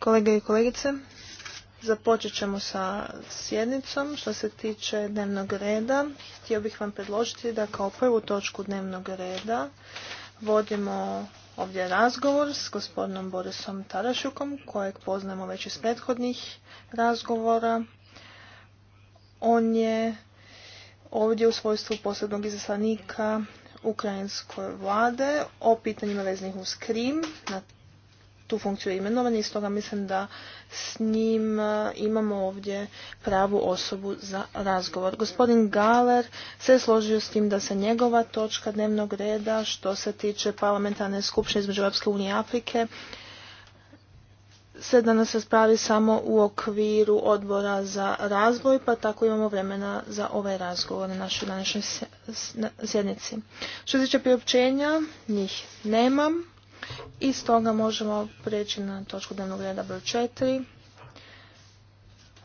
Kolege i kolegice, započet ćemo sa sjednicom. Što se tiče dnevnog reda, htio bih vam predložiti da kao prvu točku dnevnog reda vodimo ovdje razgovor s gospodinom Borisom Tarašukom, kojeg poznamo već iz prethodnih razgovora. On je ovdje u svojstvu posebnog izaslanika ukrajinskoj vlade o pitanjima veznih uz Krim. Na tu funkciju je imenovan i stoga mislim da s njim e, imamo ovdje pravu osobu za razgovor. Gospodin Galer se složio s tim da se njegova točka dnevnog reda što se tiče parlamentarne skupštine između Europske unije i Afrike se danas raspravi samo u okviru odbora za razvoj, pa tako imamo vremena za ovaj razgovor na našoj današnjoj sjednici. Što se tiče priopćenja, njih nemam i stoga možemo preći na točku dnevnog reda broj 4.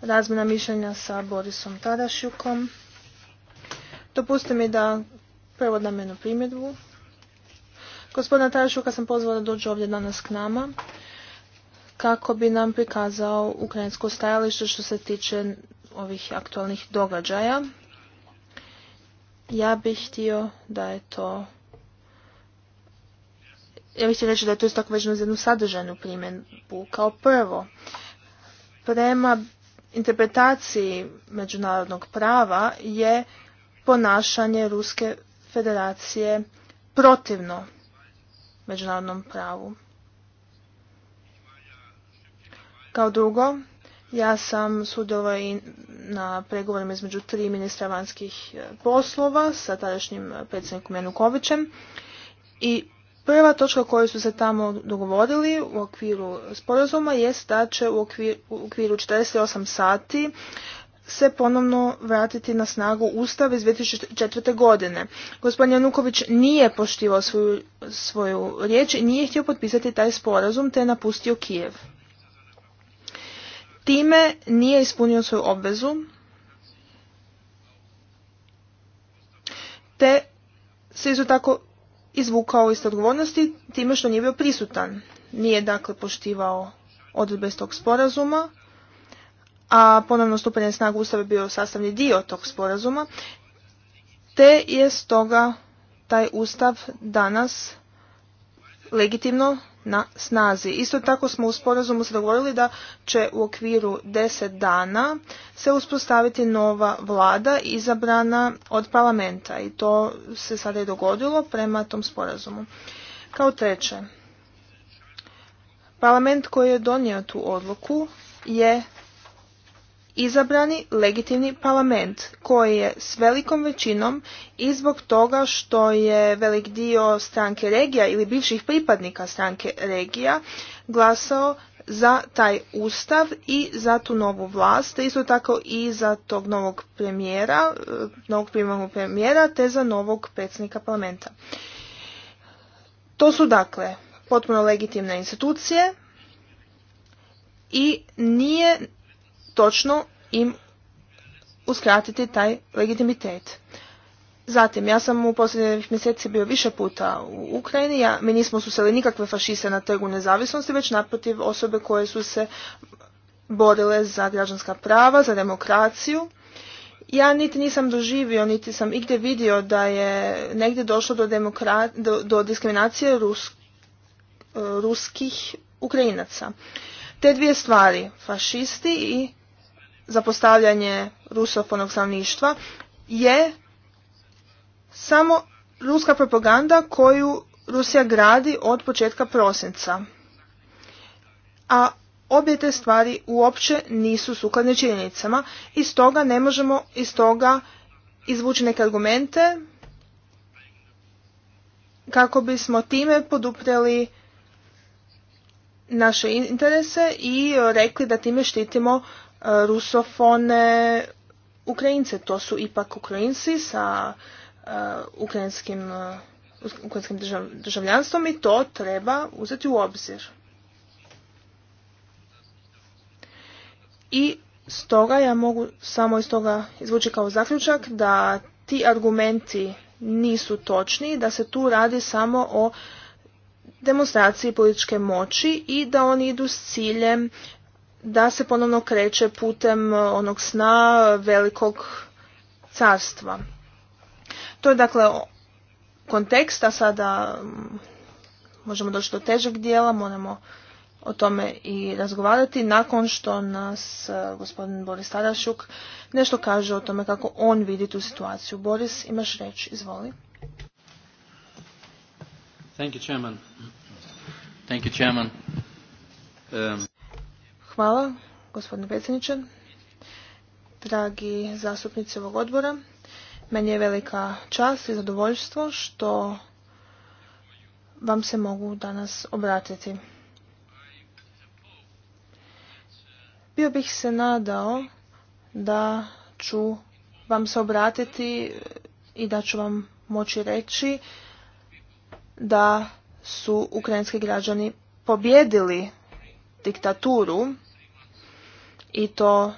Razmjena mišljenja sa Borisom Tadašjukom. Dopustite mi da prvo dam jednu primjedbu. Gospodina Tarašuka sam pozvala da dođe ovdje danas k nama kako bi nam prikazao ukrajinsko stajalište što se tiče ovih aktualnih događaja. Ja bih htio da je to ja bih htio reći da je to isto tako za jednu sadržajnu primjenu. Kao prvo, prema interpretaciji međunarodnog prava je ponašanje Ruske federacije protivno međunarodnom pravu. Kao drugo, ja sam sudjelovao i na pregovorima između tri ministra vanjskih e, poslova sa tadašnjim e, predsjednikom Janukovićem i Prva točka koju su se tamo dogovorili u okviru sporazuma je da će u okviru 48 sati se ponovno vratiti na snagu Ustav iz 2004. godine. Gospodin Januković nije poštivao svoju, svoju riječ i nije htio potpisati taj sporazum te je napustio Kijev time nije ispunio svoju obvezu te se isto tako izvukao iz odgovornosti time što nije bio prisutan. Nije dakle poštivao odredbe tog sporazuma, a ponovno stupanje snagu Ustava bio sastavni dio tog sporazuma, te je stoga taj Ustav danas legitimno na snazi. Isto tako smo u sporazumu se dogovorili da će u okviru deset dana se uspostaviti nova vlada izabrana od parlamenta i to se sada i dogodilo prema tom sporazumu. Kao treće, parlament koji je donio tu odluku je izabrani legitimni parlament koji je s velikom većinom i zbog toga što je velik dio stranke regija ili bivših pripadnika stranke regija glasao za taj ustav i za tu novu vlast, isto tako i za tog novog premijera, eh, novog primarnog premijera, te za novog predsjednika parlamenta. To su dakle potpuno legitimne institucije i nije točno im uskratiti taj legitimitet. Zatim, ja sam u posljednjih mjeseci bio više puta u Ukrajini, ja, mi nismo susreli nikakve fašiste na trgu nezavisnosti, već naprotiv osobe koje su se borile za građanska prava, za demokraciju. Ja niti nisam doživio, niti sam igdje vidio da je negdje došlo do, do, diskriminacije ruskih Ukrajinaca. Te dvije stvari, fašisti i zapostavljanje rusofonog stanovništva je samo ruska propaganda koju Rusija gradi od početka prosinca. A obje te stvari uopće nisu sukladne činjenicama i stoga ne možemo iz toga izvući neke argumente kako bismo time podupreli naše interese i rekli da time štitimo rusofone Ukrajince. To su ipak Ukrajinci sa eh, ukrajinskim, eh, ukrajinskim državljanstvom i to treba uzeti u obzir. I stoga ja mogu samo iz toga izvući kao zaključak da ti argumenti nisu točni, da se tu radi samo o demonstraciji političke moći i da oni idu s ciljem da se ponovno kreće putem e, onog sna velikog carstva. To je dakle kontekst, a sada možemo doći do težeg dijela, moramo o tome i razgovarati nakon što nas e, gospodin Boris Tarašuk nešto kaže o tome kako on vidi tu situaciju. Boris, imaš reći, izvoli. Thank you, Chairman. Thank you, Chairman. Um, Hvala, gospodine predsjedniče. Dragi zastupnici ovog odbora, meni je velika čast i zadovoljstvo što vam se mogu danas obratiti. Bio bih se nadao da ću vam se obratiti i da ću vam moći reći da su ukrajinski građani pobjedili diktaturu i to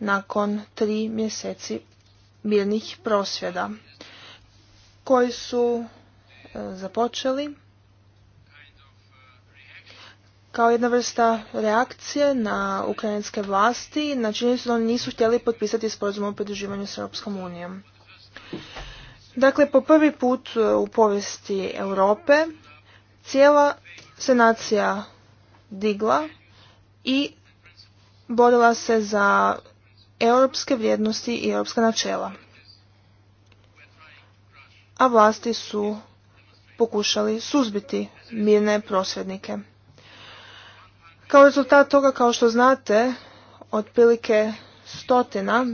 nakon tri mjeseci mirnih prosvjeda koji su e, započeli kao jedna vrsta reakcije na ukrajinske vlasti na činjenicu da oni nisu htjeli potpisati sporazum o pridruživanju s Europskom unijom. Dakle, po prvi put e, u povijesti Europe cijela se nacija digla i borila se za europske vrijednosti i europska načela. A vlasti su pokušali suzbiti mirne prosvjednike. Kao rezultat toga, kao što znate, otprilike stotina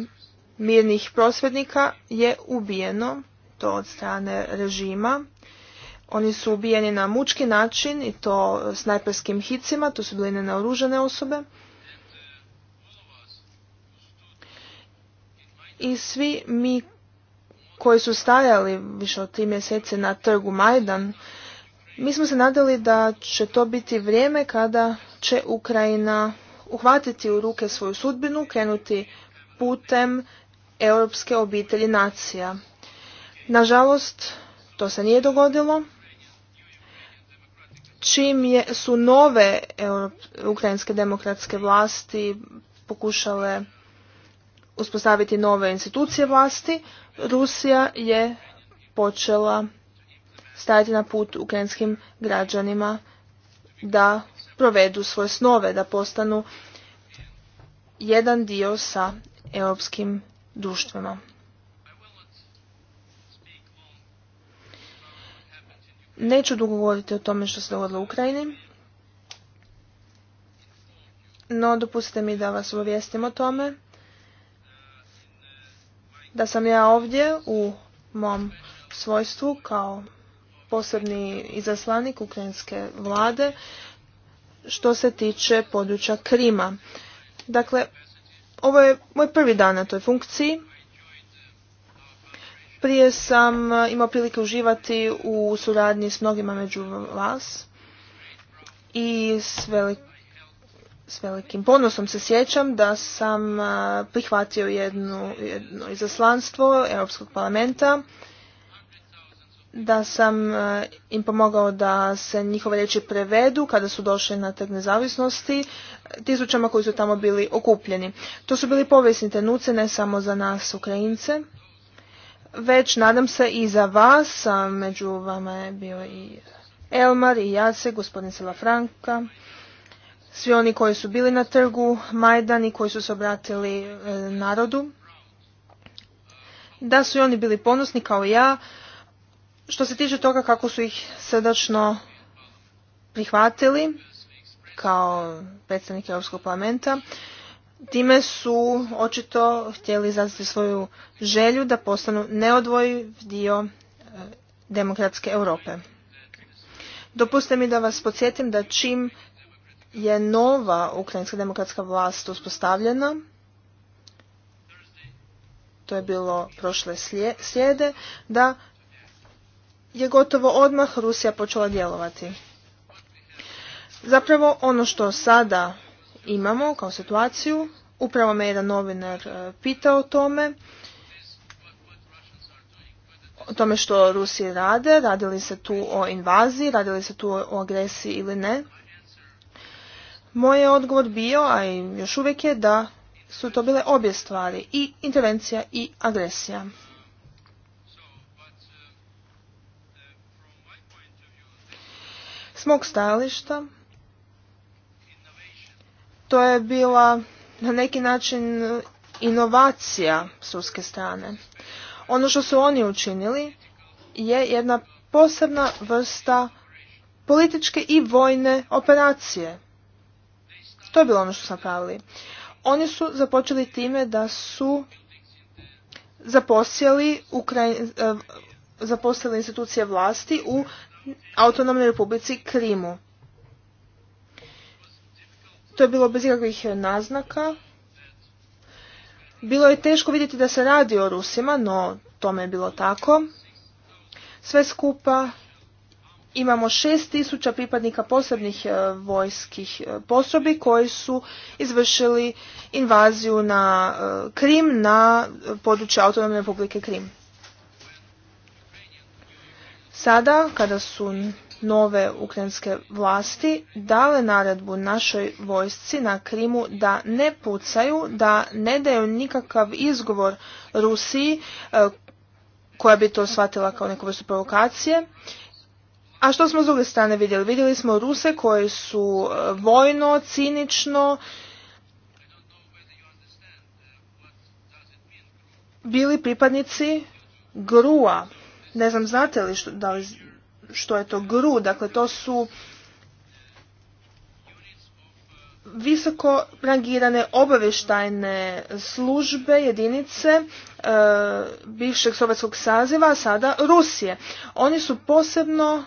mirnih prosvjednika je ubijeno, to od strane režima. Oni su ubijeni na mučki način i to snajperskim hicima, to su bile nenaoružene osobe. i svi mi koji su stajali više od tri mjesece na trgu Majdan, mi smo se nadali da će to biti vrijeme kada će Ukrajina uhvatiti u ruke svoju sudbinu, krenuti putem europske obitelji nacija. Nažalost, to se nije dogodilo. Čim je, su nove ukrajinske demokratske vlasti pokušale uspostaviti nove institucije vlasti, Rusija je počela stajati na put ukrajinskim građanima da provedu svoje snove, da postanu jedan dio sa europskim društvima. Neću dugo govoriti o tome što se dogodilo u Ukrajini, no dopustite mi da vas obavijestim o tome da sam ja ovdje u mom svojstvu kao posebni izaslanik ukrajinske vlade što se tiče područja Krima. Dakle, ovo je moj prvi dan na toj funkciji. Prije sam e, imao prilike uživati u suradnji s mnogima među vas i s s velikim ponosom se sjećam da sam prihvatio jednu, jedno izaslanstvo Europskog parlamenta, da sam im pomogao da se njihove riječi prevedu kada su došli na trg nezavisnosti e, tisućama koji su tamo bili okupljeni. To su bili povijesni trenuci ne samo za nas Ukrajince, već nadam se i za vas, a među vama je bio i Elmar i Jace, gospodin Sela Franka, svi oni koji su bili na trgu Majdan i koji su se obratili e, narodu, da su i oni bili ponosni kao ja, što se tiče toga kako su ih srdačno prihvatili kao predstavnike Europskog parlamenta, time su očito htjeli izraziti svoju želju da postanu neodvojiv dio e, demokratske Europe. Dopustite mi da vas podsjetim da čim je nova ukrajinska demokratska vlast uspostavljena. To je bilo prošle slijede, da je gotovo odmah Rusija počela djelovati. Zapravo ono što sada imamo kao situaciju, upravo me jedan novinar e, pitao o tome, o tome što Rusiji rade, radili se tu o invaziji, radili se tu o agresiji ili ne. Moj je odgovor bio, a i još uvijek je da su to bile obje stvari, i intervencija i agresija. S mog stajališta to je bila na neki način inovacija ruske strane. Ono što su oni učinili je jedna posebna vrsta političke i vojne operacije to je bilo ono što su napravili. Oni su započeli time da su zaposjeli, Ukraj... Eh, zaposjeli institucije vlasti u autonomnoj republici Krimu. To je bilo bez ikakvih naznaka. Bilo je teško vidjeti da se radi o Rusima, no tome je bilo tako. Sve skupa imamo 6000 pripadnika posebnih e, vojskih e, postrobi koji su izvršili invaziju na e, Krim, na područje Autonomne republike Krim. Sada, kada su nove ukrajinske vlasti dale naredbu našoj vojsci na Krimu da ne pucaju, da ne daju nikakav izgovor Rusiji koja bi to shvatila kao neku vrstu provokacije a što smo s druge strane vidjeli? Vidjeli smo Ruse koji su e, vojno, cinično bili pripadnici grua. Ne znam, znate li što, da što je to gru? Dakle, to su visoko rangirane obavještajne službe, jedinice e, bivšeg sovjetskog saziva, a sada Rusije. Oni su posebno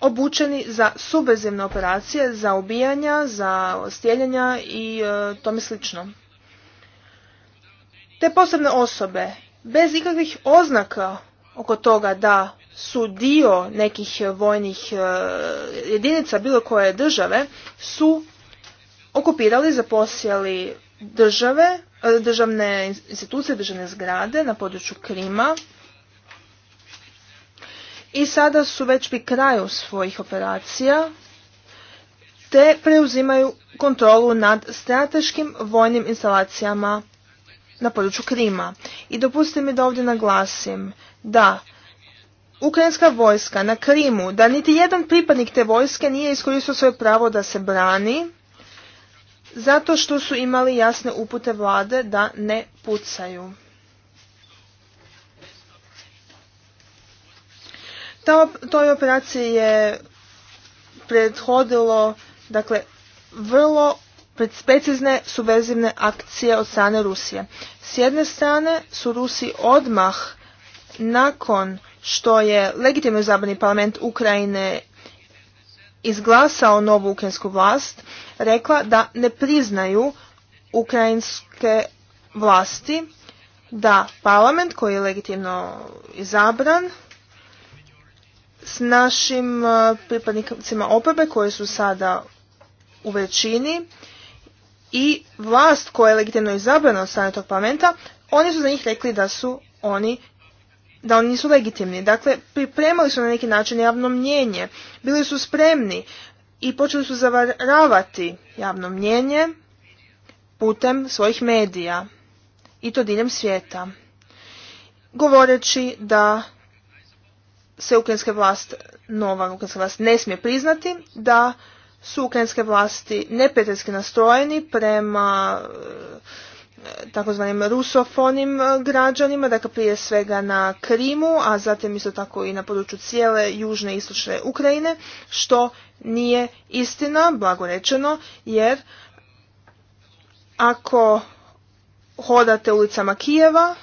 obučeni za subvezivne operacije, za ubijanja, za stjeljenja i e, tome slično. Te posebne osobe, bez ikakvih oznaka oko toga da su dio nekih vojnih e, jedinica bilo koje države, su okupirali, zaposjeli države, e, državne institucije, državne zgrade na području Krima, i sada su već pri kraju svojih operacija te preuzimaju kontrolu nad strateškim vojnim instalacijama na području Krima. I dopustite mi da ovdje naglasim da ukrajinska vojska na Krimu, da niti jedan pripadnik te vojske nije iskoristio svoje pravo da se brani, zato što su imali jasne upute vlade da ne pucaju. toj operaciji je prethodilo dakle, vrlo precizne subverzivne akcije od strane Rusije. S jedne strane su Rusi odmah nakon što je legitimno izabrani parlament Ukrajine izglasao novu ukrajinsku vlast, rekla da ne priznaju ukrajinske vlasti, da parlament koji je legitimno izabran s našim e, pripadnicima oporbe koji su sada u većini i vlast koja je legitimno izabrana od strane tog parlamenta, oni su za njih rekli da su oni da oni nisu legitimni. Dakle, pripremali su na neki način javno mnjenje, bili su spremni i počeli su zavaravati javno mnjenje putem svojih medija i to diljem svijeta, govoreći da se ukrajinska vlast, nova ukrajinska vlast ne smije priznati da su ukrajinske vlasti neprijateljski nastrojeni prema e, takozvanim rusofonim e, građanima, dakle prije svega na Krimu, a zatim isto tako i na području cijele južne i istočne Ukrajine, što nije istina, blago rečeno, jer ako hodate ulicama Kijeva,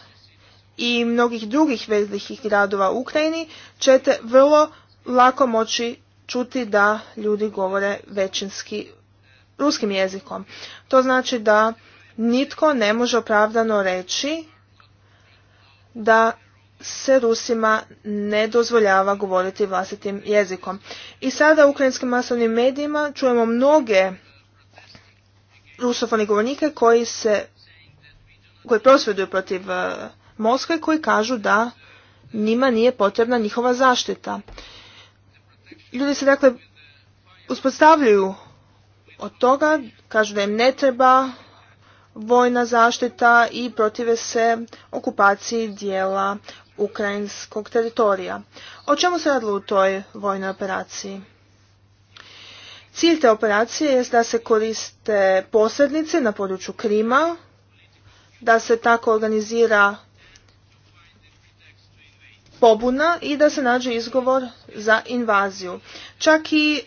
i mnogih drugih velikih gradova u Ukrajini ćete vrlo lako moći čuti da ljudi govore većinski ruskim jezikom. To znači da nitko ne može opravdano reći da se Rusima ne dozvoljava govoriti vlastitim jezikom. I sada u ukrajinskim masovnim medijima čujemo mnoge rusofone govornike koji se koji prosvjeduju protiv eh, Moskve koji kažu da njima nije potrebna njihova zaštita. Ljudi se dakle uspostavljaju od toga, kažu da im ne treba vojna zaštita i protive se okupaciji dijela ukrajinskog teritorija. O čemu se radilo u toj vojnoj operaciji? Cilj te operacije je da se koriste posrednice na području Krima, da se tako organizira pobuna i da se nađe izgovor za invaziju. Čak i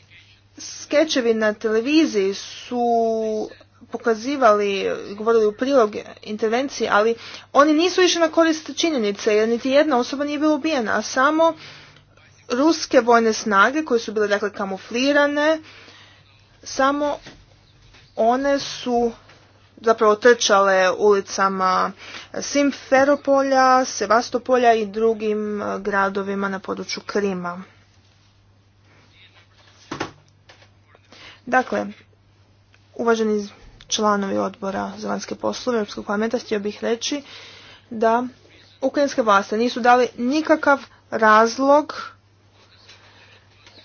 skečevi na televiziji su pokazivali, govorili u prilog intervenciji, ali oni nisu išli na korist činjenice jer niti jedna osoba nije bila ubijena, a samo ruske vojne snage koje su bile dakle kamuflirane, samo one su zapravo trčale ulicama Simferopolja, Sevastopolja i drugim e, gradovima na području Krima. Dakle, uvaženi članovi odbora za vanjske poslove Europskog parlamenta htio bih reći da ukrajinske vlasti nisu dali nikakav razlog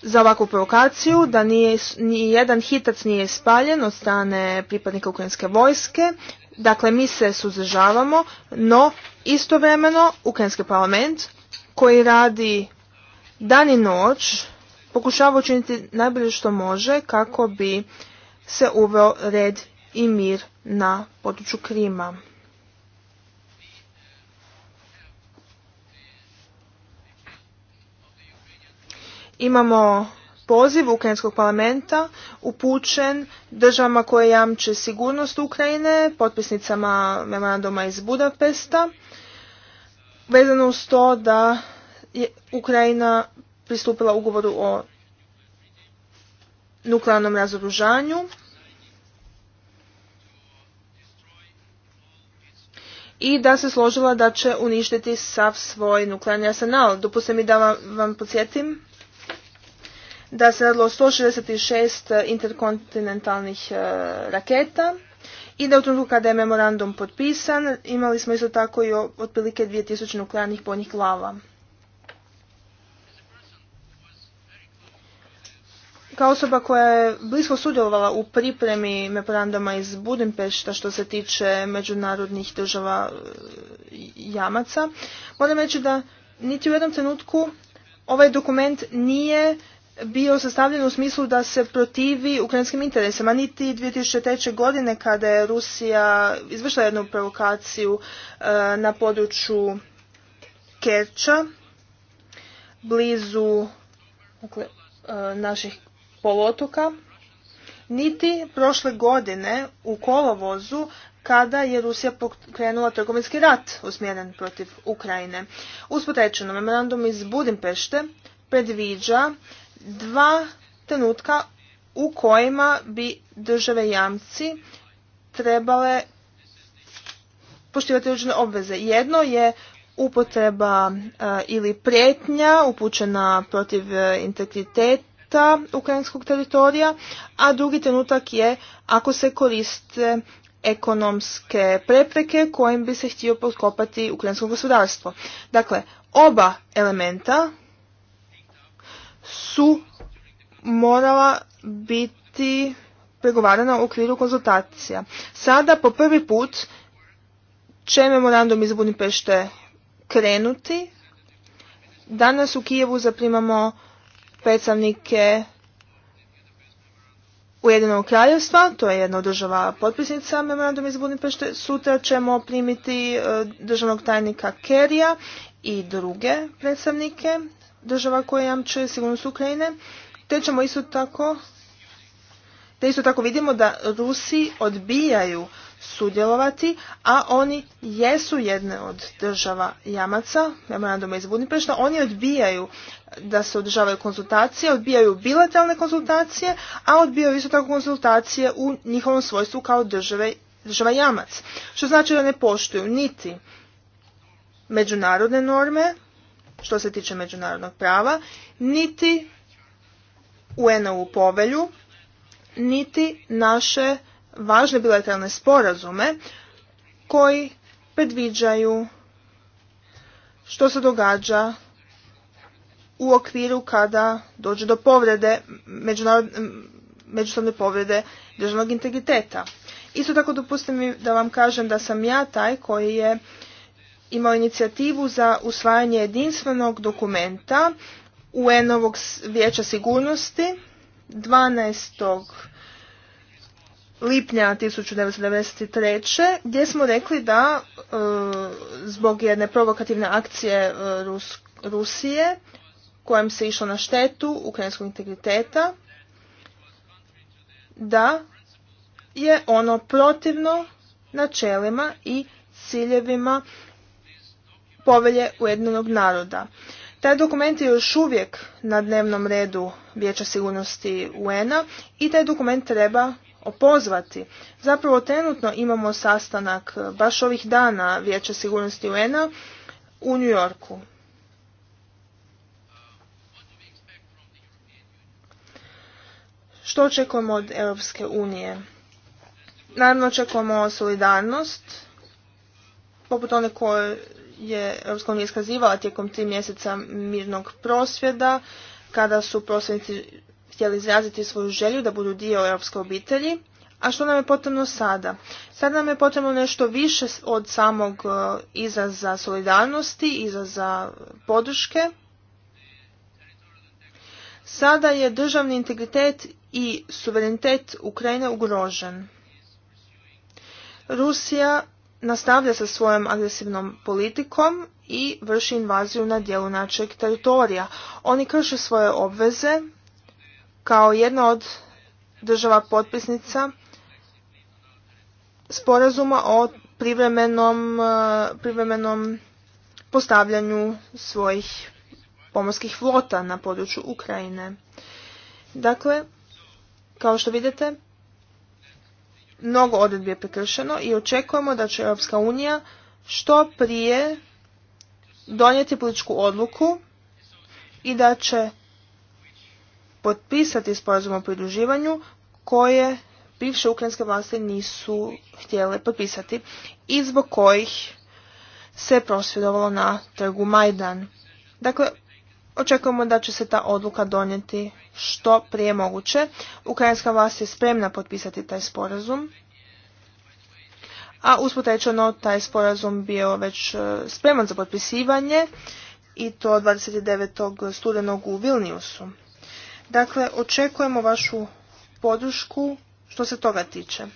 za ovakvu provokaciju, da nije, ni jedan hitac nije spaljen od strane pripadnika ukrajinske vojske. Dakle, mi se suzdržavamo, no istovremeno ukrajinski parlament koji radi dan i noć pokušava učiniti najbolje što može kako bi se uveo red i mir na području Krima. Imamo poziv Ukrajinskog parlamenta upućen državama koje jamče sigurnost Ukrajine, potpisnicama memoranduma iz Budapesta, vezano uz to da je Ukrajina pristupila ugovoru o nuklearnom razoružanju i da se složila da će uništiti sav svoj nuklearni arsenal. Dopustite mi da vam, vam podsjetim da se radilo 166 eh, interkontinentalnih eh, raketa i da u trenutku kada je memorandum potpisan imali smo isto tako i otprilike 2000 nuklearnih bojnih glava. Kao osoba koja je blisko sudjelovala u pripremi memoranduma iz Budimpešta što se tiče međunarodnih država eh, jamaca, moram reći da niti u jednom trenutku ovaj dokument nije bio sastavljen u smislu da se protivi ukrajinskim interesima. Niti 2003. godine kada je Rusija izvršila jednu provokaciju e, na području Kerča, blizu dakle, e, naših polotoka, niti prošle godine u kolovozu kada je Rusija pokrenula trgovinski rat usmjeren protiv Ukrajine. Usput rečeno, memorandum iz Budimpešte predviđa dva trenutka u kojima bi države jamci trebale poštivati određene obveze. Jedno je upotreba e, ili prijetnja upućena protiv e, integriteta ukrajinskog teritorija, a drugi trenutak je ako se koriste ekonomske prepreke kojim bi se htio potkopati ukrajinsko gospodarstvo. Dakle, oba elementa su morala biti pregovarana u okviru konzultacija. Sada po prvi put će memorandum iz Budimpešte krenuti. Danas u Kijevu zaprimamo predstavnike Ujedinog kraljevstva, to je jedna od država potpisnica memorandum iz Budimpešte. Sutra ćemo primiti e, državnog tajnika Kerija i druge predstavnike država koje jamče sigurnost Ukrajine, te ćemo isto tako te isto tako vidimo da Rusi odbijaju sudjelovati, a oni jesu jedne od država jamaca, memoranduma iz Budimpešta, oni odbijaju da se održavaju konsultacije, odbijaju bilateralne konsultacije, a odbijaju isto tako konsultacije u njihovom svojstvu kao države, država jamac. Što znači da ne poštuju niti međunarodne norme, što se tiče međunarodnog prava, niti UN-ovu povelju, niti naše važne bilateralne sporazume koji predviđaju što se događa u okviru kada dođe do povrede, međusobne povrede državnog integriteta. Isto tako dopustim da vam kažem da sam ja taj koji je imao inicijativu za usvajanje jedinstvenog dokumenta UN-ovog vijeća sigurnosti 12. lipnja 1993. gdje smo rekli da e, zbog jedne provokativne akcije e, Rusije kojem se išlo na štetu ukrajinskog integriteta da je ono protivno načelima i ciljevima povelje ujedinog naroda. Taj dokument je još uvijek na dnevnom redu Vijeća sigurnosti UN-a i taj dokument treba opozvati. Zapravo trenutno imamo sastanak baš ovih dana Vijeća sigurnosti UN-a u New Yorku. Što očekujemo od Europske unije? Naravno očekujemo solidarnost, poput one koje je Europska unija iskazivala tijekom tri mjeseca mirnog prosvjeda, kada su prosvjednici htjeli izraziti svoju želju da budu dio europske obitelji. A što nam je potrebno sada? Sada nam je potrebno nešto više od samog e, izraza solidarnosti, izraza podrške. Sada je državni integritet i suverenitet Ukrajine ugrožen. Rusija nastavlja sa svojom agresivnom politikom i vrši invaziju na dijelu našeg teritorija. Oni krše svoje obveze kao jedna od država potpisnica sporazuma o privremenom, e, privremenom postavljanju svojih pomorskih flota na području Ukrajine. Dakle, kao što vidite, mnogo odredbi je prekršeno i očekujemo da će Europska unija što prije donijeti političku odluku i da će potpisati sporazum o pridruživanju koje bivše ukrajinske vlasti nisu htjele potpisati i zbog kojih se prosvjedovalo na trgu Majdan. Dakle, Očekujemo da će se ta odluka donijeti što prije moguće. Ukrajinska vlast je spremna potpisati taj sporazum. A usput rečeno, taj sporazum bio već e, spreman za potpisivanje i to 29. studenog u Vilniusu. Dakle, očekujemo vašu podršku što se toga tiče.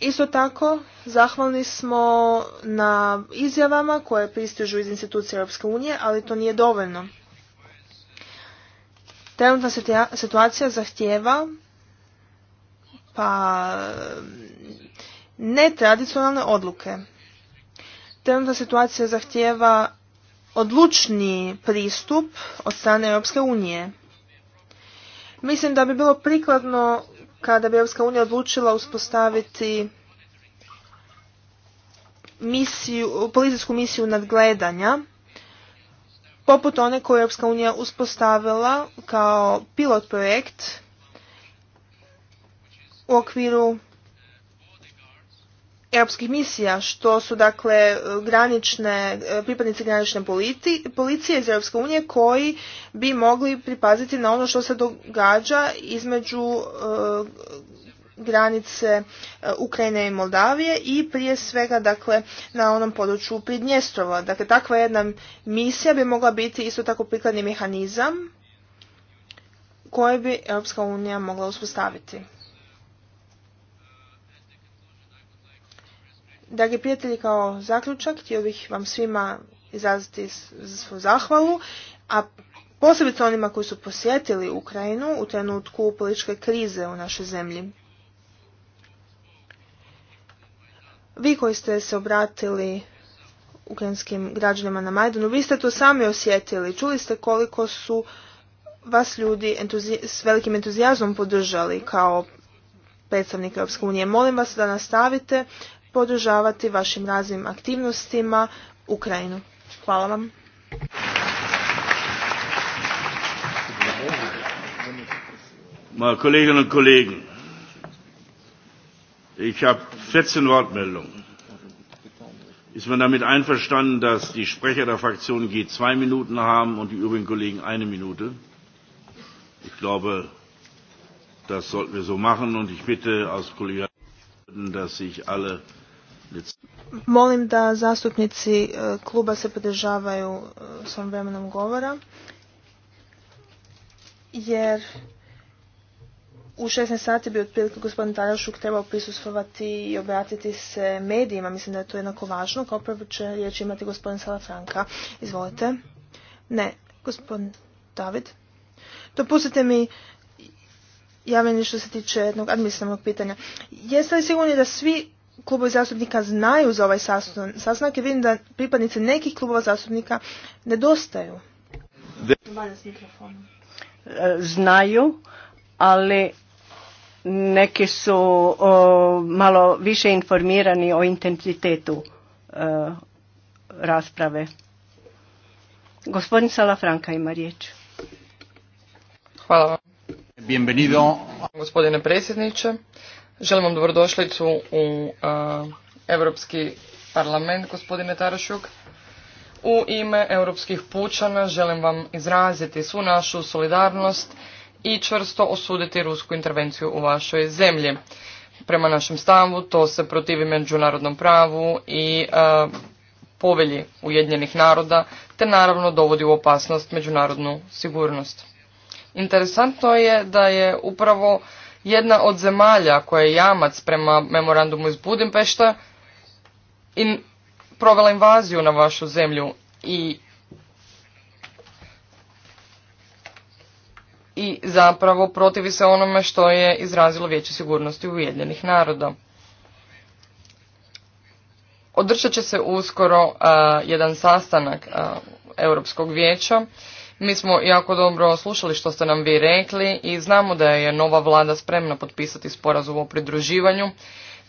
Isto tako, zahvalni smo na izjavama koje pristižu iz institucije Europske unije, ali to nije dovoljno. Trenutna situacija zahtjeva pa netradicionalne odluke. Trenutna situacija zahtjeva odlučni pristup od strane Europske unije. Mislim da bi bilo prikladno kada bi Europska unija odlučila uspostaviti misiju, policijsku misiju nadgledanja poput one koju je Europska unija uspostavila kao pilot projekt u okviru europskih misija, što su dakle granične, pripadnici granične policije iz Europske unije koji bi mogli pripaziti na ono što se događa između e, granice e, Ukrajine i Moldavije i prije svega dakle na onom području Pridnjestrova. Dakle takva jedna misija bi mogla biti isto tako prikladni mehanizam koje bi Europska unija mogla uspostaviti. Dragi prijatelji, kao zaključak htio bih vam svima izraziti svoju zahvalu, a posebice onima koji su posjetili Ukrajinu u trenutku političke krize u našoj zemlji. Vi koji ste se obratili ukrajinskim građanima na Majdanu, vi ste to sami osjetili. Čuli ste koliko su vas ljudi s velikim entuzijazmom podržali kao predstavnike Europske unije. Molim vas da nastavite podržavati vašim raznim aktivnostima Ukrajinu. Hvala vam. Moje kolegine i Ich habe 14 Wortmeldungen. Ist man damit einverstanden, dass die Sprecher der Fraktionen G zwei Minuten haben und die übrigen Kollegen eine Minute? Ich glaube, das sollten wir so machen und ich bitte aus Kollegen, dass sich alle Molim da zastupnici e, kluba se podržavaju e, svom vremenom govora, jer u 16 sati bi otprilike gospodin Tarašuk trebao prisustovati i obratiti se medijima. Mislim da je to jednako važno. Kao prvo će riječ imati gospodin Salafranka. Izvolite. Ne, gospodin David. Dopustite mi javni što se tiče jednog administrativnog pitanja. Jeste li sigurni da svi klubovi zastupnika znaju za ovaj sastanak i vidim da pripadnice nekih klubova zastupnika nedostaju? Znaju, ali neki su malo više informirani o intenzitetu e, rasprave. Gospodin Salafranka ima riječ. Hvala vam. Bienvenido. Gospodine predsjedniče, želim vam dobrodošlicu u e, Europski parlament, gospodine Tarašuk. U ime europskih pučana želim vam izraziti svu našu solidarnost i čvrsto osuditi rusku intervenciju u vašoj zemlji. Prema našem stavu to se protivi međunarodnom pravu i e, povelji Ujedinjenih naroda, te naravno dovodi u opasnost međunarodnu sigurnost. Interesantno je da je upravo jedna od zemalja koja je jamac prema memorandumu iz Budimpešta in provela invaziju na vašu zemlju i i zapravo protivi se onome što je izrazilo Vijeće sigurnosti Ujedinjenih naroda. Održat će se uskoro e, jedan sastanak e, Europskog vijeća. Mi smo jako dobro slušali što ste nam vi rekli i znamo da je nova vlada spremna potpisati sporazum o pridruživanju,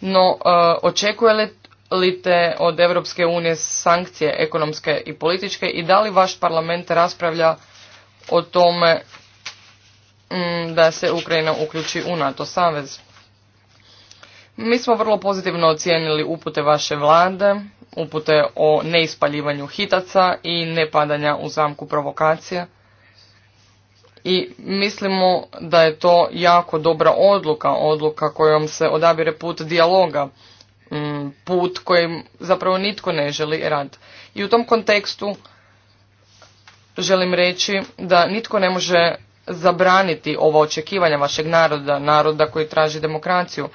no a, e, očekuje li te od Europske unije sankcije ekonomske i političke i da li vaš parlament raspravlja o tome Mm, da se Ukrajina uključi u NATO savez. Mi smo vrlo pozitivno ocijenili upute vaše vlade, upute o neispaljivanju hitaca i nepadanja u zamku provokacija. I mislimo da je to jako dobra odluka, odluka kojom se odabire put dijaloga, mm, put kojim zapravo nitko ne želi rad. I u tom kontekstu želim reći da nitko ne može zabraniti ova očekivanja vašeg naroda, naroda koji traži demokraciju.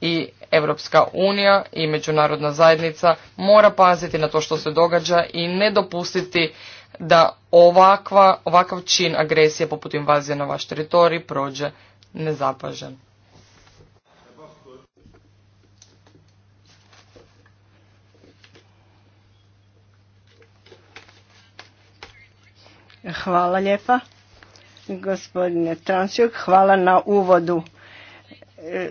I Europska unija i međunarodna zajednica mora paziti na to što se događa i ne dopustiti da ovakva, ovakav čin agresije poput invazije na vaš teritorij prođe nezapažen. Hvala lijepa. Gospodine Transjuk, hvala na uvodu. E,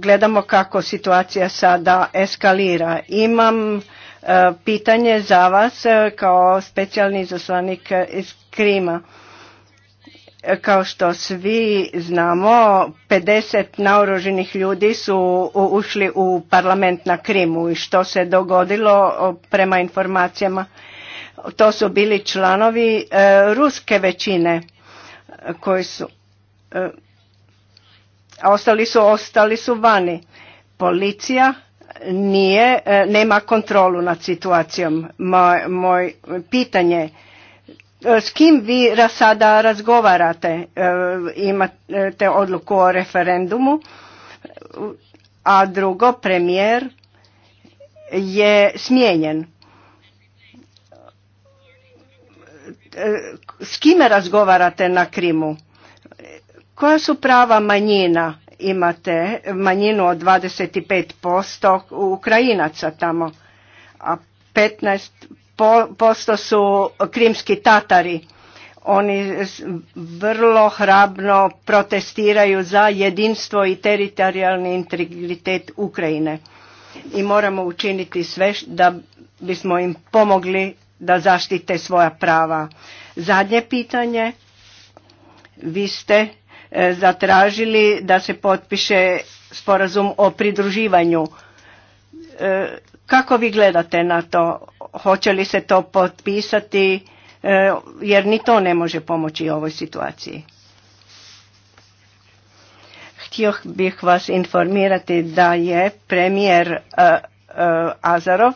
gledamo kako situacija sada eskalira. Imam e, pitanje za vas e, kao specijalni izaslanik iz Krima. Kao što svi znamo, 50 naoruženih ljudi su ušli u parlament na Krimu i što se dogodilo prema informacijama, to su bili članovi ruske većine koji su e, a ostali su ostali su vani policija nije e, nema kontrolu nad situacijom moj, moj pitanje e, s kim vi sada razgovarate imate odluku o referendumu a drugo premijer je smijenjen E, s kime razgovarate na Krimu? Koja su prava manjina? Imate manjinu od 25% Ukrajinaca tamo, a 15% su krimski tatari. Oni vrlo hrabno protestiraju za jedinstvo i teritorijalni integritet Ukrajine. I moramo učiniti sve da bismo im pomogli da zaštite svoja prava. Zadnje pitanje, vi ste e, zatražili da se potpiše sporazum o pridruživanju. E, kako vi gledate na to? Hoće li se to potpisati? E, jer ni to ne može pomoći ovoj situaciji. Htio bih vas informirati da je premijer Azarov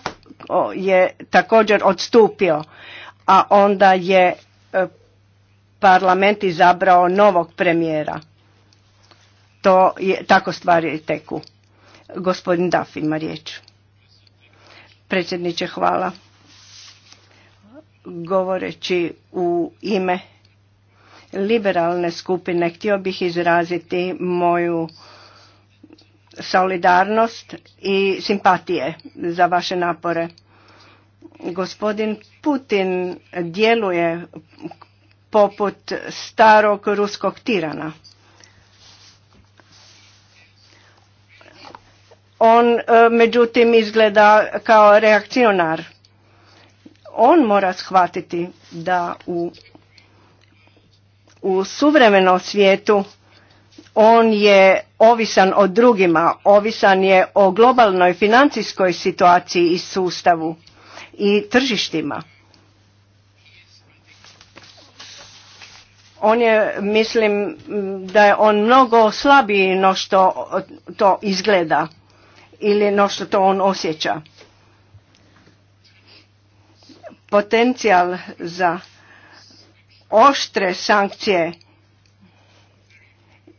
je također odstupio, a onda je e, parlament izabrao novog premijera. To je, tako stvari teku. Gospodin Daf ima riječ. Predsjedniče, hvala. Govoreći u ime liberalne skupine, htio bih izraziti moju solidarnost i simpatije za vaše napore. Gospodin Putin djeluje poput starog ruskog tirana. On e, međutim izgleda kao reakcionar. On mora shvatiti da u, u suvremenom svijetu on je ovisan o drugima, ovisan je o globalnoj financijskoj situaciji i sustavu i tržištima. On je, mislim, da je on mnogo slabiji no što to izgleda ili no što to on osjeća. Potencijal za oštre sankcije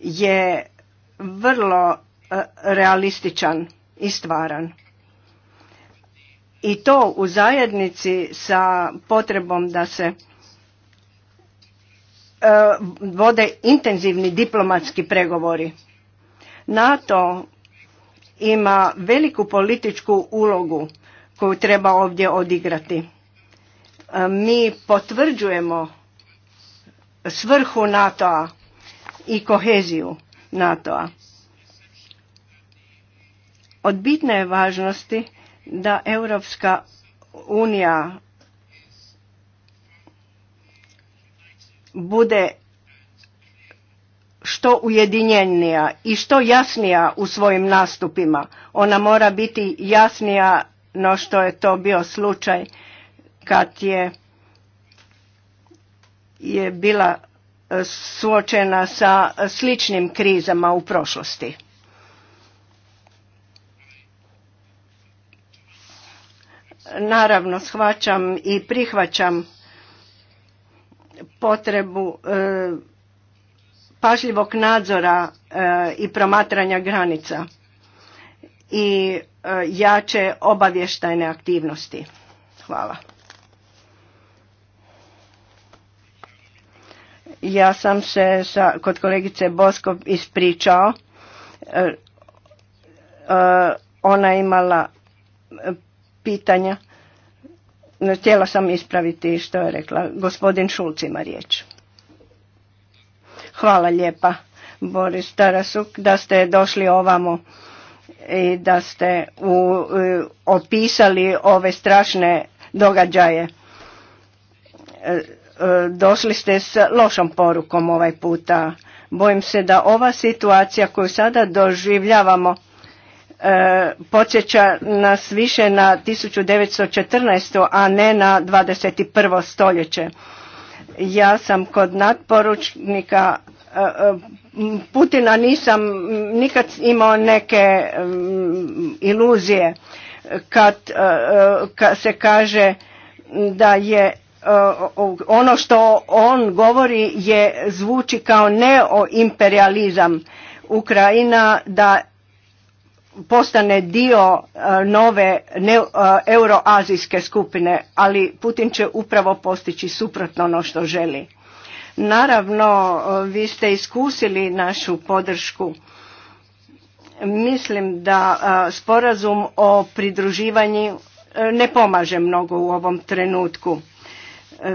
je vrlo e, realističan i stvaran. I to u zajednici sa potrebom da se e, vode intenzivni diplomatski pregovori. NATO ima veliku političku ulogu koju treba ovdje odigrati. E, mi potvrđujemo svrhu NATO-a i koheziju NATO-a. Od bitne je važnosti da Europska unija bude što ujedinjenija i što jasnija u svojim nastupima. Ona mora biti jasnija no što je to bio slučaj kad je, je bila suočena sa sličnim krizama u prošlosti. Naravno, shvaćam i prihvaćam potrebu e, pažljivog nadzora e, i promatranja granica i e, jače obavještajne aktivnosti. Hvala. Ja sam se sa, kod kolegice Boskov ispričao. E, e ona imala e, pitanja. Htjela sam ispraviti što je rekla. Gospodin Šulc ima riječ. Hvala lijepa Boris Tarasuk da ste došli ovamo i da ste u, e, opisali ove strašne događaje. E, E, došli ste s lošom porukom ovaj puta. Bojim se da ova situacija koju sada doživljavamo e, podsjeća nas više na 1914. a ne na 21. stoljeće. Ja sam kod nadporučnika e, Putina nisam nikad imao neke mm, iluzije kad se kaže da je ono što on govori je zvuči kao neoimperijalizam Ukrajina da postane dio e, nove e, euroazijske skupine, ali Putin će upravo postići suprotno ono što želi. Naravno, e, vi ste iskusili našu podršku. Mislim da sporazum o pridruživanju ne pomaže mnogo u ovom trenutku Eh,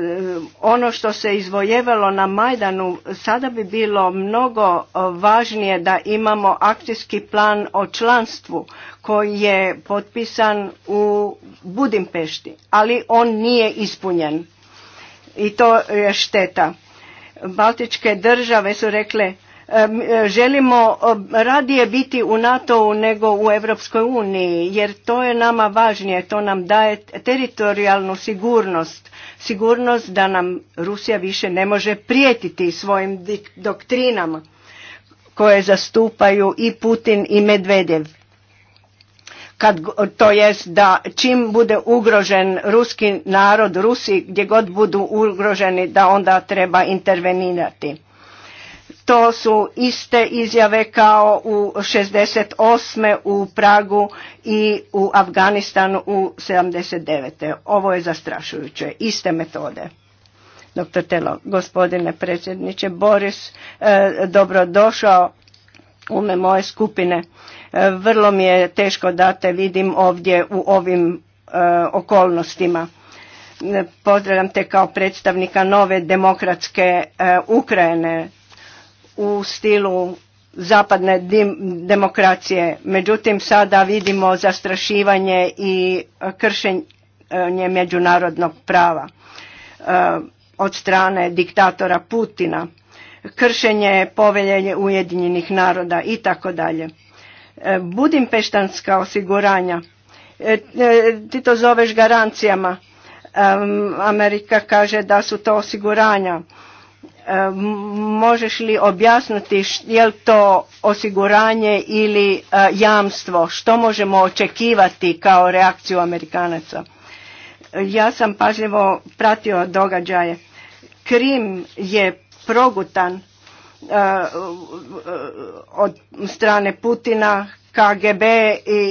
ono što se izvojevalo na Majdanu sada bi bilo mnogo eh, važnije da imamo akcijski plan o članstvu koji je potpisan u Budimpešti, ali on nije ispunjen i to je šteta. Baltičke države su rekle eh, želimo radije biti u NATO-u nego u Europskoj uniji jer to je nama važnije, to nam daje teritorijalnu sigurnost sigurnost da nam Rusija više ne može prijetiti svojim doktrinama koje zastupaju i Putin i Medvedev. Kad, to jest da čim bude ugrožen ruski narod, Rusi gdje god budu ugroženi da onda treba intervenirati. To su iste izjave kao u 68. u Pragu i u Afganistanu u 79. Ovo je zastrašujuće. Iste metode. Doktor Telo, gospodine predsjedniče, Boris, e, dobrodošao u me moje skupine. E, vrlo mi je teško da te vidim ovdje u ovim e, okolnostima. Pozdravljam te kao predstavnika nove demokratske Ukrajine u stilu zapadne demokracije. Međutim, sada vidimo zastrašivanje i e, kršenje međunarodnog prava e, od strane diktatora Putina, kršenje povelje Ujedinjenih naroda i tako dalje. E, Budimpeštanska osiguranja, ti to zoveš garancijama, Amerika kaže da su to osiguranja, možeš li objasniti je li to osiguranje ili e, jamstvo, što možemo očekivati kao reakciju Amerikanaca. Ja sam pažljivo pratio događaje. Krim je progutan e, od strane Putina, KGB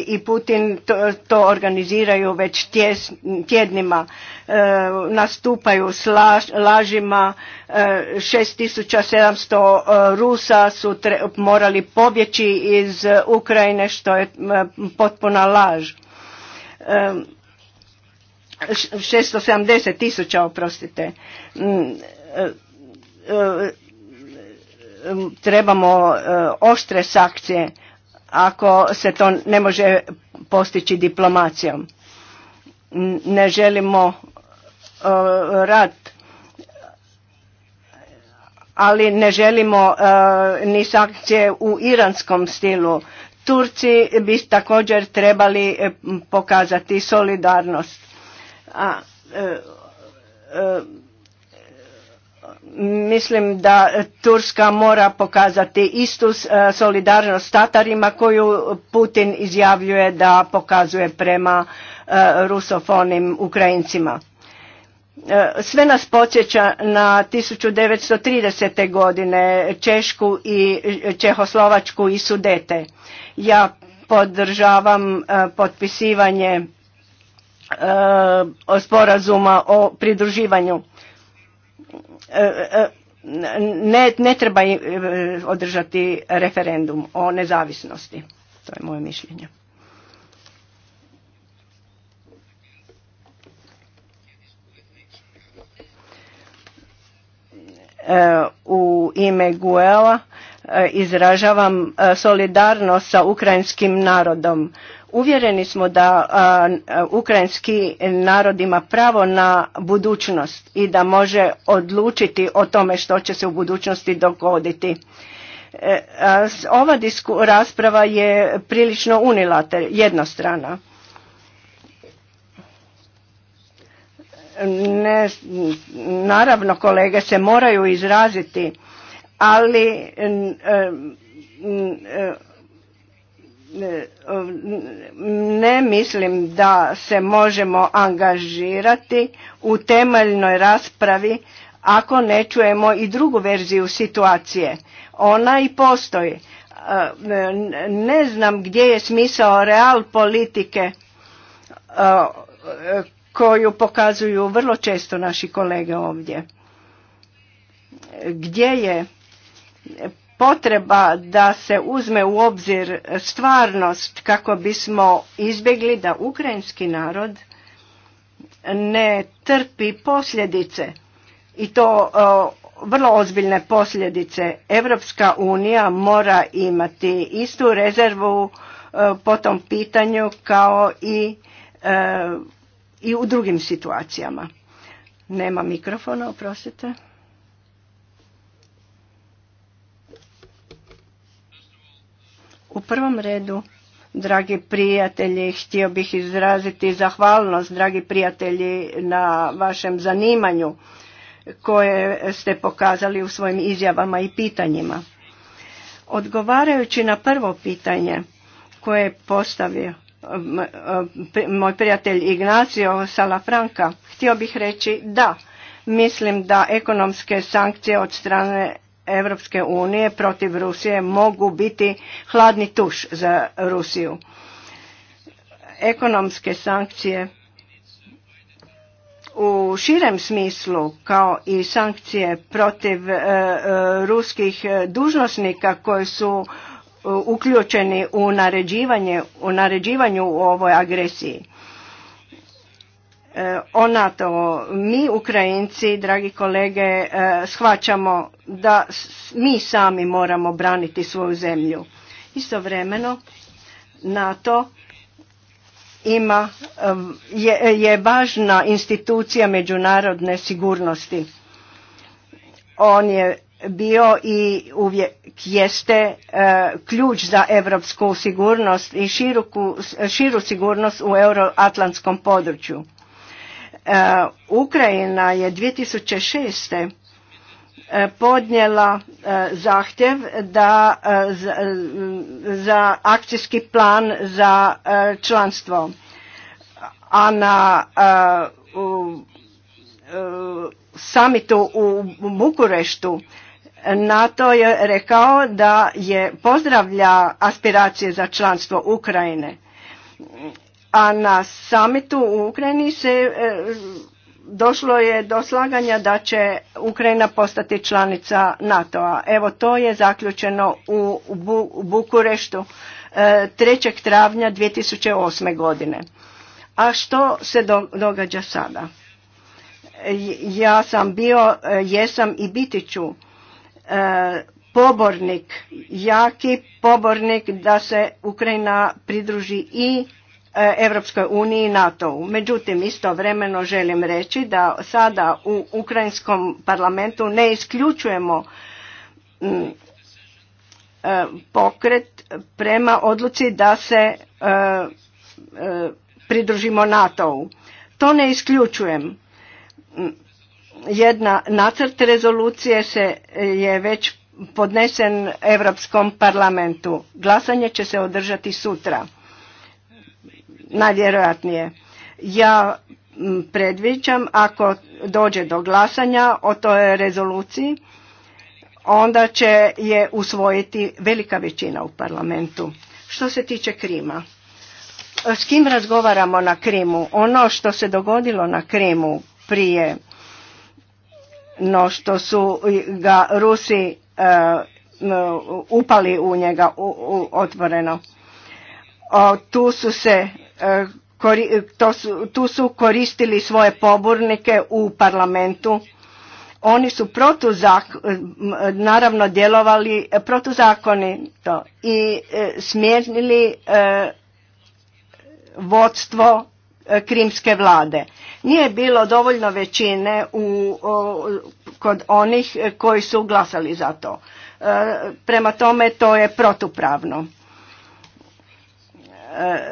i Putin to organiziraju već tjednima. E, nastupaju s lažima, 6700 e, e, Rusa su morali pobjeći iz Ukrajine što je potpuna laž. 670 tisuća, oprostite. Mm, trebamo oštre sakcije ako se to ne može postići diplomacijom. Ne želimo E, rat ali ne želimo e, ni sankcije u iranskom stilu turci bi također trebali e, pokazati solidarnost a mislim da Turska mora pokazati istu solidarnost Tatarima koju Putin izjavljuje da pokazuje prema rusofonim Ukrajincima. E, sve nas podsjeća na 1930. godine Češku i e, Čehoslovačku i Sudete. Ja podržavam e, potpisivanje sporazuma o pridruživanju. Ne, ne treba održati referendum o nezavisnosti. To je moje mišljenje. E, u ime Guela e, izražavam e, solidarnost sa ukrajinskim narodom. Uvjereni smo da ukrajinski narod ima pravo na budućnost i da može odlučiti o tome što će se u budućnosti dogoditi. Ova rasprava je prilično unilater, jednostrana. Ne, naravno kolege se moraju izraziti, ali ne mislim da se možemo angažirati u temeljnoj raspravi ako ne čujemo i drugu verziju situacije. Ona i postoji. E, ne znam gdje je smisao real politike e, koju pokazuju vrlo često naši kolege ovdje. Gdje je potreba da se uzme u obzir stvarnost kako bismo izbjegli da ukrajinski narod ne trpi posljedice i to vrlo ozbiljne posljedice. Evropska unija mora imati istu rezervu po tom pitanju kao i e, i u drugim situacijama. Nema mikrofona, oprostite. U prvom redu, dragi prijatelji, htio bih izraziti zahvalnost, dragi prijatelji, na vašem zanimanju koje ste pokazali u svojim izjavama i pitanjima. Odgovarajući na prvo pitanje koje je postavio moj prijatelj Ignacio Salafranca, htio bih reći da, mislim da ekonomske sankcije od strane Europske unije protiv Rusije mogu biti hladni tuš za Rusiju. Ekonomske sankcije u širem smislu kao i sankcije protiv e, e, ruskih dužnosnika koji su uključeni u naređivanje, u naređivanju u ovoj agresiji. E, ona NATO, mi Ukrajinci, dragi kolege, e, shvaćamo da mi sami moramo braniti svoju zemlju. Istovremeno, NATO ima, je, je važna institucija međunarodne sigurnosti. On je bio i uvijek jeste e, ključ za europsku sigurnost i širu sigurnost u euroatlantskom području. E, Ukrajina je 2006 e, podnijela zahtjev da za, akcijski plan za članstvo a na samitu u Bukureštu NATO je rekao da je pozdravlja aspiracije za članstvo Ukrajine. A na samitu u Ukrajini se e, došlo je do slaganja da će Ukrajina postati članica NATO-a. Evo to je zaključeno u, Bukureštu 3. E, travnja 2008. godine. A što se događa sada? Ja sam bio, e, jesam i biti ću E, pobornik, jaki pobornik da se Ukrajina pridruži i Europskoj uniji i NATO-u. Međutim, istovremeno želim reći da sada u Ukrajinskom parlamentu ne isključujemo e, pokret prema odluci da se e, pridružimo NATO-u. To ne isključujem jedna nacrt rezolucije se e, je već podnesen Europskom parlamentu. Glasanje će se održati sutra. Najvjerojatnije. Ja predviđam ako dođe do glasanja o toj rezoluciji onda će je usvojiti velika većina u parlamentu. Što se tiče Krima, s kim razgovaramo na Krimu? Ono što se dogodilo na Krimu prije no što su ga Rusi e, upali u njega otvoreno. Tu su se e, tu su koristili svoje pobornike u parlamentu. Oni su protuzak, naravno djelovali protuzakonito i e, smijenili vodstvo E, krimske vlade. Nije bilo dovoljno većine u, kod onih koji su glasali za to. E, prema tome to je protupravno. E,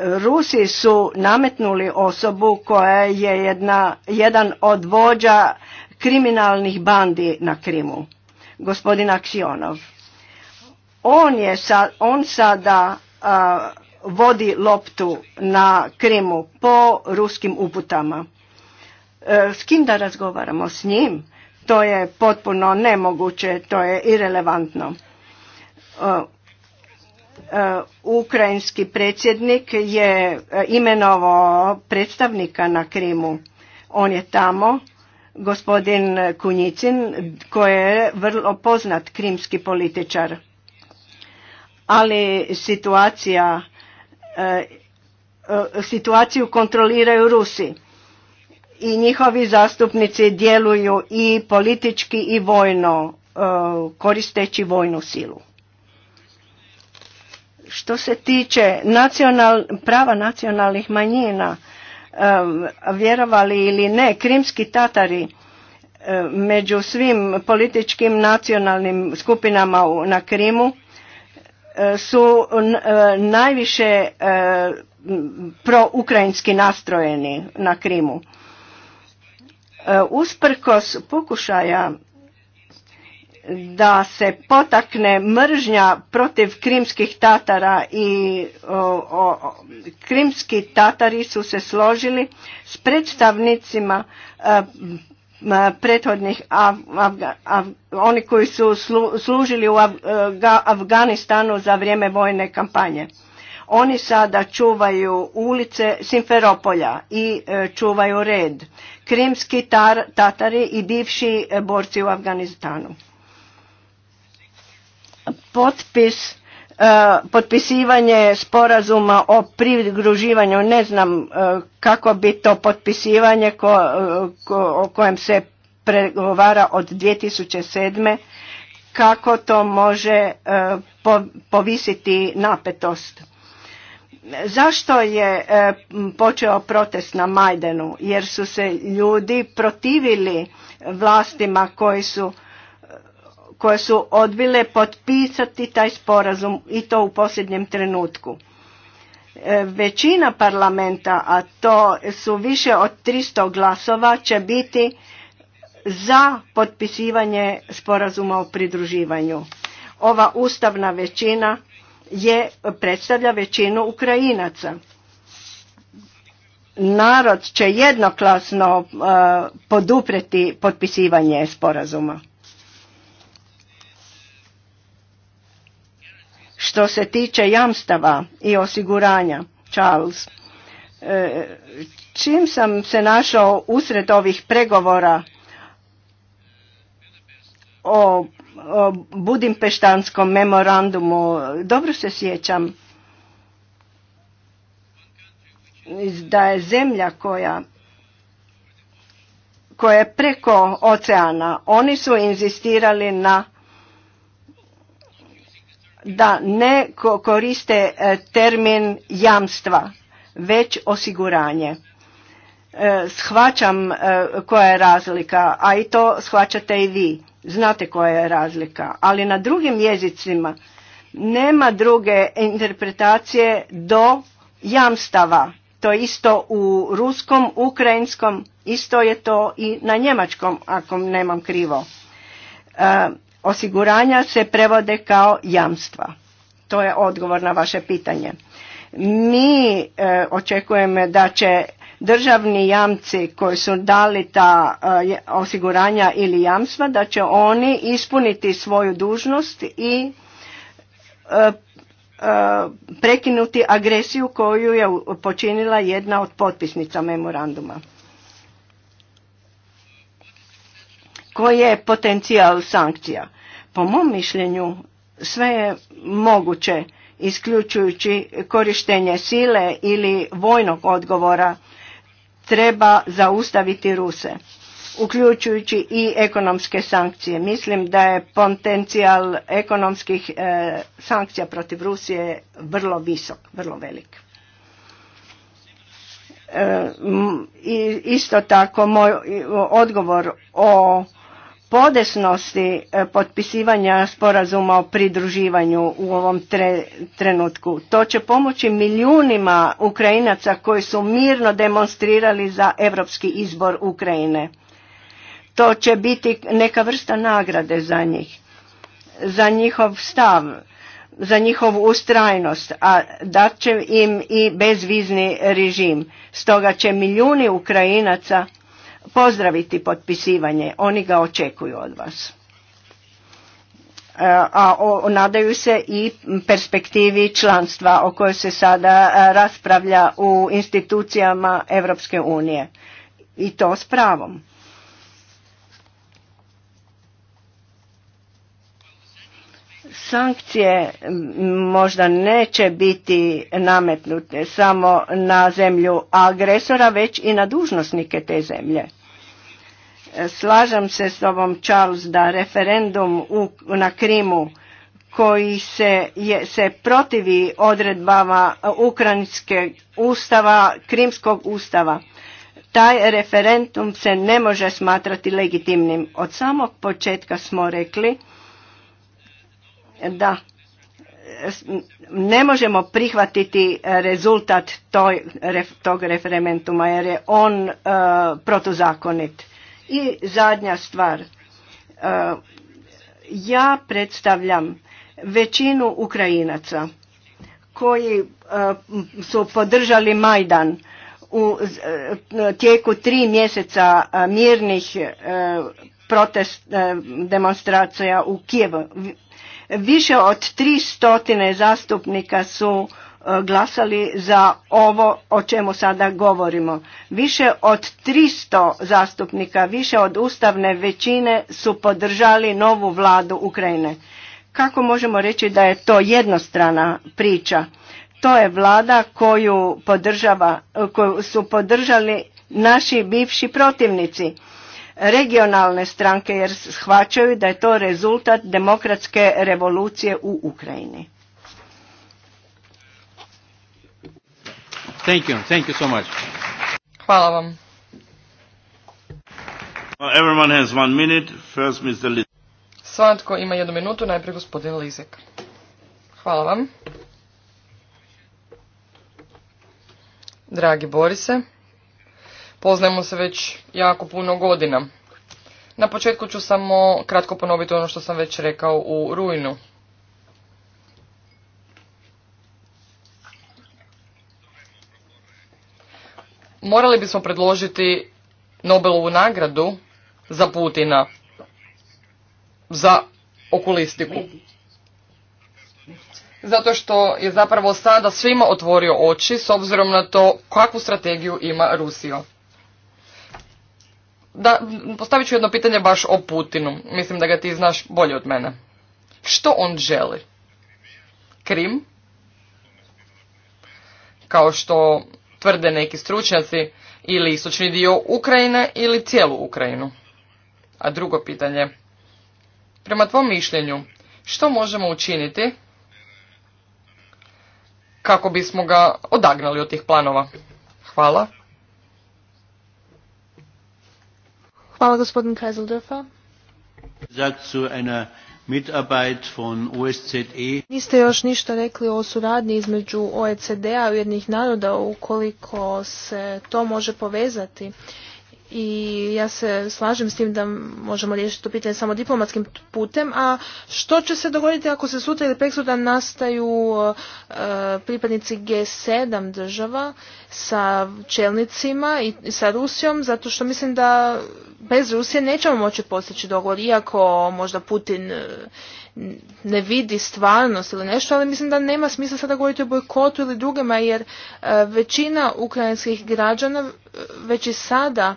Rusi su nametnuli osobu koja je jedna, jedan od vođa kriminalnih bandi na Krimu, gospodin Aksionov. On je sa, on sada vodi loptu na Krimu po ruskim uputama. E, s kim da razgovaramo? S njim? To je potpuno nemoguće, to je irelevantno. E, e, ukrajinski predsjednik je imenovao predstavnika na Krimu. On je tamo, gospodin Kunjicin, koji je vrlo poznat krimski političar. Ali situacija E, e, situaciju kontroliraju Rusi i njihovi zastupnici djeluju i politički i vojno e, koristeći vojnu silu. Što se tiče nacional, prava nacionalnih manjina, vjerovali ili ne, krimski tatari među svim političkim nacionalnim skupinama na Krimu su e, najviše e, proukrajinski nastrojeni na Krimu. E, usprkos pokušaja da se potakne mržnja protiv krimskih tatara i o, krimski tatari su se složili s predstavnicima prethodnih oni koji su služili u e, Afganistanu za vrijeme vojne kampanje. Oni sada čuvaju ulice Simferopolja i e, čuvaju red. Krimski Tatari i bivši e, borci u Afganistanu. Potpis E, potpisivanje sporazuma o pridruživanju, ne znam e, kako bi to potpisivanje e, ko, o kojem se pregovara od 2007. kako to može povisiti napetost. Zašto je počeo protest na Majdenu? Jer su se ljudi protivili vlastima koji su koje su odbile potpisati taj sporazum i to u posljednjem trenutku. E, većina parlamenta, a to su više od 300 glasova, će biti za potpisivanje sporazuma o pridruživanju. Ova ustavna većina je predstavlja većinu Ukrajinaca. Narod će jednoklasno uh, e, podupreti potpisivanje sporazuma. Što se tiče jamstava i osiguranja, Charles, e, čim sam se našao usred ovih pregovora o, Budimpeštanskom memorandumu, dobro se sjećam da je zemlja koja koja je preko oceana. Oni su inzistirali na da ne koriste e, termin jamstva, već osiguranje. E, shvaćam e, koja je razlika, a i to shvaćate i vi. Znate koja je razlika, ali na drugim jezicima nema druge interpretacije do jamstava. To je isto u ruskom, ukrajinskom, isto je to i na njemačkom, ako nemam krivo osiguranja se prevode kao jamstva. To je odgovor na vaše pitanje. Mi e, očekujemo da će državni jamci koji su dali ta e, osiguranja ili jamstva, da će oni ispuniti svoju dužnost i e, e, prekinuti agresiju koju je počinila jedna od potpisnica memoranduma. Koji je potencijal sankcija? Po mom mišljenju sve je moguće isključujući korištenje sile ili vojnog odgovora treba zaustaviti Ruse uključujući i ekonomske sankcije. Mislim da je potencijal ekonomskih e, sankcija protiv Rusije vrlo visok, vrlo velik. E, isto tako moj odgovor o podesnosti e, potpisivanja sporazuma o pridruživanju u ovom trenutku. To će pomoći milijunima Ukrajinaca koji su mirno demonstrirali za europski izbor Ukrajine. To će biti neka vrsta nagrade za njih, za njihov stav, za njihovu ustrajnost, a dat će im i bezvizni režim. Stoga će milijuni Ukrajinaca pozdraviti potpisivanje, oni ga očekuju od vas. E, a nadaju se i perspektivi članstva o kojoj se sada e, raspravlja u institucijama Europske unije i to s pravom. Sankcije možda neće biti nametnute samo na zemlju agresora, već i na dužnosnike te zemlje. E, slažem se s ovom Charles, da referendum u, na Krimu koji se, je, se protivi odredbama Ukrajinske ustava, Krimskog ustava. Taj referendum se ne može smatrati legitimnim. Od samog početka smo rekli da ne možemo prihvatiti rezultat tog referenduma jer je on e, protuzakonit. I zadnja stvar, e, ja predstavljam većinu Ukrajinaca koji e, su podržali Majdan u tijeku tri mjeseca mirnih protest demonstracija u Kijevu. Više od 300 zastupnika su e, glasali za ovo o čemu sada govorimo. Više od 300 zastupnika, više od ustavne većine su podržali novu vladu Ukrajine. Kako možemo reći da je to jednostrana priča? To je vlada koju, podržava, koju su podržali naši bivši protivnici regionalne stranke jer shvaćaju da je to rezultat demokratske revolucije u Ukrajini. Thank you. Thank you so much. Hvala vam. Everyone has Svatko ima jednu minutu, najprije gospodin Lizek. Hvala vam. Dragi Borise, Poznajemo se već jako puno godina. Na početku ću samo kratko ponoviti ono što sam već rekao u rujnu. Morali bismo predložiti Nobelovu nagradu za Putina, za okulistiku. Zato što je zapravo sada svima otvorio oči s obzirom na to kakvu strategiju ima Rusija da postavit ću jedno pitanje baš o Putinu. Mislim da ga ti znaš bolje od mene. Što on želi? Krim? Kao što tvrde neki stručnjaci, ili istočni dio Ukrajine ili cijelu Ukrajinu. A drugo pitanje. Prema tvom mišljenju, što možemo učiniti kako bismo ga odagnali od tih planova? Hvala. Hvala gospodin Kajzeldorfa. E. Niste još ništa rekli o suradnji između OECD-a i jednih naroda ukoliko se to može povezati i ja se slažem s tim da možemo riješiti to pitanje samo diplomatskim putem, a što će se dogoditi ako se sutra ili preksutra nastaju e, pripadnici G7 država sa čelnicima i sa Rusijom, zato što mislim da bez Rusije nećemo moći postići dogovor, iako možda Putin e, ne vidi stvarnost ili nešto, ali mislim da nema smisla sada govoriti o bojkotu ili drugima, jer e, većina ukrajinskih građana već i sada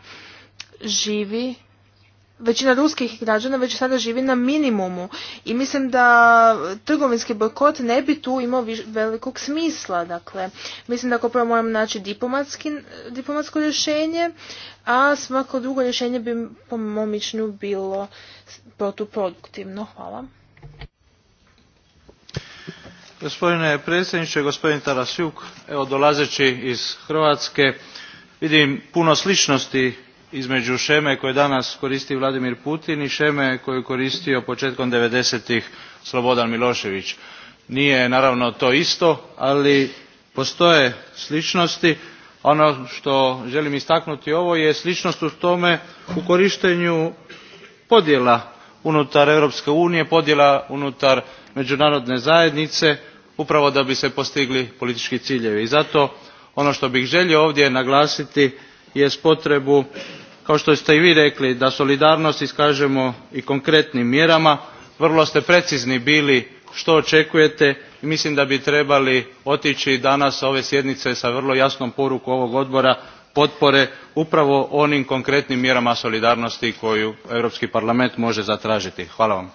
živi većina ruskih građana već sada živi na minimumu i mislim da trgovinski bojkot ne bi tu imao velikog smisla. Dakle, mislim da ako prvo moramo naći diplomatsko rješenje, a svako drugo rješenje bi po mom mišljenju bilo protuproduktivno. Hvala. Gospodine predsjedniče, gospodin Tarasjuk, evo dolazeći iz Hrvatske, vidim puno sličnosti između šeme koju danas koristi Vladimir Putin i šeme koju je koristio početkom 90. Slobodan Milošević. Nije naravno to isto, ali postoje sličnosti. Ono što želim istaknuti ovo je sličnost u tome u korištenju podjela unutar Europske unije, podjela unutar međunarodne zajednice, upravo da bi se postigli politički ciljevi. I zato ono što bih želio ovdje naglasiti jest potrebu kao što ste i vi rekli da solidarnost iskažemo i konkretnim mjerama vrlo ste precizni bili što očekujete i mislim da bi trebali otići danas ove sjednice sa vrlo jasnom porukom ovog odbora potpore upravo onim konkretnim mjerama solidarnosti koju europski parlament može zatražiti. hvala vam.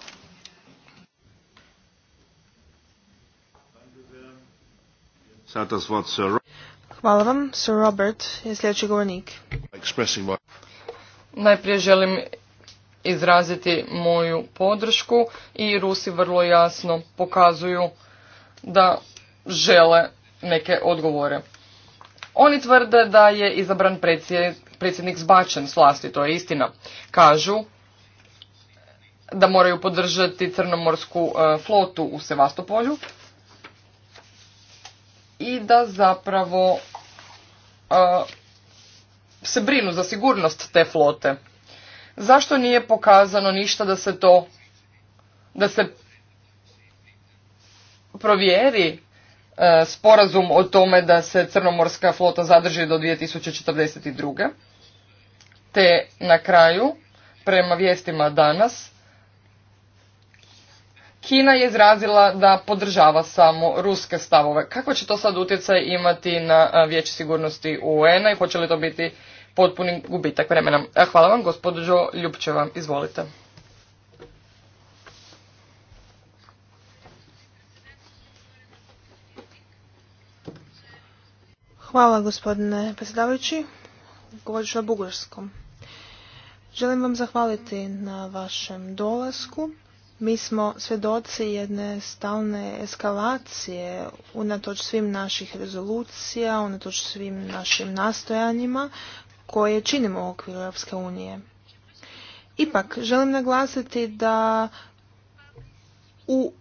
Hvala vam. Sir Robert je sljedeći govornik. Najprije želim izraziti moju podršku i Rusi vrlo jasno pokazuju da žele neke odgovore. Oni tvrde da je izabran predsjednik zbačen s vlasti, to je istina. Kažu da moraju podržati crnomorsku e, flotu u Sevastopolju i da zapravo se brinu za sigurnost te flote. Zašto nije pokazano ništa da se to, da se provjeri e, sporazum o tome da se crnomorska flota zadrži do 2042. Te na kraju, prema vijestima danas, Kina je izrazila da podržava samo ruske stavove. Kako će to sad utjecaj imati na Vijeće sigurnosti UN-a i hoće li to biti potpuni gubitak vremena? Hvala vam, gospođo Ljubčeva, izvolite. Hvala gospodine predsjedavajući. Govorit o bugarskom. Želim vam zahvaliti na vašem dolasku mi smo svjedoci jedne stalne eskalacije unatoč svim naših rezolucija, unatoč svim našim nastojanjima koje činimo u okviru Europske unije. Ipak, želim naglasiti da u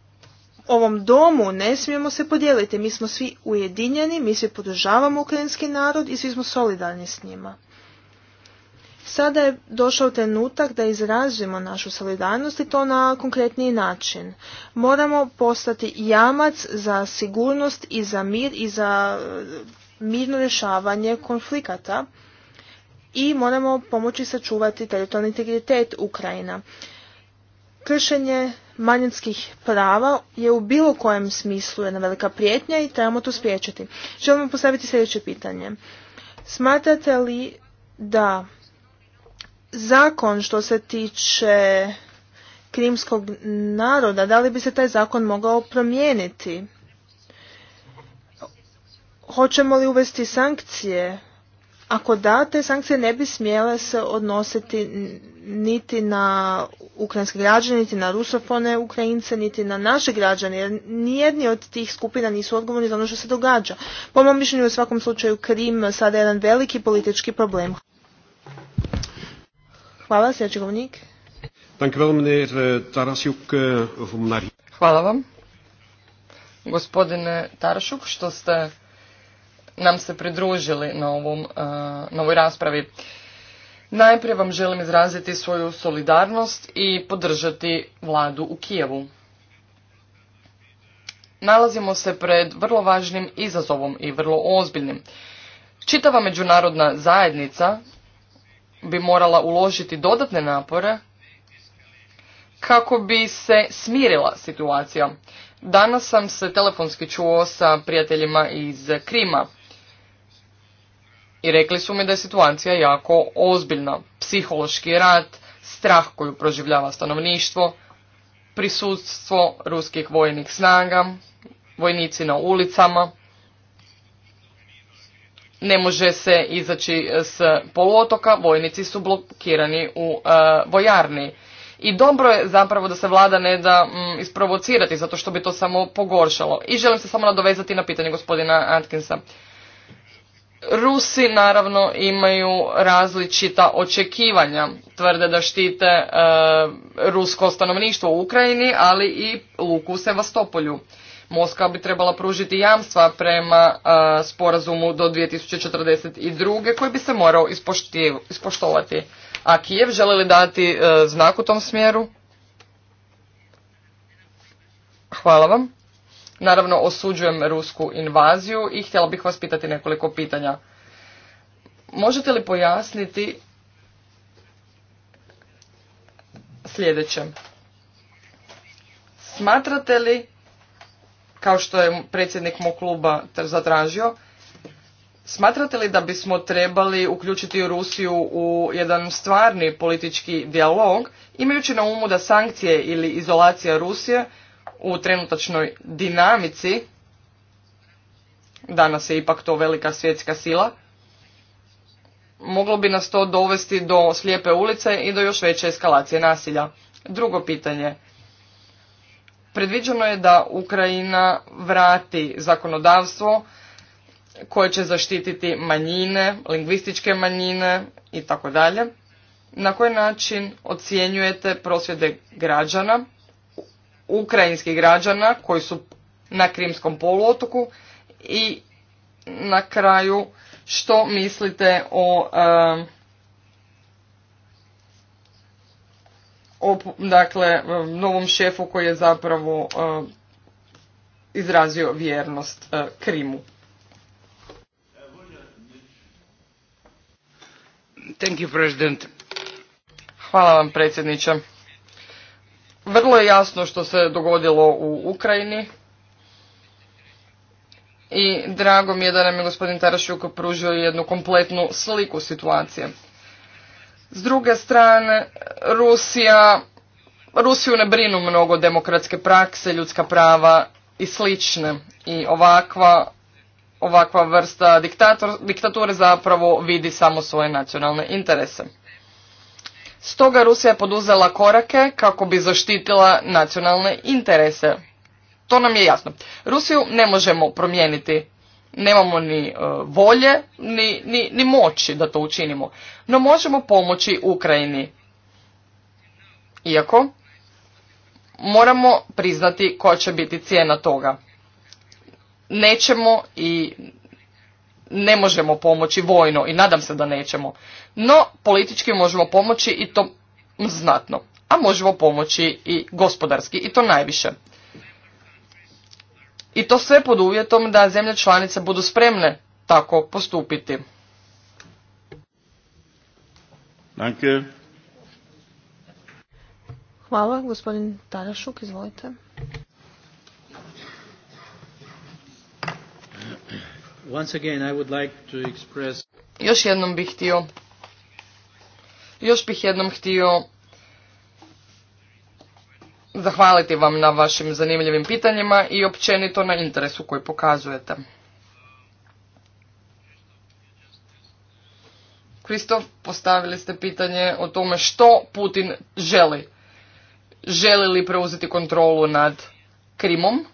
ovom domu ne smijemo se podijeliti. Mi smo svi ujedinjeni, mi svi podržavamo ukrajinski narod i svi smo solidarni s njima. Sada je došao trenutak da izrazimo našu solidarnost i to na konkretniji način. Moramo postati jamac za sigurnost i za mir i za e, mirno rješavanje konflikata i moramo pomoći sačuvati teritorijalni integritet Ukrajina. Kršenje manjinskih prava je u bilo kojem smislu jedna velika prijetnja i trebamo to spriječiti. Želimo postaviti sljedeće pitanje. Smatrate li da zakon što se tiče krimskog naroda, da li bi se taj zakon mogao promijeniti? Hoćemo li uvesti sankcije? Ako da, te sankcije ne bi smjele se odnositi niti na ukrajinske građane, niti na rusofone Ukrajince, niti na naše građane, jer nijedni od tih skupina nisu odgovorni za ono što se događa. Po mom mišljenju u svakom slučaju Krim sada je jedan veliki politički problem. Eh, eh, Hvala, vam, gospodine Tarašuk, što ste nam se pridružili na, ovom, eh, na ovoj raspravi. Najprije vam želim izraziti svoju solidarnost i podržati vladu u Kijevu. Nalazimo se pred vrlo važnim izazovom i vrlo ozbiljnim. Čitava međunarodna zajednica bi morala uložiti dodatne napore kako bi se smirila situacija. Danas sam se telefonski čuo sa prijateljima iz Krima i rekli su mi da je situacija jako ozbiljna. Psihološki rat, strah koju proživljava stanovništvo, prisutstvo ruskih vojnih snaga, vojnici na ulicama ne može se izaći s poluotoka, vojnici su blokirani u e, vojarni. I dobro je zapravo da se vlada ne da mm, isprovocirati, zato što bi to samo pogoršalo. I želim se samo nadovezati na pitanje gospodina Atkinsa. Rusi naravno imaju različita očekivanja, tvrde da štite e, rusko stanovništvo u Ukrajini, ali i luku u Sevastopolju. Moskva bi trebala pružiti jamstva prema sporazumu do 2042. koji bi se morao ispoštovati. A Kijev želi li dati e, znak u tom smjeru? Hvala vam. Naravno, osuđujem rusku invaziju i htjela bih vas pitati nekoliko pitanja. Možete li pojasniti sljedeće? Smatrate li kao što je predsjednik mog kluba zatražio, smatrate li da bismo trebali uključiti Rusiju u jedan stvarni politički dijalog, imajući na umu da sankcije ili izolacija Rusije u trenutačnoj dinamici, danas je ipak to velika svjetska sila, moglo bi nas to dovesti do slijepe ulice i do još veće eskalacije nasilja. Drugo pitanje, Predviđeno je da Ukrajina vrati zakonodavstvo koje će zaštititi manjine, lingvističke manjine i tako dalje. Na koji način ocjenjujete prosvjede građana, ukrajinskih građana koji su na Krimskom poluotoku i na kraju što mislite o dakle, novom šefu koji je zapravo e, izrazio vjernost e, Krimu. Hvala vam predsjedniče. Vrlo je jasno što se dogodilo u Ukrajini i drago mi je da nam je gospodin Tarašuk pružio jednu kompletnu sliku situacije. S druge strane, Rusija, Rusiju ne brinu mnogo demokratske prakse, ljudska prava i slične. I ovakva, ovakva vrsta diktator, diktature zapravo vidi samo svoje nacionalne interese. Stoga Rusija je poduzela korake kako bi zaštitila nacionalne interese. To nam je jasno. Rusiju ne možemo promijeniti nemamo ni e, volje ni, ni, ni moći da to učinimo no možemo pomoći ukrajini iako moramo priznati koja će biti cijena toga nećemo i ne možemo pomoći vojno i nadam se da nećemo no politički možemo pomoći i to znatno a možemo pomoći i gospodarski i to najviše i to sve pod uvjetom da zemlje članice budu spremne tako postupiti. Danke. Hvala, gospodin Tarašuk, izvolite. Once again, I would like to express... Još jednom bih htio, još bih jednom htio zahvaliti vam na vašim zanimljivim pitanjima i općenito na interesu koji pokazujete. Kristof, postavili ste pitanje o tome što Putin želi. Želi li preuzeti kontrolu nad Krimom,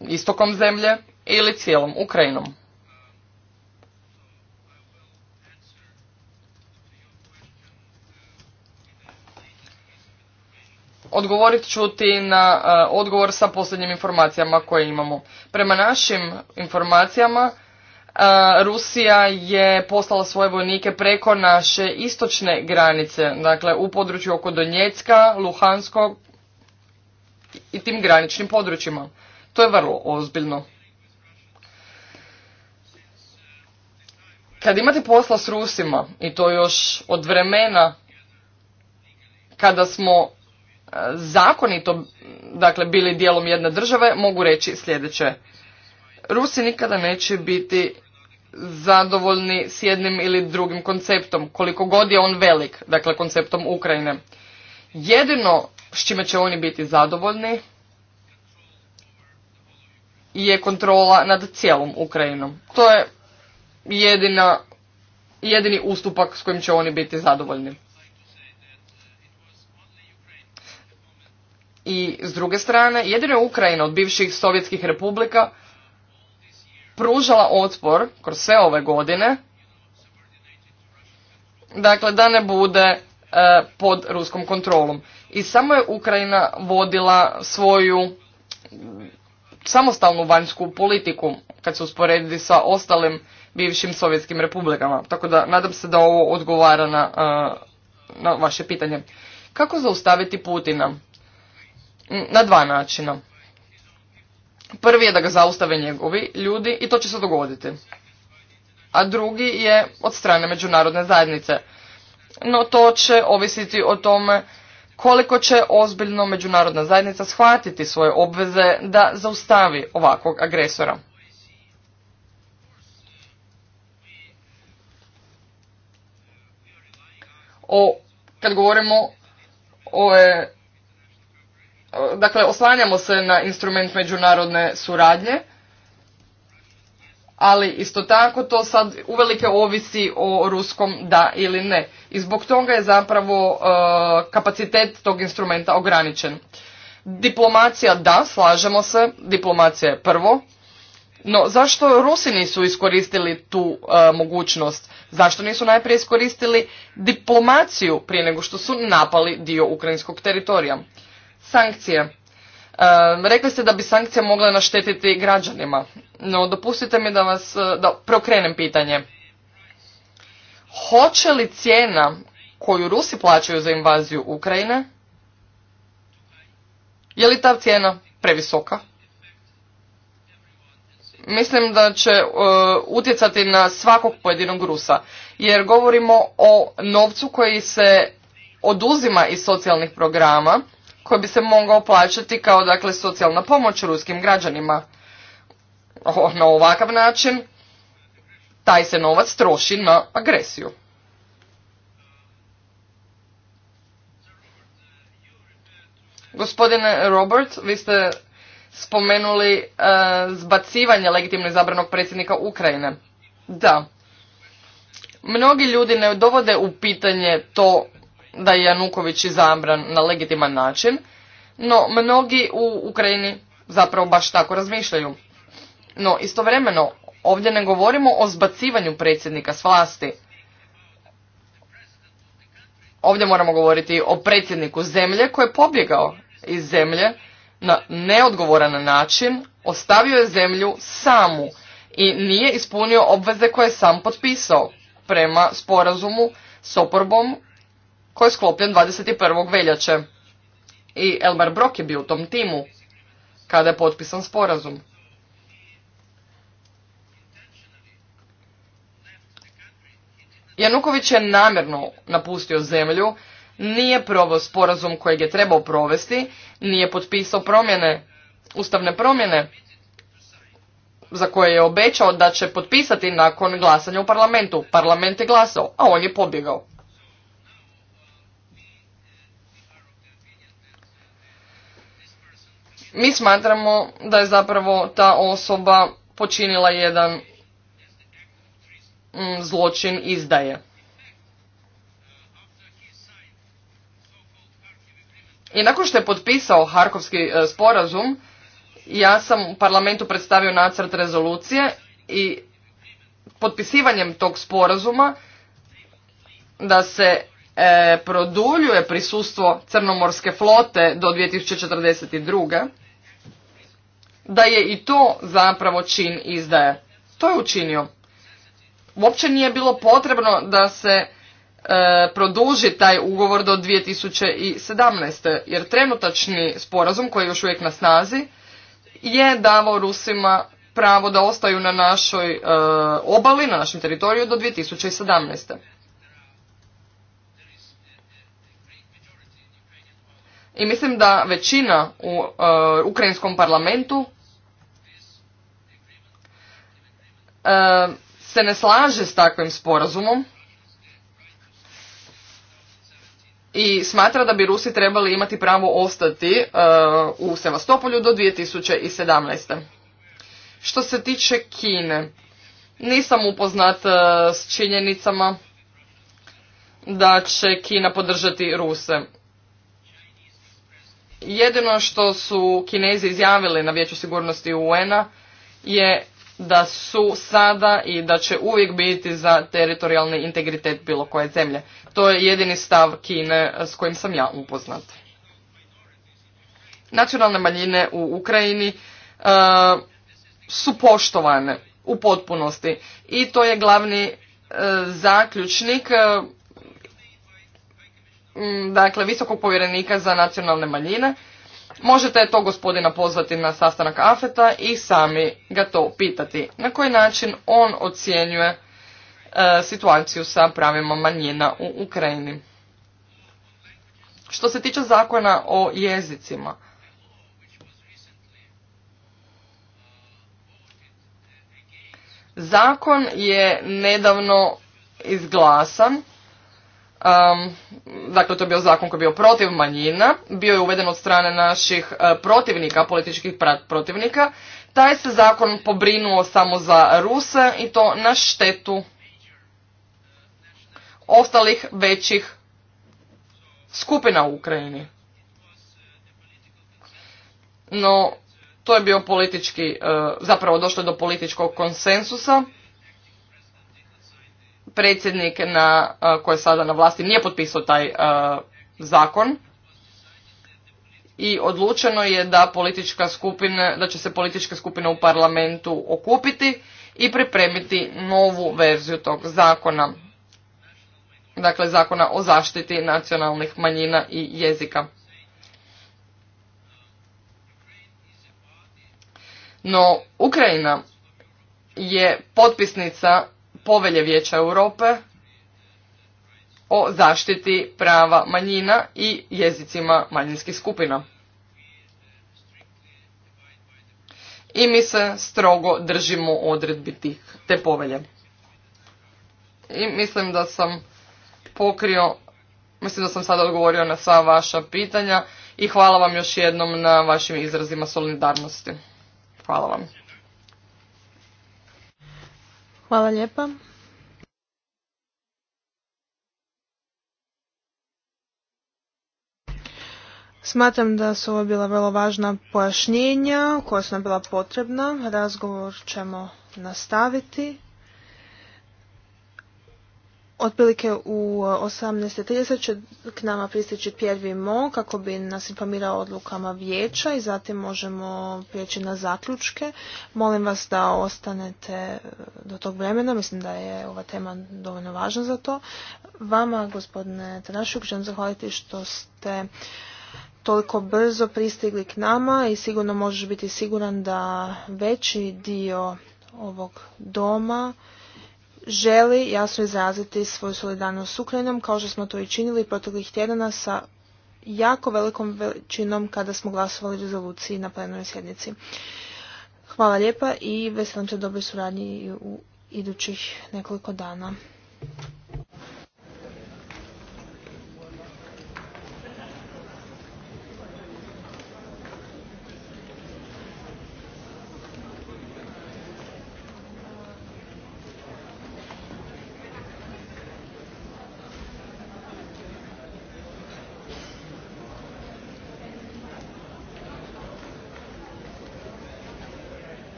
istokom zemlje ili cijelom Ukrajinom? odgovorit ću ti na e, odgovor sa posljednjim informacijama koje imamo. Prema našim informacijama e, Rusija je poslala svoje vojnike preko naše istočne granice, dakle u području oko Donjecka, Luhanskog i tim graničnim područjima. To je vrlo ozbiljno. Kad imate posla s Rusima, i to još od vremena kada smo zakonito dakle bili dijelom jedne države mogu reći sljedeće. Rusi nikada neće biti zadovoljni s jednim ili drugim konceptom, koliko god je on velik, dakle konceptom Ukrajine. Jedino s čime će oni biti zadovoljni je kontrola nad cijelom Ukrajinom. To je jedina, jedini ustupak s kojim će oni biti zadovoljni. S druge strane, jedino je Ukrajina od bivših sovjetskih republika pružala otpor kroz sve ove godine, dakle da ne bude e, pod ruskom kontrolom. I samo je Ukrajina vodila svoju samostalnu vanjsku politiku kad se usporedi sa ostalim bivšim sovjetskim republikama. Tako da nadam se da ovo odgovara na, e, na vaše pitanje. Kako zaustaviti Putina? na dva načina. Prvi je da ga zaustave njegovi ljudi i to će se dogoditi. A drugi je od strane međunarodne zajednice. No to će ovisiti o tome koliko će ozbiljno međunarodna zajednica shvatiti svoje obveze da zaustavi ovakvog agresora. O, kad govorimo o e, dakle oslanjamo se na instrument međunarodne suradnje, ali isto tako to sad uvelike ovisi o ruskom da ili ne. I zbog toga je zapravo e, kapacitet tog instrumenta ograničen. Diplomacija da, slažemo se, diplomacija je prvo. No zašto Rusi nisu iskoristili tu e, mogućnost? Zašto nisu najprije iskoristili diplomaciju prije nego što su napali dio ukrajinskog teritorija? Sankcije. E, rekli ste da bi sankcije mogle naštetiti građanima, no dopustite mi da vas e, da prokrenem pitanje. Hoće li cijena koju Rusi plaćaju za invaziju Ukrajine, je li ta cijena previsoka? Mislim da će e, utjecati na svakog pojedinog Rusa, jer govorimo o novcu koji se oduzima iz socijalnih programa koji bi se mogao plaćati kao dakle socijalna pomoć ruskim građanima. na ovakav način taj se novac troši na agresiju. Gospodine Robert, vi ste spomenuli e, zbacivanje legitimno izabranog predsjednika Ukrajine. Da. Mnogi ljudi ne dovode u pitanje to da je Januković izabran na legitiman način, no mnogi u Ukrajini zapravo baš tako razmišljaju. No istovremeno ovdje ne govorimo o zbacivanju predsjednika s vlasti. Ovdje moramo govoriti o predsjedniku zemlje koji je pobjegao iz zemlje na neodgovoran način, ostavio je zemlju samu i nije ispunio obveze koje je sam potpisao prema sporazumu s oporbom koji je sklopljen 21. veljače. I Elmar Brock je bio u tom timu kada je potpisan sporazum. Januković je namjerno napustio zemlju, nije proveo sporazum kojeg je trebao provesti, nije potpisao promjene, ustavne promjene za koje je obećao da će potpisati nakon glasanja u parlamentu. Parlament je glasao, a on je pobjegao. Mi smatramo da je zapravo ta osoba počinila jedan mm, zločin izdaje. I nakon što je potpisao Harkovski e, sporazum, ja sam u parlamentu predstavio nacrt rezolucije i potpisivanjem tog sporazuma da se e, produljuje prisustvo crnomorske flote do 2042 da je i to zapravo čin izdaje. To je učinio. Uopće nije bilo potrebno da se e, produži taj ugovor do 2017. jer trenutačni sporazum koji je još uvijek na snazi je davao Rusima pravo da ostaju na našoj e, obali, na našem teritoriju do 2017. I mislim da većina u e, ukrajinskom parlamentu E, se ne slaže s takvim sporazumom i smatra da bi Rusi trebali imati pravo ostati e, u Sevastopolju do 2017. Što se tiče Kine, nisam upoznat e, s činjenicama da će Kina podržati Ruse. Jedino što su Kinezi izjavili na Vijeću sigurnosti UN-a je da su sada i da će uvijek biti za teritorijalni integritet bilo koje zemlje. To je jedini stav Kine s kojim sam ja upoznat. Nacionalne manjine u Ukrajini e, su poštovane u potpunosti i to je glavni e, zaključnik e, dakle visokog povjerenika za nacionalne manjine Možete to gospodina pozvati na sastanak AFETA i sami ga to pitati. Na koji način on ocjenjuje e, situaciju sa pravima manjina u Ukrajini. Što se tiče zakona o jezicima, zakon je nedavno izglasan Um, dakle, to je bio zakon koji je bio protiv manjina, bio je uveden od strane naših e, protivnika, političkih protivnika. Taj se zakon pobrinuo samo za Ruse i to na štetu ostalih većih skupina u Ukrajini. No, to je bio politički, e, zapravo došlo je do političkog konsensusa predsjednik na, koji je sada na vlasti nije potpisao taj zakon i odlučeno je da politička skupina, da će se politička skupina u parlamentu okupiti i pripremiti novu verziju tog zakona. Dakle, zakona o zaštiti nacionalnih manjina i jezika. No, Ukrajina je potpisnica povelje Vijeća Europe o zaštiti prava manjina i jezicima manjinskih skupina. I mi se strogo držimo odredbi tih, te povelje. I mislim da sam pokrio, mislim da sam sada odgovorio na sva vaša pitanja i hvala vam još jednom na vašim izrazima solidarnosti. Hvala vam. Hvala lijepa. Smatram da su ovo bila vrlo važna pojašnjenja koja su nam bila potrebna. Razgovor ćemo nastaviti. Otprilike u 18.30 e, će k nama pristići prvi Mo kako bi nas informirao odlukama vijeća i zatim možemo prijeći na zaključke. Molim vas da ostanete e, do tog vremena, mislim da je ova tema dovoljno važna za to. Vama, gospodine Tanašuk, želim zahvaliti što ste toliko brzo pristigli k nama i sigurno možeš biti siguran da veći dio ovog doma želi jasno izraziti svoju solidarnost s Ukrajinom, kao što smo to i činili proteklih tjedana sa jako velikom većinom kada smo glasovali rezoluciji na plenarnoj sjednici. Hvala lijepa i veselim se dobroj suradnji u idućih nekoliko dana.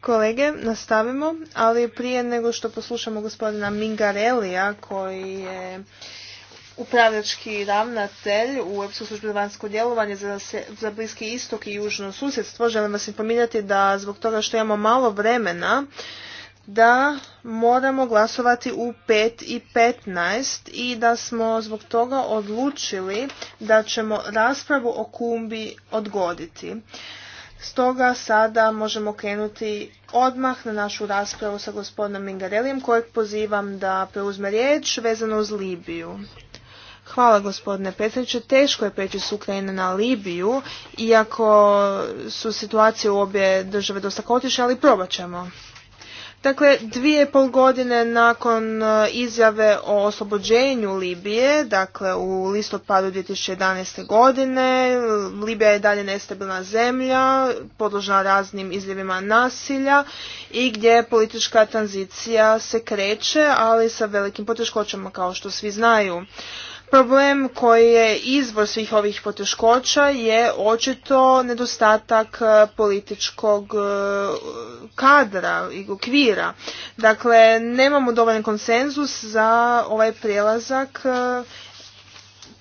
Kolege, nastavimo, ali prije nego što poslušamo gospodina Mingarelija koji je upravljački ravnatelj u Europskoj službi za vanjsko djelovanje za, za Bliski istok i južno susjedstvo, želim vas informirati da zbog toga što imamo malo vremena da moramo glasovati u 5 i 15 i da smo zbog toga odlučili da ćemo raspravu o kumbi odgoditi. Stoga sada možemo krenuti odmah na našu raspravu sa gospodinom Mingarelijem kojeg pozivam da preuzme riječ vezano uz Libiju. Hvala gospodine predsjedniče. Teško je preći s Ukrajine na Libiju, iako su situacije u obje države dosta kotiše, ali probat ćemo. Dakle, dvije pol godine nakon e, izjave o oslobođenju Libije, dakle u listopadu 2011. godine, Libija je dalje nestabilna zemlja, podložna raznim izljevima nasilja i gdje politička tranzicija se kreće, ali sa velikim poteškoćama kao što svi znaju. Problem koji je izvor svih ovih poteškoća je očito nedostatak e, političkog e, kadra i okvira. Dakle, nemamo dovoljan konsenzus za ovaj prijelazak e,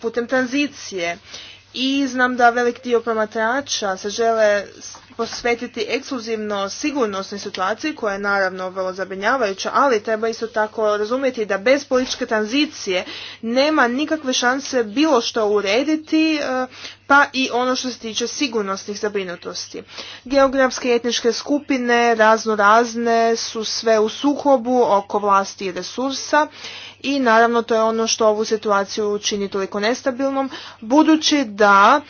putem tranzicije i znam da velik dio promatrača se žele posvetiti ekskluzivno sigurnosnoj situaciji koja je naravno vrlo zabrinjavajuća, ali treba isto tako razumjeti da bez političke tranzicije nema nikakve šanse bilo što urediti, e, pa i ono što se tiče sigurnosnih zabrinutosti. Geografske i etničke skupine razno razne su sve u sukobu oko vlasti i resursa i naravno to je ono što ovu situaciju čini toliko nestabilnom, budući da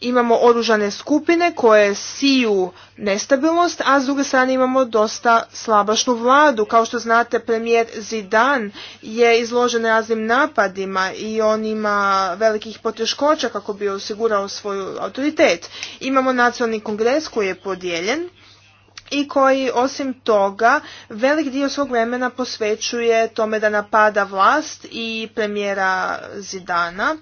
imamo oružane skupine koje siju nestabilnost, a s druge strane imamo dosta slabašnu vladu. Kao što znate, premijer Zidan je izložen raznim napadima i on ima velikih poteškoća kako bi osigurao svoju autoritet. Imamo nacionalni kongres koji je podijeljen i koji osim toga velik dio svog vremena posvećuje tome da napada vlast i premijera Zidana.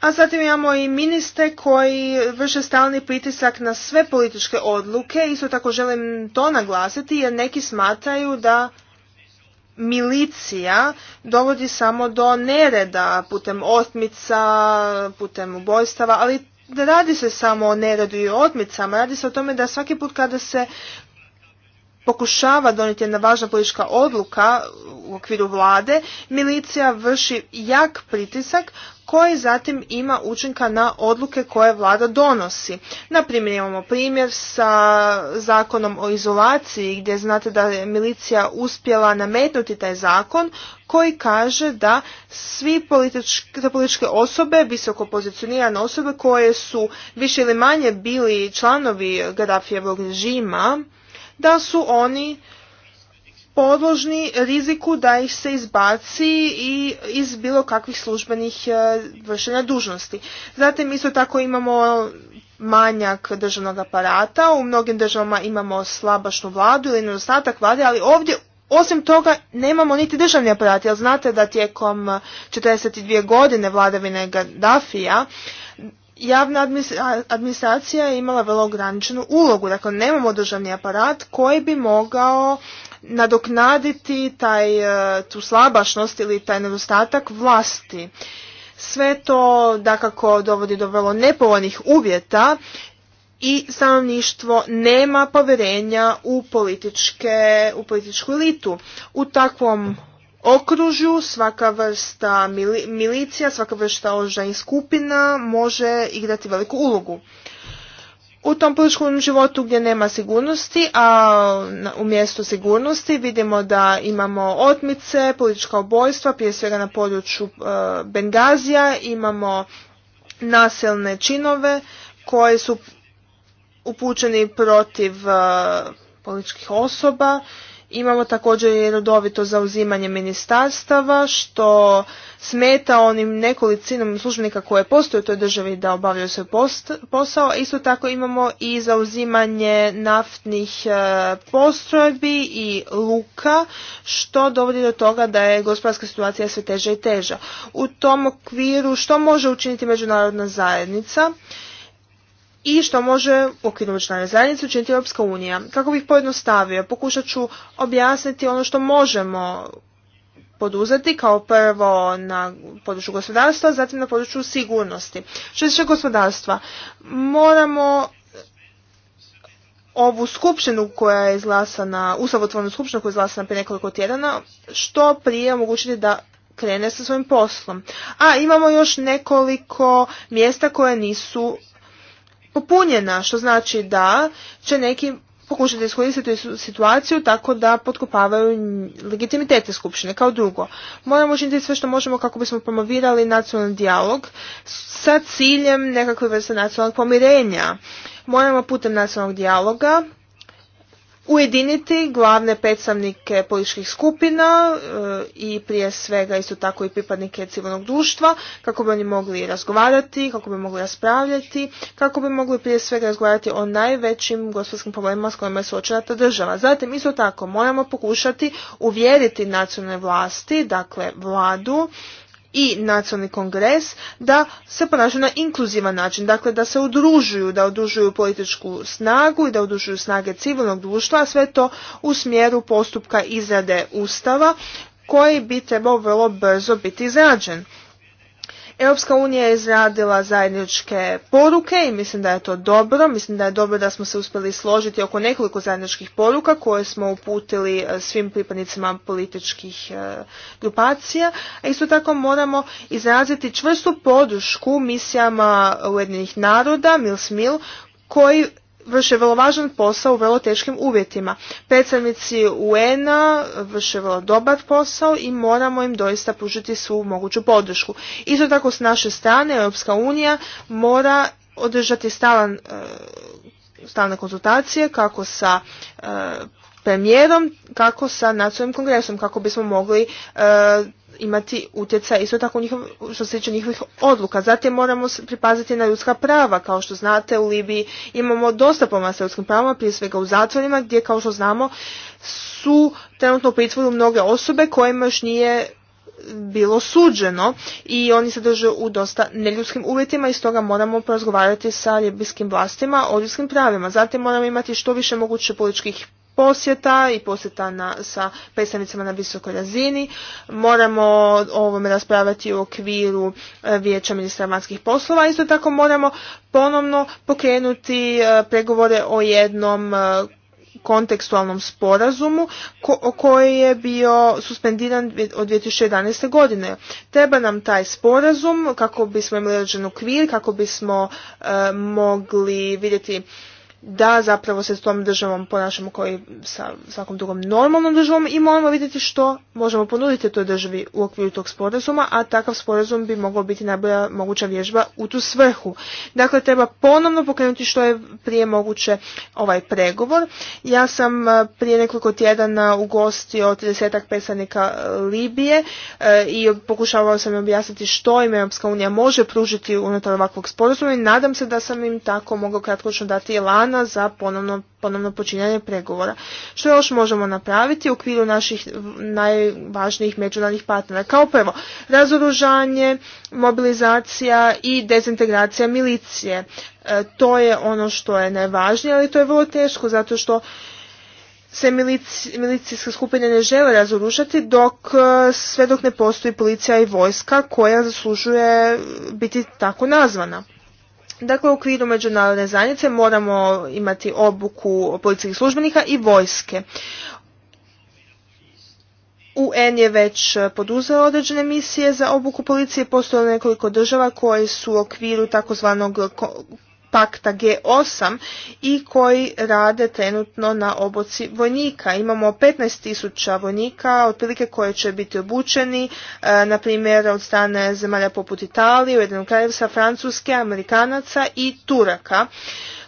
A zatim imamo i ministre koji vrše stalni pritisak na sve političke odluke. Isto tako želim to naglasiti jer neki smatraju da milicija dovodi samo do nereda putem otmica, putem ubojstava, ali ne radi se samo o neradu i odmicama, radi se o tome da svaki put kada se pokušava donijeti jedna važna politička odluka u okviru vlade, milicija vrši jak pritisak koji zatim ima učinka na odluke koje vlada donosi. Naprimjer imamo primjer sa zakonom o izolaciji gdje znate da je milicija uspjela nametnuti taj zakon koji kaže da svi političke, političke osobe, visoko pozicionirane osobe koje su više ili manje bili članovi Gaddafijevog režima, da su oni podložni riziku da ih se izbaci i iz bilo kakvih službenih e, vršenja dužnosti. Zatim isto tako imamo manjak državnog aparata, u mnogim državama imamo slabašnu vladu ili nedostatak vlade, ali ovdje osim toga nemamo niti državni aparat, jer znate da tijekom 42 godine vladavine Gaddafija javna administracija je imala vrlo ograničenu ulogu. Dakle, nemamo državni aparat koji bi mogao nadoknaditi taj, e, tu slabašnost ili taj nedostatak vlasti. Sve to dakako dovodi do vrlo nepovoljnih uvjeta i stanovništvo nema povjerenja u, u političku elitu. U takvom okružju svaka vrsta milicija, svaka vrsta ožajnih skupina može igrati veliku ulogu u tom političkom životu gdje nema sigurnosti, a u mjestu sigurnosti vidimo da imamo otmice, politička obojstva, prije svega na području e, Bengazija, imamo nasilne činove koji su upućeni protiv e, političkih osoba Imamo također i redovito zauzimanje ministarstava što smeta onim nekolicinom službenika koje postoje u toj državi da obavljaju svoj posao. Isto tako imamo i zauzimanje naftnih e, postrojbi i luka što dovodi do toga da je gospodarska situacija sve teža i teža. U tom okviru što može učiniti međunarodna zajednica? i što može u okviru zajednice učiniti Europska unija. Kako bih pojednostavio, pokušat ću objasniti ono što možemo poduzeti kao prvo na području gospodarstva, zatim na području sigurnosti. Što se tiče gospodarstva, moramo ovu skupštinu koja je izglasana, usavotvornu skupštinu koja je izglasana prije nekoliko tjedana, što prije omogućiti da krene sa svojim poslom. A imamo još nekoliko mjesta koje nisu popunjena, što znači da će neki pokušati iskoristiti situaciju tako da potkopavaju legitimitete skupštine. Kao drugo, moramo učiniti sve što možemo kako bismo promovirali nacionalni dijalog sa ciljem nekakve vrste nacionalnog pomirenja. Moramo putem nacionalnog dijaloga ujediniti glavne predstavnike političkih skupina e, i prije svega isto tako i pripadnike civilnog društva kako bi oni mogli razgovarati, kako bi mogli raspravljati, kako bi mogli prije svega razgovarati o najvećim gospodarskim problemima s kojima je suočena ta država. Zatim isto tako moramo pokušati uvjeriti nacionalne vlasti, dakle vladu i nacionalni kongres da se ponašaju na inkluzivan način, dakle da se udružuju, da udružuju političku snagu i da udružuju snage civilnog društva, a sve to u smjeru postupka izrade ustava koji bi trebao vrlo brzo biti izrađen. Europska unija je izradila zajedničke poruke i mislim da je to dobro. Mislim da je dobro da smo se uspjeli složiti oko nekoliko zajedničkih poruka koje smo uputili e, svim pripadnicima političkih e, grupacija. A isto tako moramo izraziti čvrstu podršku misijama Ujedinjenih naroda, Mils Mil, koji vrše vrlo važan posao u vrlo teškim uvjetima. Predstavnici UN-a vrše vrlo dobar posao i moramo im doista pružiti svu moguću podršku. Isto tako s naše strane Europska unija mora održati stalan, e, stalne konzultacije kako sa e, premijerom, kako sa nacionalnim kongresom, kako bismo mogli e, imati utjecaj isto tako njihov, što se tiče njihovih odluka. Zatim moramo pripaziti na ljudska prava. Kao što znate u Libiji imamo dosta pomala sa ljudskim pravama, prije svega u zatvorima gdje kao što znamo su trenutno u pritvoru mnoge osobe kojima još nije bilo suđeno i oni se drže u dosta neljudskim uvjetima i stoga moramo porazgovarati sa libijskim vlastima o ljudskim pravima. Zatim moramo imati što više moguće političkih posjeta i posjeta na, sa predstavnicama na visokoj razini. Moramo o ovome raspravljati u okviru e, vijeća ministra vanjskih poslova. Isto tako moramo ponovno pokrenuti e, pregovore o jednom e, kontekstualnom sporazumu koji je bio suspendiran od 2011. godine. Treba nam taj sporazum kako bismo imali rađen okvir, kako bismo mogli vidjeti da zapravo se s tom državom ponašamo i sa svakom drugom normalnom državom i moramo vidjeti što možemo ponuditi toj državi u okviru tog sporazuma, a takav sporazum bi mogao biti najbolja moguća vježba u tu svrhu. Dakle, treba ponovno pokrenuti što je prije moguće ovaj pregovor. Ja sam e, prije nekoliko tjedana ugostio 30 predstavnika e, Libije e, i pokušavao sam im objasniti što im Europska unija može pružiti unutar ovakvog sporazuma i nadam se da sam im tako mogao kratkočno dati lan za ponovno, ponovno počinjanje pregovora. Što još možemo napraviti u okviru naših najvažnijih međunarodnih partnera? Kao prvo, razoružanje, mobilizacija i dezintegracija milicije. E, to je ono što je najvažnije, ali to je vrlo teško zato što se milicijske skupine ne žele razoružati dok e, sve dok ne postoji policija i vojska koja zaslužuje biti tako nazvana. Dakle, u okviru međunarodne zajednice moramo imati obuku policijskih službenika i vojske. UN je već poduzeo određene misije za obuku policije, postoje nekoliko država koje su u okviru takozvanog pakta G8 i koji rade trenutno na oboci vojnika. Imamo 15.000 vojnika, otprilike koje će biti obučeni, e, na primjer od strane zemalja poput Italije, Ujedinog kraljevstva, Francuske, Amerikanaca i Turaka.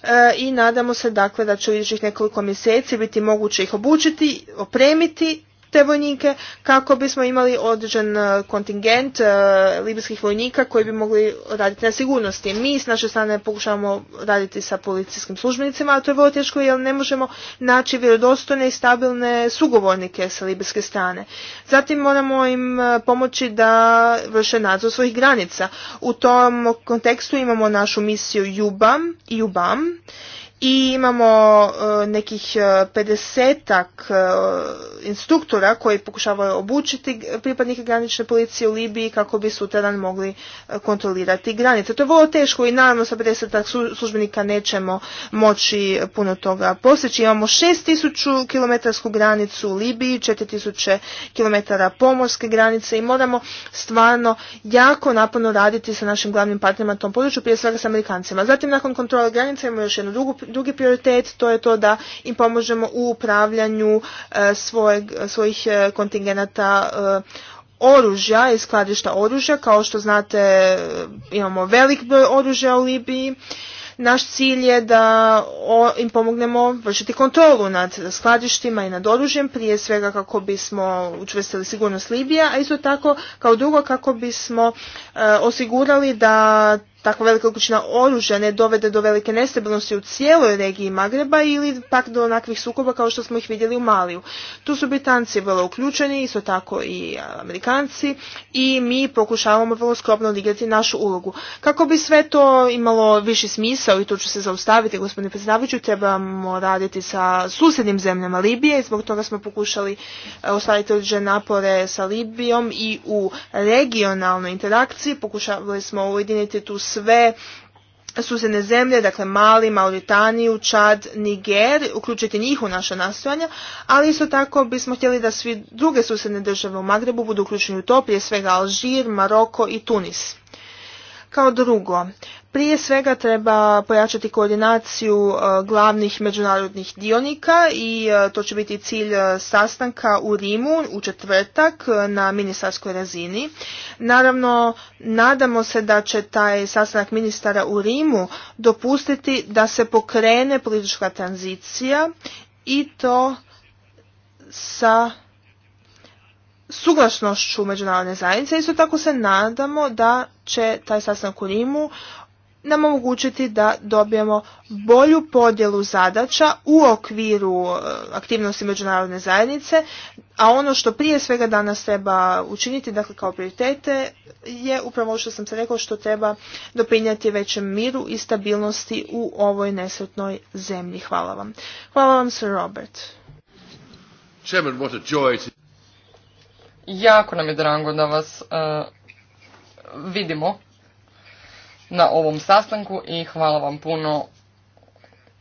E, I nadamo se dakle da će u idućih nekoliko mjeseci biti moguće ih obučiti, opremiti te vojnike kako bismo imali određen e, kontingent e, libijskih vojnika koji bi mogli raditi na sigurnosti. Mi s naše strane pokušavamo raditi sa policijskim službenicima, a to je vrlo teško jer ne možemo naći vjerodostojne i stabilne sugovornike sa libijske strane. Zatim moramo im e, pomoći da vrše nadzor svojih granica. U tom kontekstu imamo našu misiju Jubam, Jubam i imamo e, nekih 50 e, e, instruktora koji pokušavaju obučiti pripadnike granične policije u Libiji kako bi sutradan mogli kontrolirati granice. To je vrlo teško i naravno sa 50 službenika nećemo moći puno toga posjeći. Imamo 6000 km granicu u Libiji, 4000 km pomorske granice i moramo stvarno jako naporno raditi sa našim glavnim partnerima na tom području, prije svega sa Amerikancima. Zatim nakon kontrole granice imamo još jednu drugu drugi prioritet, to je to da im pomožemo u upravljanju e, svojeg, svojih e, kontingenata e, oružja i skladišta oružja. Kao što znate imamo velik broj oružja u Libiji. Naš cilj je da im pomognemo vršiti kontrolu nad skladištima i nad oružjem, prije svega kako bismo učvrstili sigurnost Libija, a isto tako kao drugo kako bismo osigurali da takva velika količina oružja ne dovede do velike nestabilnosti u cijeloj regiji Magreba ili pak do onakvih sukoba kao što smo ih vidjeli u Maliju. Tu su Britanci vrlo uključeni, isto tako i Amerikanci i mi pokušavamo vrlo skromno odigrati našu ulogu. Kako bi sve to imalo viši smisao i tu ću se zaustaviti, gospodine predsjedavajući trebamo raditi sa susjednim zemljama Libije i zbog toga smo pokušali e, ostaviti određene napore sa Libijom i u regionalnoj interakciji pokušavali smo ujediniti tu sve susjedne zemlje, dakle Mali, Mauritaniju, Čad, Niger, uključiti njih u naše nastojanja, ali isto tako bismo htjeli da svi druge susjedne države u Magrebu budu uključeni u to, prije svega Alžir, Maroko i Tunis. Kao drugo, prije svega treba pojačati koordinaciju e, glavnih međunarodnih dionika i e, to će biti cilj e, sastanka u Rimu u četvrtak na ministarskoj razini. Naravno, nadamo se da će taj sastanak ministara u Rimu dopustiti da se pokrene politička tranzicija i to sa suglasnošću međunarodne zajednice. Isto tako se nadamo da će taj sastanak u Rimu nam omogućiti da dobijemo bolju podjelu zadaća u okviru e, aktivnosti međunarodne zajednice, a ono što prije svega danas treba učiniti, dakle kao prioritete, je upravo što sam se rekao što treba doprinjati većem miru i stabilnosti u ovoj nesretnoj zemlji. Hvala vam. Hvala vam Sir Robert. Jako nam je drago da vas e, vidimo na ovom sastanku i hvala vam puno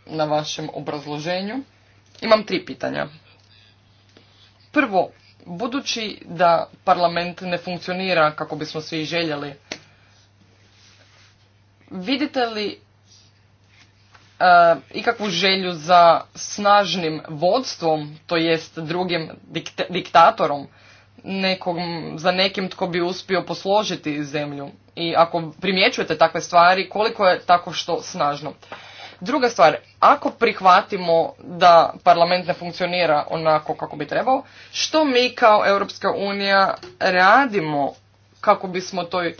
na vašem obrazloženju. Imam tri pitanja. Prvo, budući da parlament ne funkcionira kako bismo svi željeli, vidite li e, ikakvu želju za snažnim vodstvom, to jest drugim diktatorom, nekom, za nekim tko bi uspio posložiti zemlju. I ako primjećujete takve stvari, koliko je tako što snažno. Druga stvar, ako prihvatimo da parlament ne funkcionira onako kako bi trebao, što mi kao Europska unija radimo kako bismo toj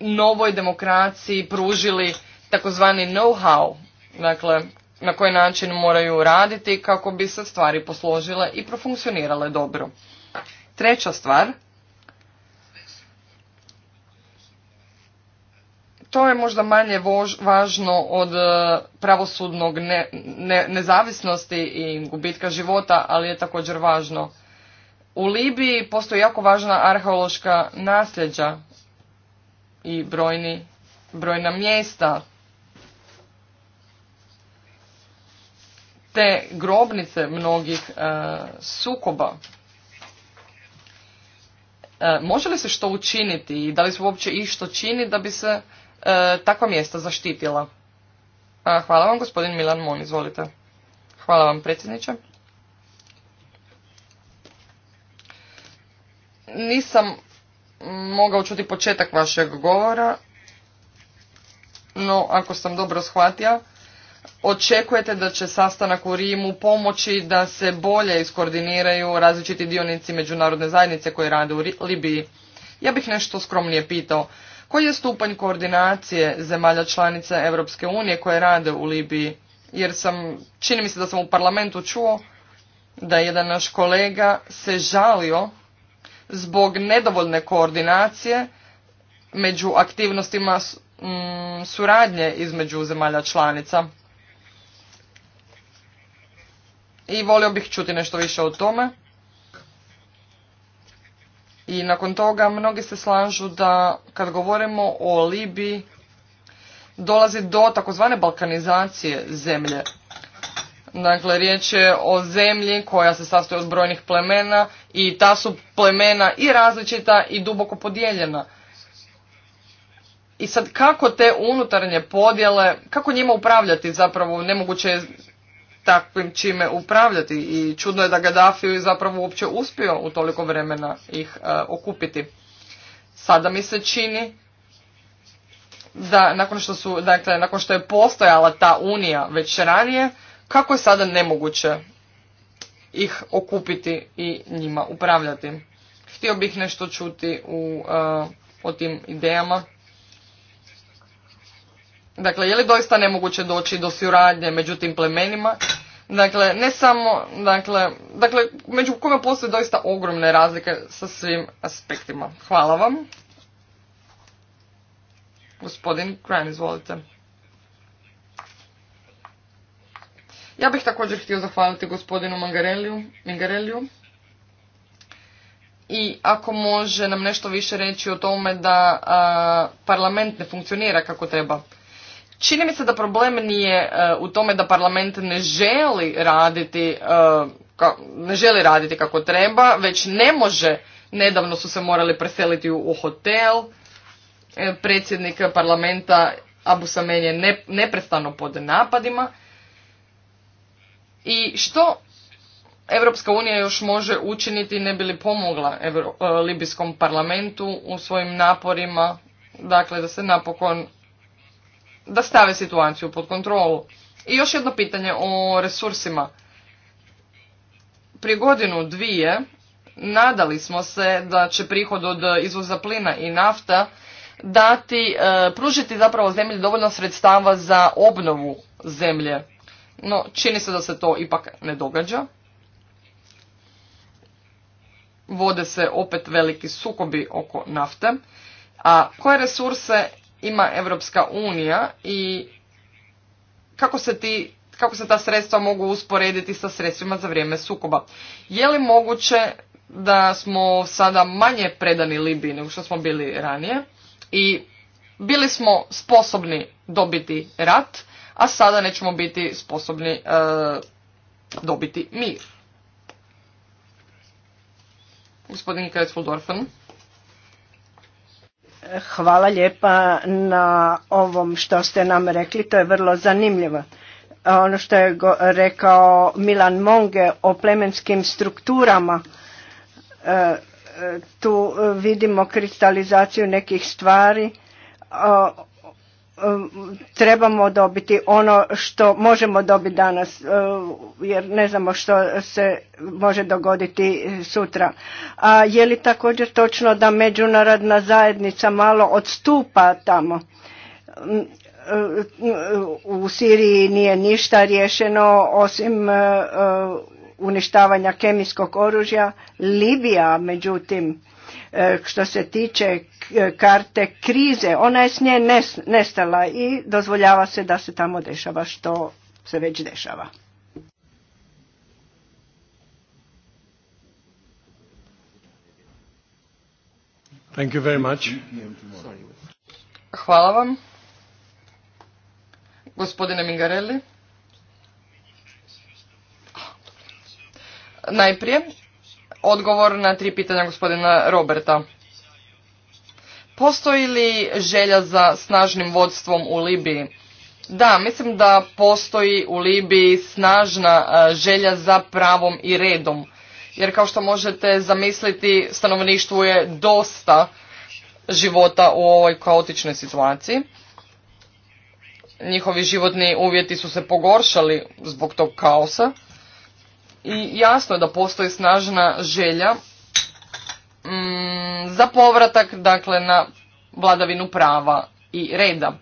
novoj demokraciji pružili takozvani know-how, dakle na koji način moraju raditi kako bi se stvari posložile i profunkcionirale dobro. Treća stvar, to je možda manje važno od e, pravosudnog ne, ne, nezavisnosti i gubitka života, ali je također važno. U Libiji postoji jako važna arheološka nasljeđa i brojni, brojna mjesta. Te grobnice mnogih e, sukoba E, može li se što učiniti i da li se uopće išto čini da bi se e, takva mjesta zaštitila? E, hvala vam, gospodin Milan Mon, izvolite. Hvala vam, predsjedniče. Nisam mogao čuti početak vašeg govora, no ako sam dobro shvatio, očekujete da će sastanak u Rimu pomoći da se bolje iskoordiniraju različiti dionici međunarodne zajednice koji rade u Libiji? Ja bih nešto skromnije pitao. Koji je stupanj koordinacije zemalja članica Europske unije koje rade u Libiji? Jer sam, čini mi se da sam u parlamentu čuo da jedan naš kolega se žalio zbog nedovoljne koordinacije među aktivnostima suradnje između zemalja članica. i volio bih čuti nešto više o tome. I nakon toga mnogi se slažu da kad govorimo o Libiji dolazi do takozvane balkanizacije zemlje. Dakle, riječ je o zemlji koja se sastoji od brojnih plemena i ta su plemena i različita i duboko podijeljena. I sad kako te unutarnje podjele, kako njima upravljati zapravo, nemoguće je takvim čime upravljati i čudno je da Gaddafi zapravo uopće uspio u toliko vremena ih e, okupiti. Sada mi se čini da nakon što su, dakle, nakon što je postojala ta unija već ranije, kako je sada nemoguće ih okupiti i njima upravljati. Htio bih nešto čuti u, e, o tim idejama. Dakle, je li doista nemoguće doći do suradnje među tim plemenima? Dakle, ne samo, dakle, dakle, među kojima postoje doista ogromne razlike sa svim aspektima. Hvala vam. Gospodin Kran, izvolite. Ja bih također htio zahvaliti gospodinu Mangareliju. I ako može nam nešto više reći o tome da parlament ne funkcionira kako treba. Čini mi se da problem nije e, u tome da parlament ne želi raditi e, ne želi raditi kako treba, već ne može. Nedavno su se morali preseliti u hotel. E, predsjednik parlamenta Abu Samen je neprestano pod napadima. I što Evropska unija još može učiniti ne bi li pomogla Libijskom parlamentu u svojim naporima, dakle da se napokon da stave situaciju pod kontrolu. I još jedno pitanje o resursima. Prije godinu dvije nadali smo se da će prihod od izvoza plina i nafta dati, e, pružiti zapravo zemlji dovoljno sredstava za obnovu zemlje. No, čini se da se to ipak ne događa. Vode se opet veliki sukobi oko nafte. A koje resurse ima Europska unija i kako se ti kako se ta sredstva mogu usporediti sa sredstvima za vrijeme sukoba. Je li moguće da smo sada manje predani Libiji nego što smo bili ranije i bili smo sposobni dobiti rat, a sada nećemo biti sposobni e, dobiti mir. Gospodin Hvala lijepa na ovom što ste nam rekli, to je vrlo zanimljivo. Ono što je rekao Milan Monge o plemenskim strukturama, e, e, tu vidimo kristalizaciju nekih stvari, Um, trebamo dobiti ono što možemo dobiti danas uh, jer ne znamo što se može dogoditi sutra. A je li također točno da međunarodna zajednica malo odstupa tamo? Um, uh, u Siriji nije ništa riješeno osim uh, uništavanja kemijskog oružja. Libija međutim E, što se tiče e, karte krize, ona je s nje nestala i dozvoljava se da se tamo dešava što se već dešava. Thank you very much. Hvala vam. Gospodine Mingarelli. Najprije, odgovor na tri pitanja gospodina Roberta. Postoji li želja za snažnim vodstvom u Libiji? Da, mislim da postoji u Libiji snažna e, želja za pravom i redom. Jer kao što možete zamisliti, stanovništvu je dosta života u ovoj kaotičnoj situaciji. Njihovi životni uvjeti su se pogoršali zbog tog kaosa i jasno je da postoji snažna želja mm, za povratak dakle na vladavinu prava i reda.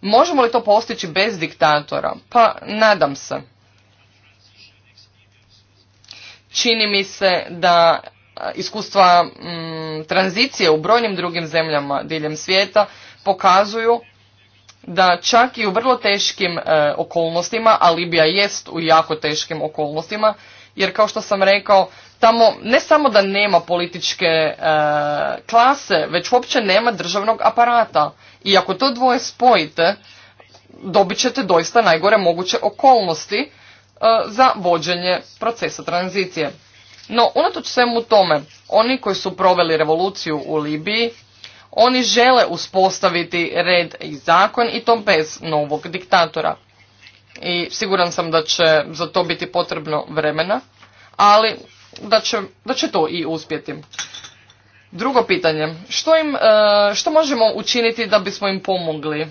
Možemo li to postići bez diktatora? Pa nadam se. Čini mi se da iskustva mm, tranzicije u brojnim drugim zemljama diljem svijeta pokazuju da čak i u vrlo teškim e, okolnostima, a Libija jest u jako teškim okolnostima, jer kao što sam rekao, tamo ne samo da nema političke e, klase, već uopće nema državnog aparata. I ako to dvoje spojite, dobit ćete doista najgore moguće okolnosti e, za vođenje procesa tranzicije. No, unatoč svemu tome, oni koji su proveli revoluciju u Libiji oni žele uspostaviti red i zakon i to bez novog diktatora. I siguran sam da će za to biti potrebno vremena, ali da će, da će to i uspjeti. Drugo pitanje, što, im, e, što možemo učiniti da bismo im pomogli?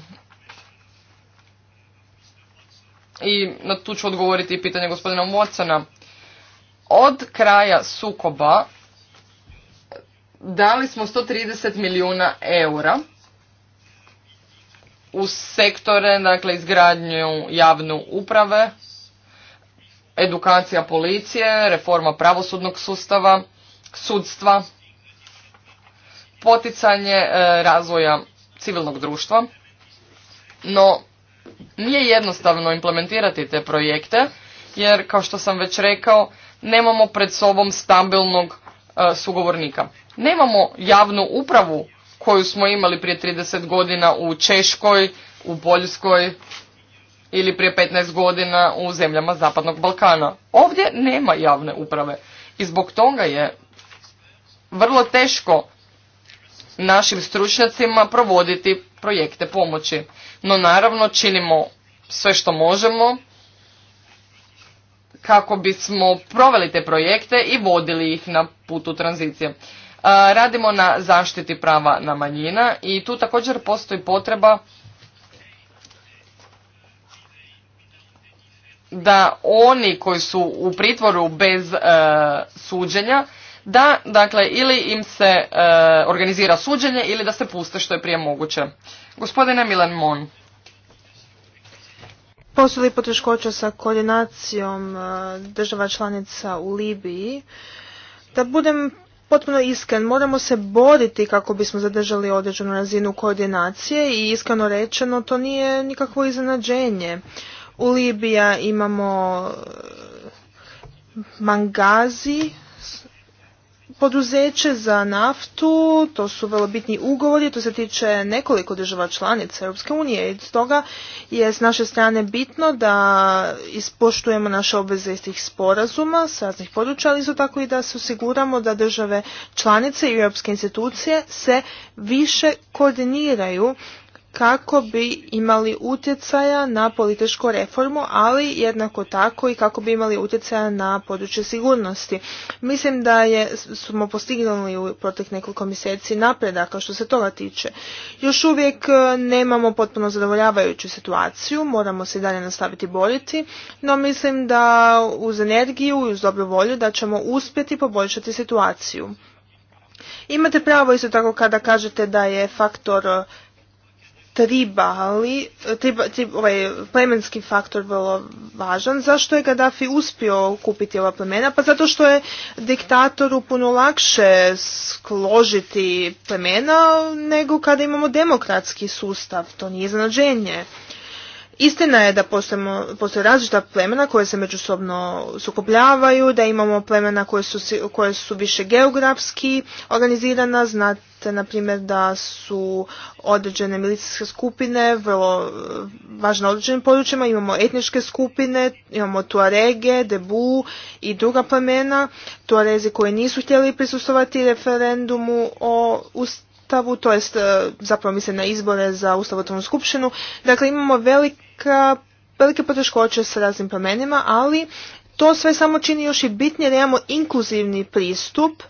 I na tu ću odgovoriti pitanje gospodina mocana Od kraja sukoba dali smo 130 milijuna eura u sektore, dakle izgradnju javnu uprave, edukacija policije, reforma pravosudnog sustava, sudstva, poticanje e, razvoja civilnog društva. No, nije jednostavno implementirati te projekte, jer kao što sam već rekao, nemamo pred sobom stabilnog e, sugovornika. Nemamo javnu upravu koju smo imali prije 30 godina u Češkoj, u Poljskoj ili prije 15 godina u zemljama Zapadnog Balkana. Ovdje nema javne uprave i zbog toga je vrlo teško našim stručnjacima provoditi projekte pomoći. No naravno činimo sve što možemo kako bismo proveli te projekte i vodili ih na putu tranzicije. Radimo na zaštiti prava na manjina i tu također postoji potreba da oni koji su u pritvoru bez e, suđenja, da dakle ili im se e, organizira suđenje ili da se puste što je prije moguće. Gospodine Milan Mon. Postoji li poteškoća sa koordinacijom e, država članica u Libiji? Da budem potpuno iskren. Moramo se boriti kako bismo zadržali određenu razinu koordinacije i iskreno rečeno to nije nikakvo iznenađenje. U Libija imamo Mangazi, poduzeće za naftu, to su vrlo bitni ugovori, to se tiče nekoliko država članica Europske unije i stoga je s naše strane bitno da ispoštujemo naše obveze iz tih sporazuma s raznih područja, ali isto tako i da se osiguramo da države članice i europske institucije se više koordiniraju kako bi imali utjecaja na političku reformu, ali jednako tako i kako bi imali utjecaja na područje sigurnosti. Mislim da je, smo postignuli u protek nekoliko mjeseci napredaka što se toga tiče. Još uvijek e, nemamo potpuno zadovoljavajuću situaciju, moramo se i dalje nastaviti boriti, no mislim da uz energiju i uz dobru volju da ćemo uspjeti poboljšati situaciju. Imate pravo isto tako kada kažete da je faktor e, tribali, ovaj plemenski faktor vrlo važan. Zašto je Gaddafi uspio kupiti ova plemena? Pa zato što je diktatoru puno lakše skložiti plemena nego kada imamo demokratski sustav. To nije iznenađenje. Istina je da postoje različita plemena koje se međusobno sukobljavaju, da imamo plemena koje su, koje su više geografski organizirana, znate na primjer da su određene milicijske skupine vrlo eh, važne na određenim područjima, imamo etničke skupine, imamo Tuarege, Debu i druga plemena, Tuarezi koji nisu htjeli prisustovati referendumu o Ustavu, to jest eh, zapravo mislim na izbore za ustavotvornu skupštinu. Dakle, imamo velik uvijek velike poteškoće s raznim promenima, ali to sve samo čini još i bitnije da imamo inkluzivni pristup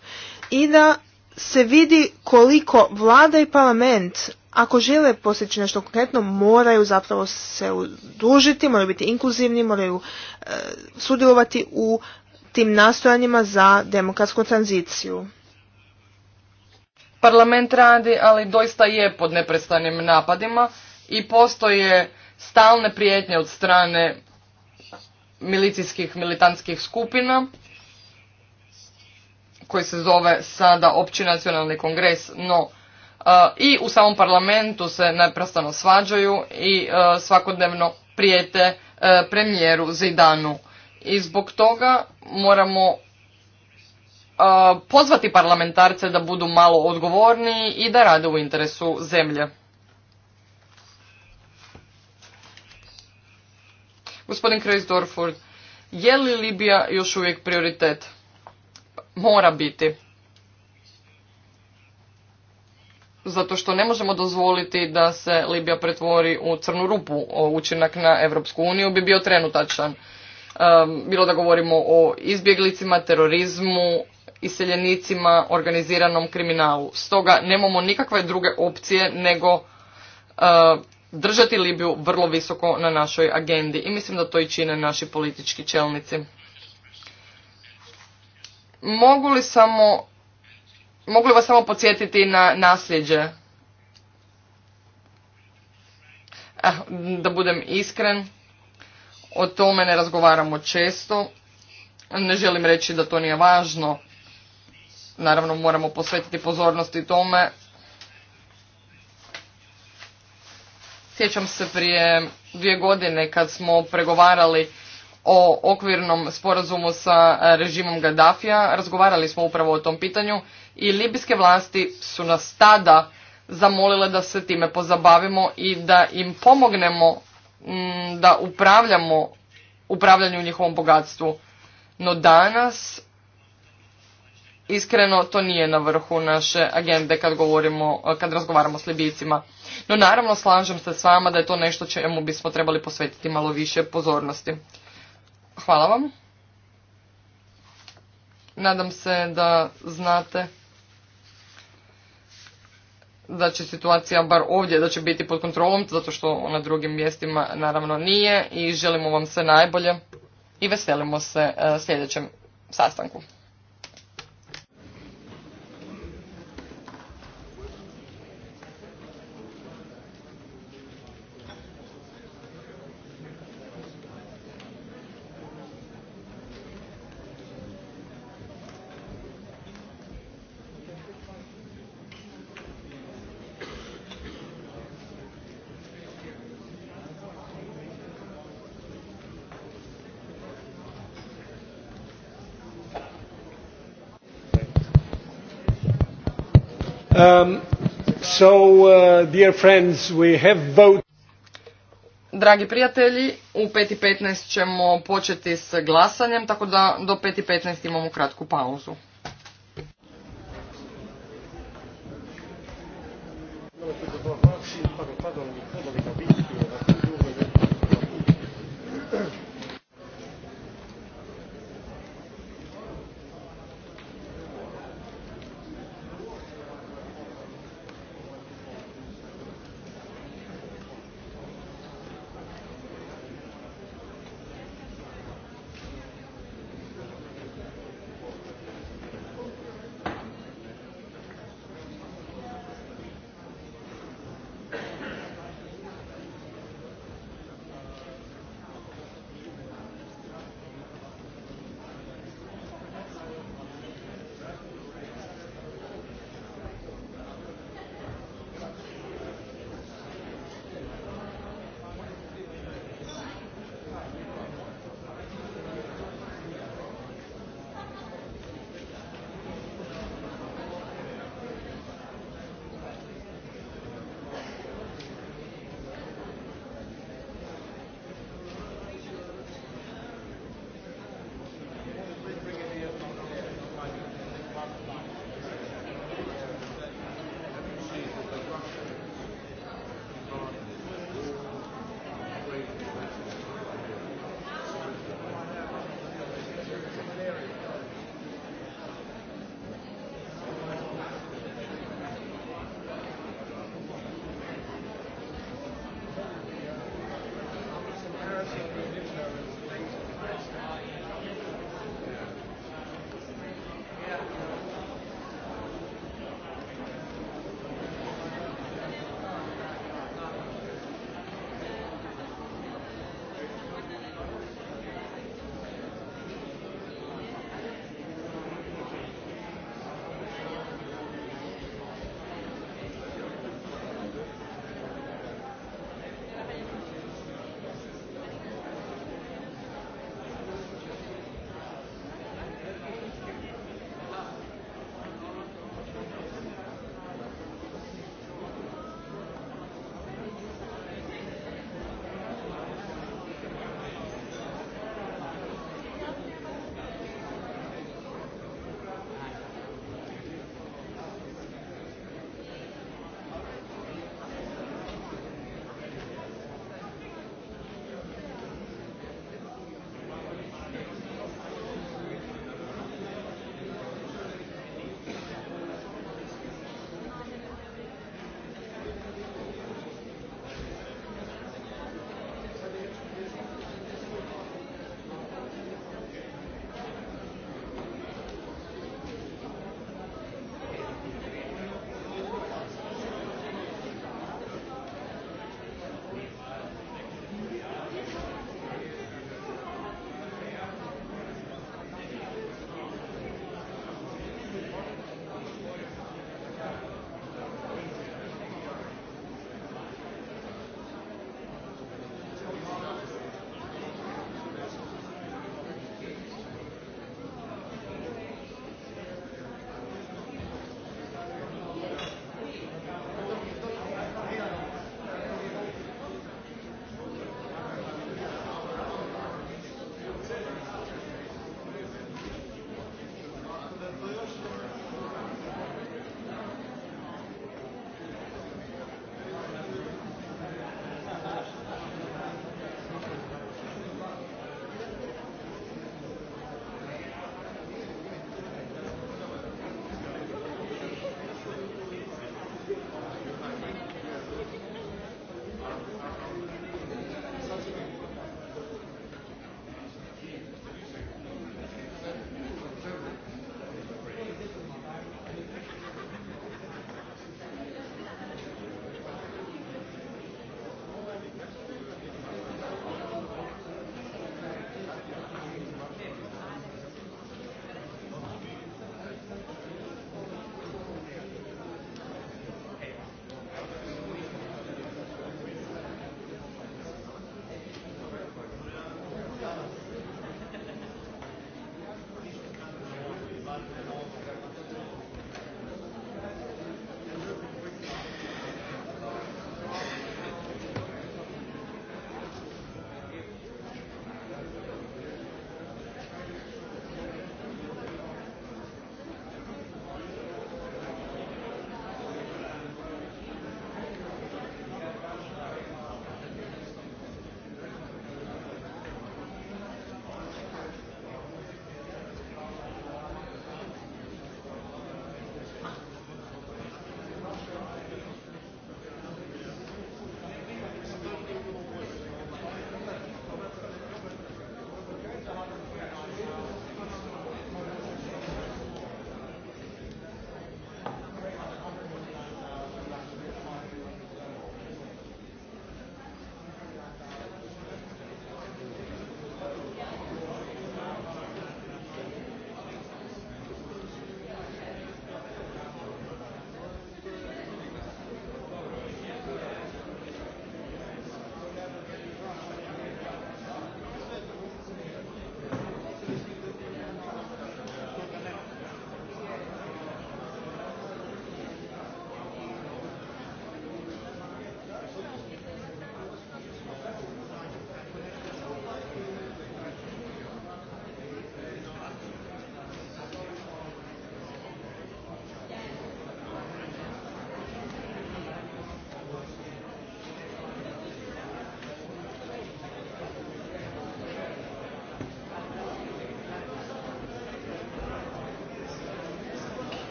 i da se vidi koliko vlada i parlament ako žele postići nešto konkretno moraju zapravo se udružiti, moraju biti inkluzivni, moraju e, sudjelovati u tim nastojanjima za demokratsku tranziciju. Parlament radi, ali doista je pod neprestanim napadima i postoje stalne prijetnje od strane milicijskih militantskih skupina koji se zove sada Opći nacionalni kongres, no e, i u samom parlamentu se neprestano svađaju i e, svakodnevno prijete e, premijeru Zidanu. I zbog toga moramo pozvati parlamentarce da budu malo odgovorniji i da rade u interesu zemlje. Gospodin Chris Dorford, je li Libija još uvijek prioritet? Mora biti. Zato što ne možemo dozvoliti da se Libija pretvori u crnu rupu. Učinak na Europsku uniju bi bio trenutačan. Bilo da govorimo o izbjeglicima, terorizmu, iseljenicima, organiziranom kriminalu. Stoga nemamo nikakve druge opcije nego držati Libiju vrlo visoko na našoj agendi i mislim da to i čine naši politički čelnici. Mogu li samo, vas samo podsjetiti na nasljeđe? Eh, da budem iskren, o tome ne razgovaramo često. Ne želim reći da to nije važno. Naravno moramo posvetiti pozornosti tome, Sjećam se prije dvije godine kad smo pregovarali o okvirnom sporazumu sa režimom Gaddafija, razgovarali smo upravo o tom pitanju i libijske vlasti su nas tada zamolile da se time pozabavimo i da im pomognemo mm, da upravljamo upravljanju njihovom bogatstvu. No danas Iskreno, to nije na vrhu naše agende kad, govorimo, kad razgovaramo s libijicima. No naravno, slažem se s vama da je to nešto čemu bismo trebali posvetiti malo više pozornosti. Hvala vam. Nadam se da znate da će situacija bar ovdje da će biti pod kontrolom, zato što na drugim mjestima naravno nije i želimo vam sve najbolje i veselimo se e, sljedećem sastanku. So, uh, dear friends, we have vote. Dragi prijatelji, u 5.15 ćemo početi s glasanjem, tako da do 5.15 imamo kratku pauzu.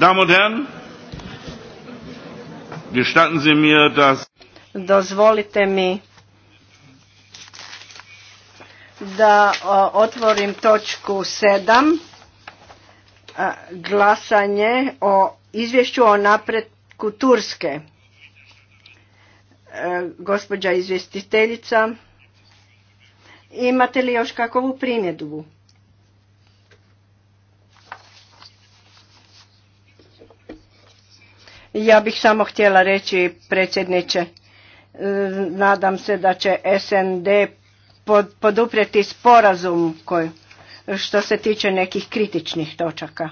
Meine Dozvolite mi da otvorim točku sedam, glasanje o izvješću o napretku Turske. E, gospođa izvjestiteljica, imate li još kakvu primjedbu? Ja bih samo htjela reći, predsjedniče, e, nadam se da će SND poduprijeti sporazum što se tiče nekih kritičnih točaka.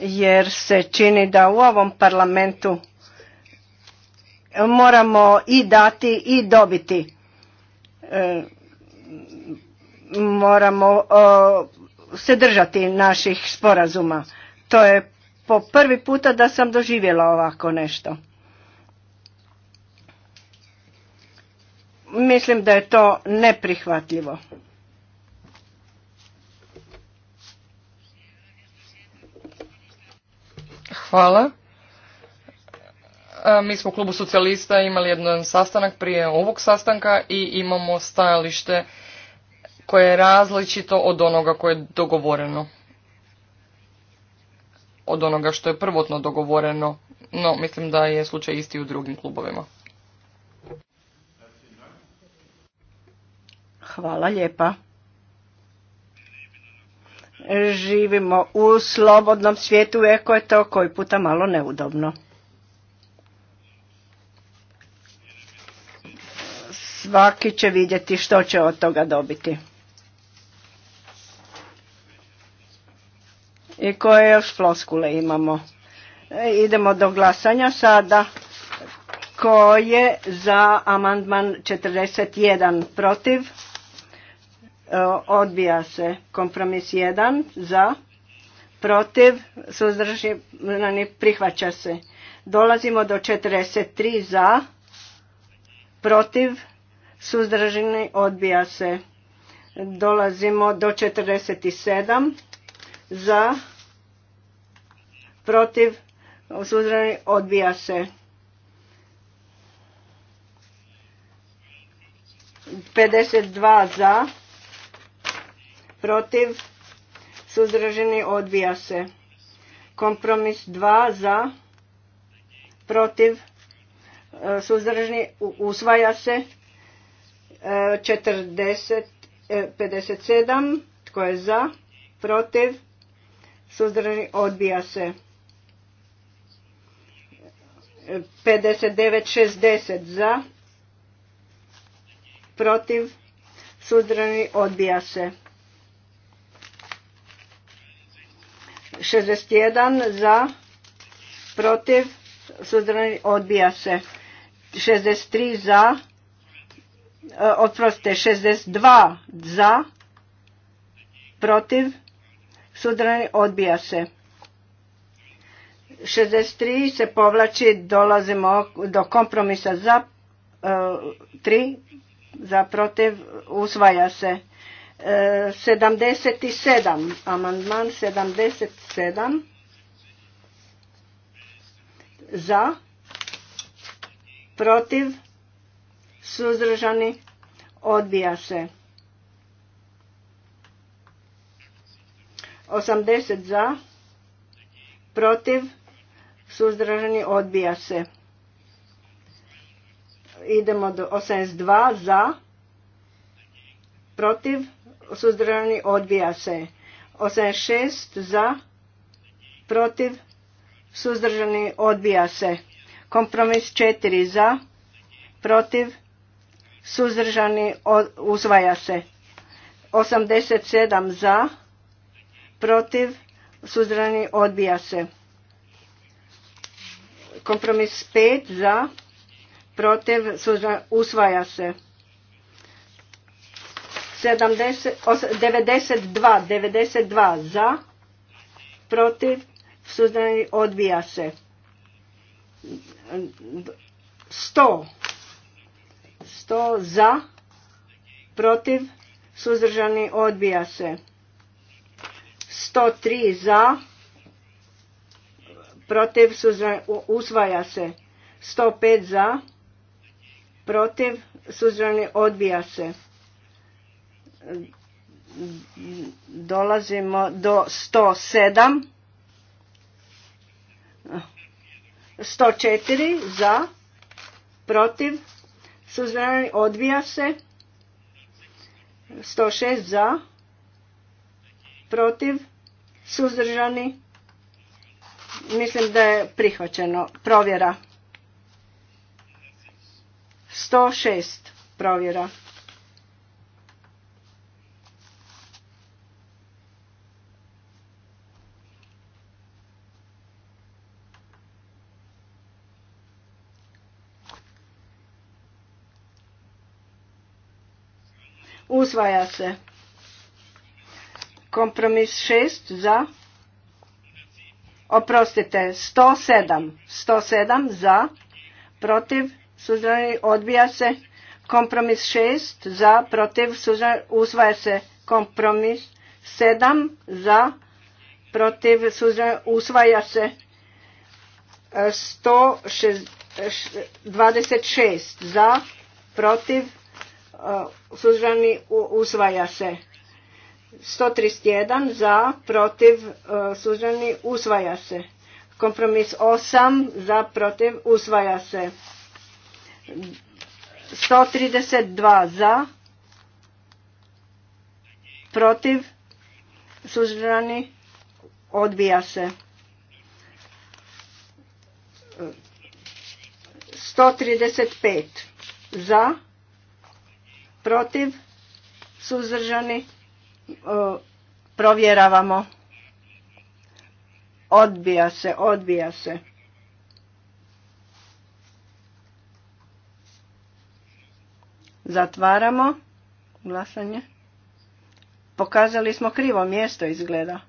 Jer se čini da u ovom parlamentu moramo i dati i dobiti. E, moramo se držati naših sporazuma. To je po prvi puta da sam doživjela ovako nešto. Mislim da je to neprihvatljivo. Hvala. E, mi smo u klubu socijalista imali jedan sastanak prije ovog sastanka i imamo stajalište koje je različito od onoga koje je dogovoreno. Od onoga što je prvotno dogovoreno, no mislim da je slučaj isti u drugim klubovima. Hvala lijepa. Živimo u slobodnom svijetu, eko je to koji puta malo neudobno. Svaki će vidjeti što će od toga dobiti. I koje još floskule imamo? E, idemo do glasanja sada. Ko je za amandman 41 protiv? E, odbija se kompromis 1 za protiv suzdržani prihvaća se. Dolazimo do 43 za protiv suzdržani odbija se. Dolazimo do 47 za protiv, suzdržani, odbija se. 52 za, protiv, suzdržani, odbija se. Kompromis 2 za, protiv, suzdržani, usvaja se. 40, 57, e, tko je za, protiv, suzdržani, odbija se. 59-60 za, protiv, suzrani, odbija se. 61 za, protiv, suzrani, odbija se. 63 za, e, oprostite, 62 za, protiv, suzrani, odbija se. 63 se povlači, dolazimo do kompromisa za 3, e, za protiv, usvaja se. 77, e, amandman 77, za, protiv, suzdržani, odbija se. 80 za, protiv, suzdržani, odbija se. Idemo do 82 za, protiv, suzdržani, odbija se. 86 za, protiv, suzdržani, odbija se. Kompromis 4 za, protiv, suzdržani, usvaja se. 87 za, protiv, suzdržani, odbija se. Kompromis 5 za, protiv, usvaja se. 92, za, protiv, odbija se. 100, za, protiv, suzdržani, odbija se. 103 za, protiv, usvaja se. 105 za, protiv, suzrani odbija se. Dolazimo do 107. 104 za, protiv, suzrani odbija se. 106 za, protiv, suzdržani, Mislim da je prihvaćeno. Provjera. 106 provjera. Usvaja se. Kompromis 6 za oprostite, 107, 107 za, protiv, suzdržani, odbija se, kompromis 6 za, protiv, suzdržani, usvaja se kompromis 7 za, protiv, suzdržani, usvaja se 126 e, za, protiv, e, suzdržani, usvaja se 131 za, protiv, e, sužrani, usvaja se. Kompromis 8 za, protiv, usvaja se. 132 za, protiv, sužrani, odbija se. 135 za, protiv, suzdržani, odbija se E, provjeravamo odbija se odbija se zatvaramo glasanje pokazali smo krivo mjesto izgleda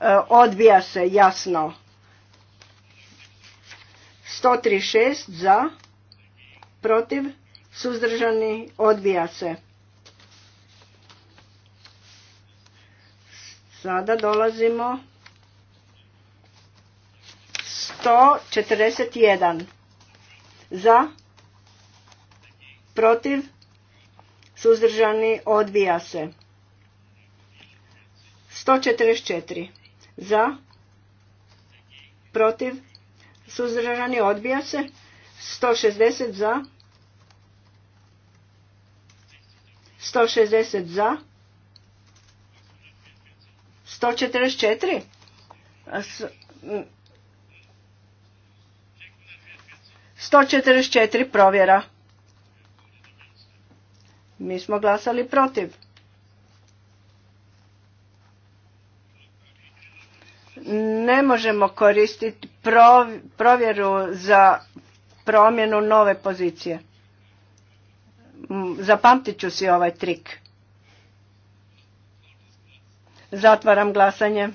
e, odbija se jasno 136 za protiv suzdržani odbija se Sada dolazimo 141 za protiv suzdržani odbija se 144 za protiv suzdržani odbija se 160 za 160 za 144? provjera. Mi smo glasali protiv. Ne možemo koristiti provjeru za promjenu nove pozicije. Zapamtit ću si ovaj trik. Zatvaram glasanje.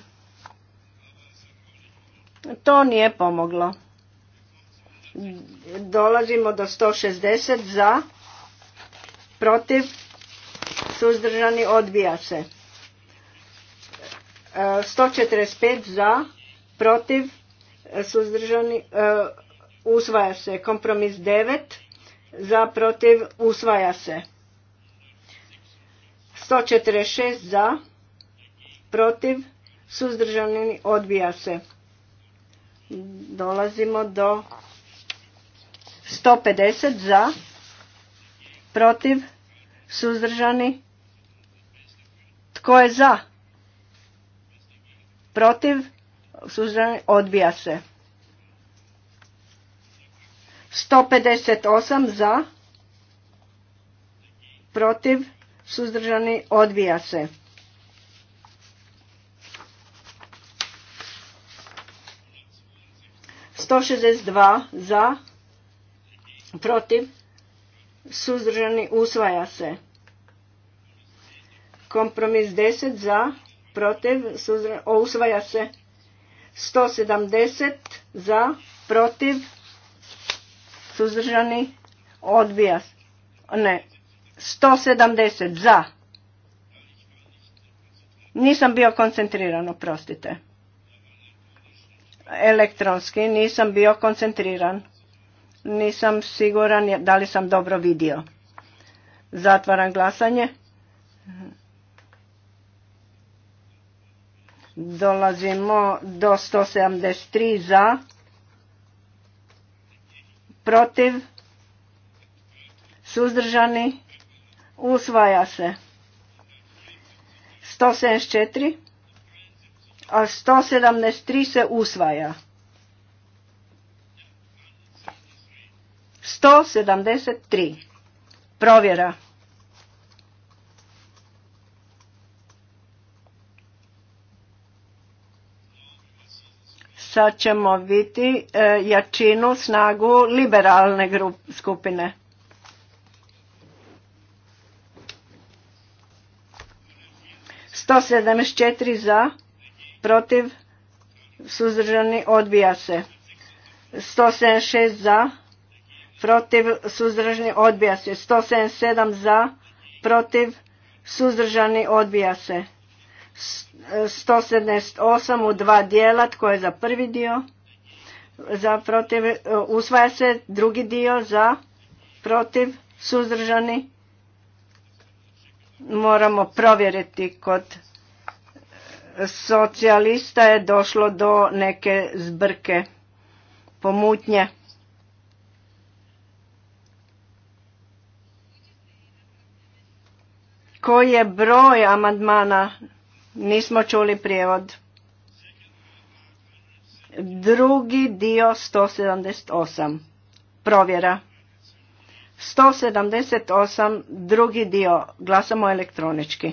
To nije pomoglo. Dolazimo do 160 za, protiv, suzdržani odbija se. 145 e, za, protiv, suzdržani e, usvaja se. Kompromis 9 za, protiv, usvaja se. 146 za, protiv, suzdržani, odbija se. Dolazimo do 150 za, protiv, suzdržani, tko je za, protiv, suzdržani, odbija se. 158 za, protiv, suzdržani, odbija se. 162 za, protiv, suzdržani, usvaja se. Kompromis 10 za, protiv, suzdržani, usvaja se. 170 za, protiv, suzdržani, odbija se. Ne, 170 za. Nisam bio koncentriran, oprostite elektronski, nisam bio koncentriran. Nisam siguran da li sam dobro vidio. Zatvaram glasanje. Dolazimo do 173 za, protiv, suzdržani, usvaja se. 174 a 173 se usvaja. 173. Provjera. Sad ćemo vidjeti e, jačinu, snagu liberalne skupine. Sto sedamdeset četiri za protiv, suzdržani, odbija se. 176 za, protiv, suzdržani, odbija se. 177 za, protiv, suzdržani, odbija se. 178 u dva dijela, tko je za prvi dio, za protiv, usvaja se drugi dio za, protiv, suzdržani, moramo provjeriti kod socijalista je došlo do neke zbrke, pomutnje. Koji je broj amandmana? Nismo čuli prijevod. Drugi dio 178. Provjera. 178. Drugi dio. Glasamo elektronički.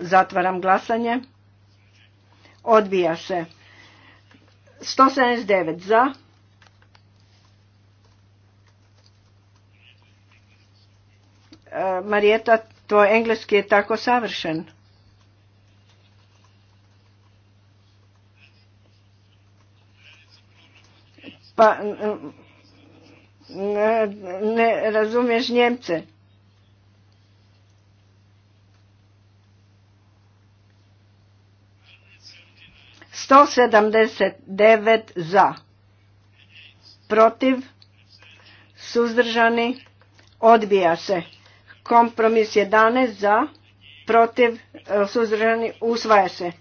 Zatvaram glasanje. Odbija se. 179 za. E, Marijeta, tvoj engleski je tako savršen. Pa ne razumiješ Njemce. 179 za, protiv, suzdržani, odbija se. Kompromis 11 za, protiv, suzdržani, usvaja se.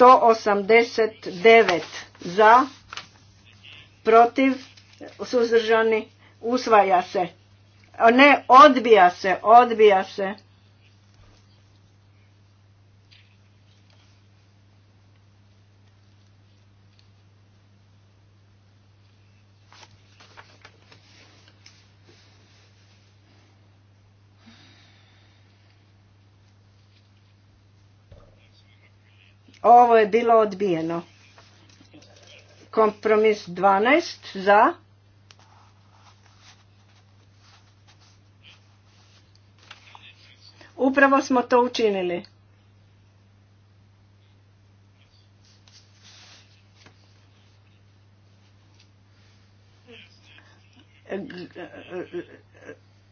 189 za, protiv, suzdržani, usvaja se. Ne, odbija se, odbija se. Ovo je bilo odbijeno. Kompromis 12 za. Upravo smo to učinili.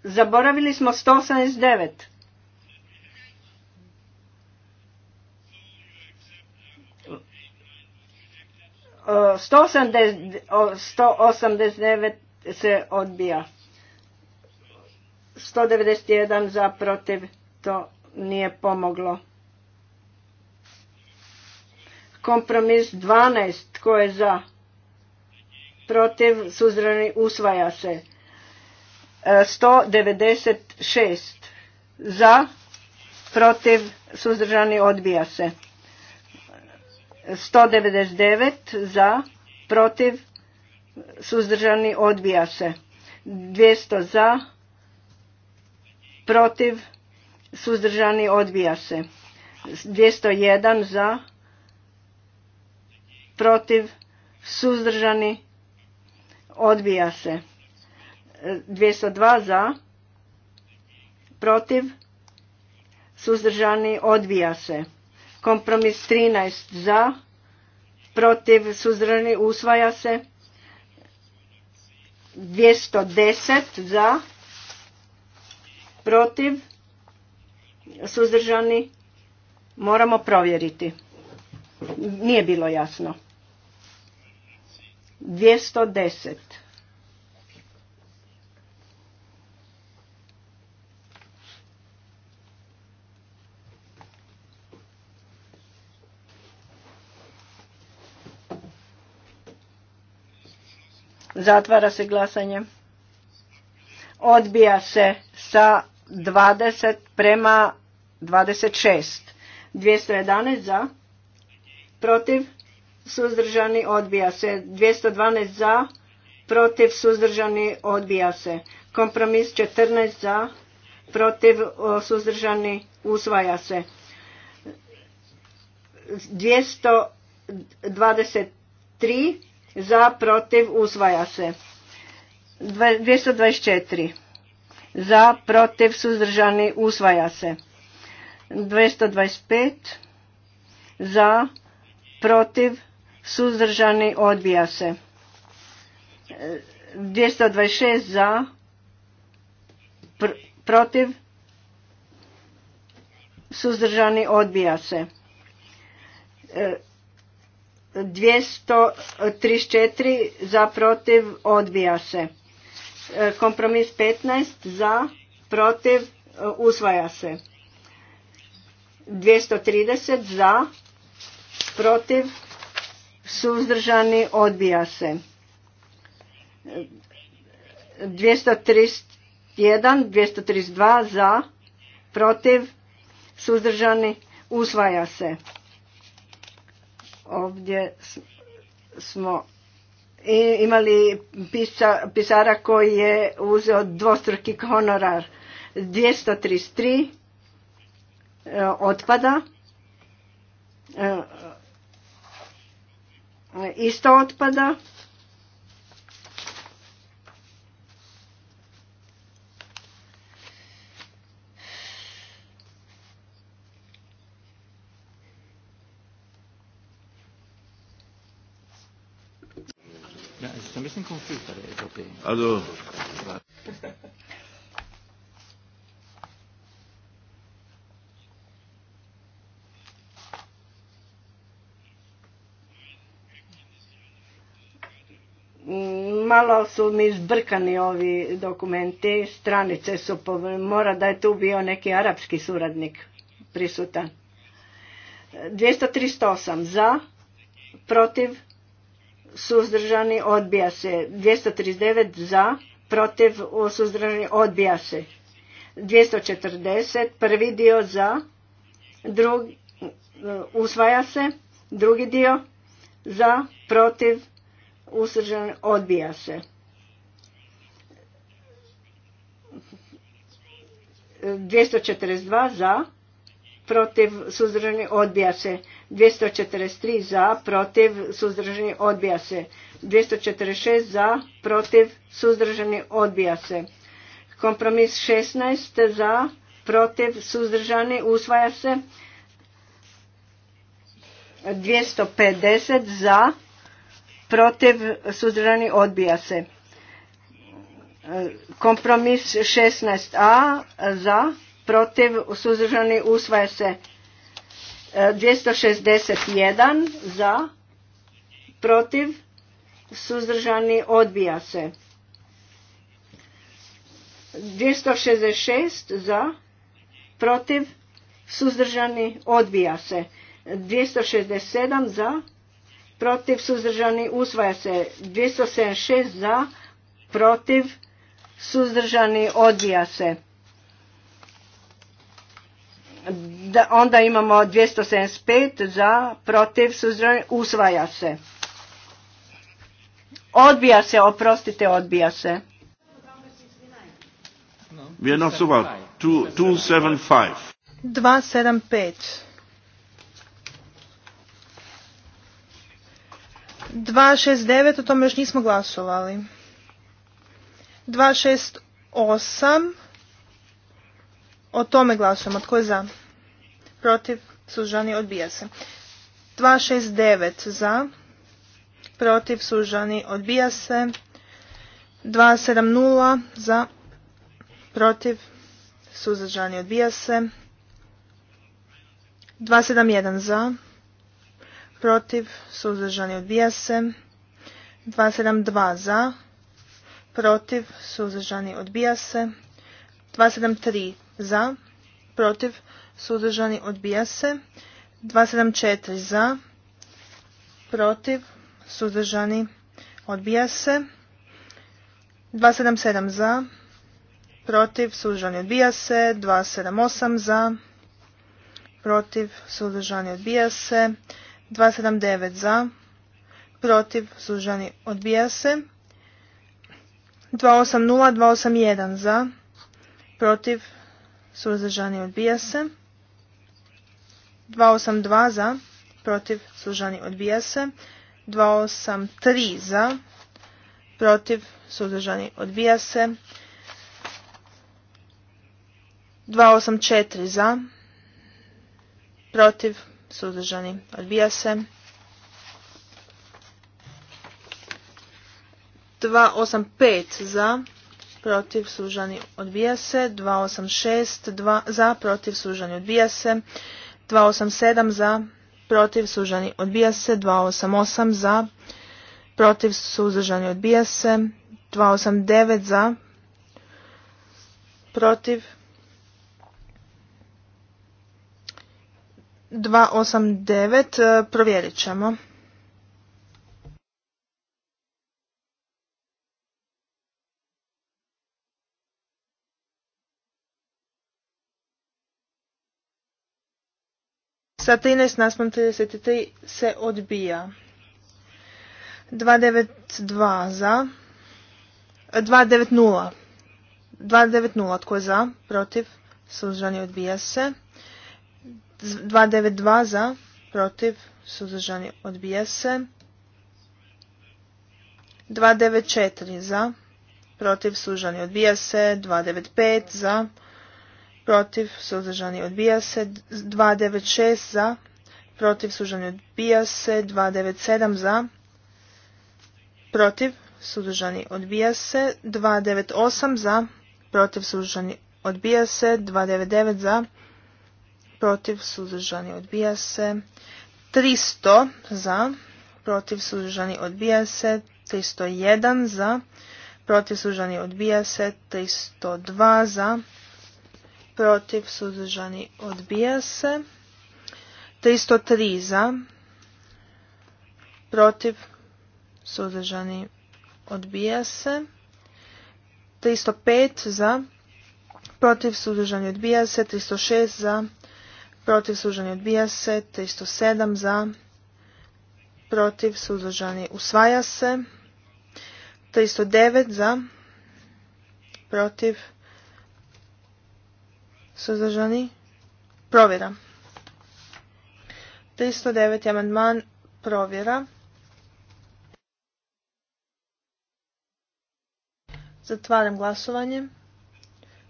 Zaboravili smo 189. 189 se odbija. 191 za protiv to nije pomoglo. Kompromis 12 tko je za protiv suzdrani usvaja se. 196 e, za protiv suzdržani odbija se. 199 za, protiv, suzdržani, odbija se. 200 za, protiv, suzdržani, odbija se. 201 za, protiv, suzdržani, odbija se. 202 za, protiv, suzdržani, odbija se. Kompromis 13 za, protiv suzdržani usvaja se. 210 za, protiv suzdržani moramo provjeriti. Nije bilo jasno. 210. Zatvara se glasanje. Odbija se sa 20 prema 26. 211 za, protiv, suzdržani, odbija se. 212 za, protiv, suzdržani, odbija se. Kompromis 14 za, protiv, suzdržani, usvaja se. 223 za protiv usvaja se 224 za protiv suzdržani usvaja se 225 za protiv suzdržani odbija se 226 za protiv suzdržani odbija se 234 za protiv odbija se. E, kompromis 15 za protiv e, usvaja se. 230 za protiv suzdržani odbija se. 231, 232 za protiv suzdržani usvaja se. Ovdje smo imali pisara koji je uzeo dvostruki honorar. 233 e, otpada. E, e, isto otpada. Malo su mi zbrkani ovi dokumenti, stranice su, mora da je tu bio neki arapski suradnik prisutan. 238 za, protiv, suzdržani odbija se 239 za protiv suzdržani odbija se 240 prvi dio za drugi uh, usvaja se drugi dio za protiv suzdržani odbija se 242 za protiv suzdržani odbija se 243 za, protiv, suzdržani, odbija se. 246 za, protiv, suzdržani, odbija se. Kompromis 16 za, protiv, suzdržani, usvaja se. 250 za, protiv, suzdržani, odbija se. Kompromis 16a za, protiv, suzdržani, usvaja se. 261 za, protiv, suzdržani, odbija se. 266 za, protiv, suzdržani, odbija se. 267 za, protiv, suzdržani, usvaja se. 276 za, protiv, suzdržani, odbija se onda imamo 275 za, protiv, suzdržan, usvaja se. Odbija se, oprostite, odbija se. We not 275. 269, o tome još nismo glasovali. 268, o tome glasujemo. Tko je za? Protiv? Suzdržani? Odbija se. 269 za. Protiv? Suzdržani? Odbija se. 270 za. Protiv? Suzdržani? Odbija se. 271 za. Protiv? Suzdržani? Odbija se. 272 za. Protiv? Suzdržani? Odbija se. 273 za, protiv, suzdržani, odbija se. 274 za, protiv, suzdržani, odbija se. 277 za, protiv, suzdržani, odbija se. 278 za, protiv, suzdržani, odbija se. 279 za, protiv, suzdržani, odbija se. 280, 281 za, protiv, suzdržani odbija se. 282 za, protiv suzdržani odbija se. 283 za, protiv suzdržani odbija se. 284 za, protiv suzdržani odbija se. 285 za, protiv, suzdržani, odbija se. 286 za, protiv, suzdržani, odbija se. 287 za, protiv, suzdržani, odbija se. 288 za, protiv, suzdržani, odbija se. 289 za, protiv, 289, eh, provjerit ćemo. sa 13 naspram 33 se odbija. 292 za. 290. 290 tko je za, protiv, suzdržani odbija se. 292 za, protiv, suzdržani odbija se. 294 za, protiv, suzdržani odbija se. 295 za, protiv, protiv, suzdržani odbija se, 296 za, protiv, suzdržani odbija se, 297 za, protiv, suzdržani odbija se, 298 za, protiv, suzdržani odbija se, 299 za, protiv, suzdržani odbija se, 300 za, protiv, suzdržani odbija se, 301 za, protiv, suzdržani odbija se, 302 za, protiv, suzdržani, odbija se. 303 za, protiv, suzdržani, odbija se. 305 za, protiv, suzdržani, odbija se. 306 za, protiv, suzdržani, odbija se. 307 za, protiv, suzdržani, usvaja se. 309 za, protiv, Suzdržani? Provjera. 309. amandman. Provjera. Zatvaram glasovanje.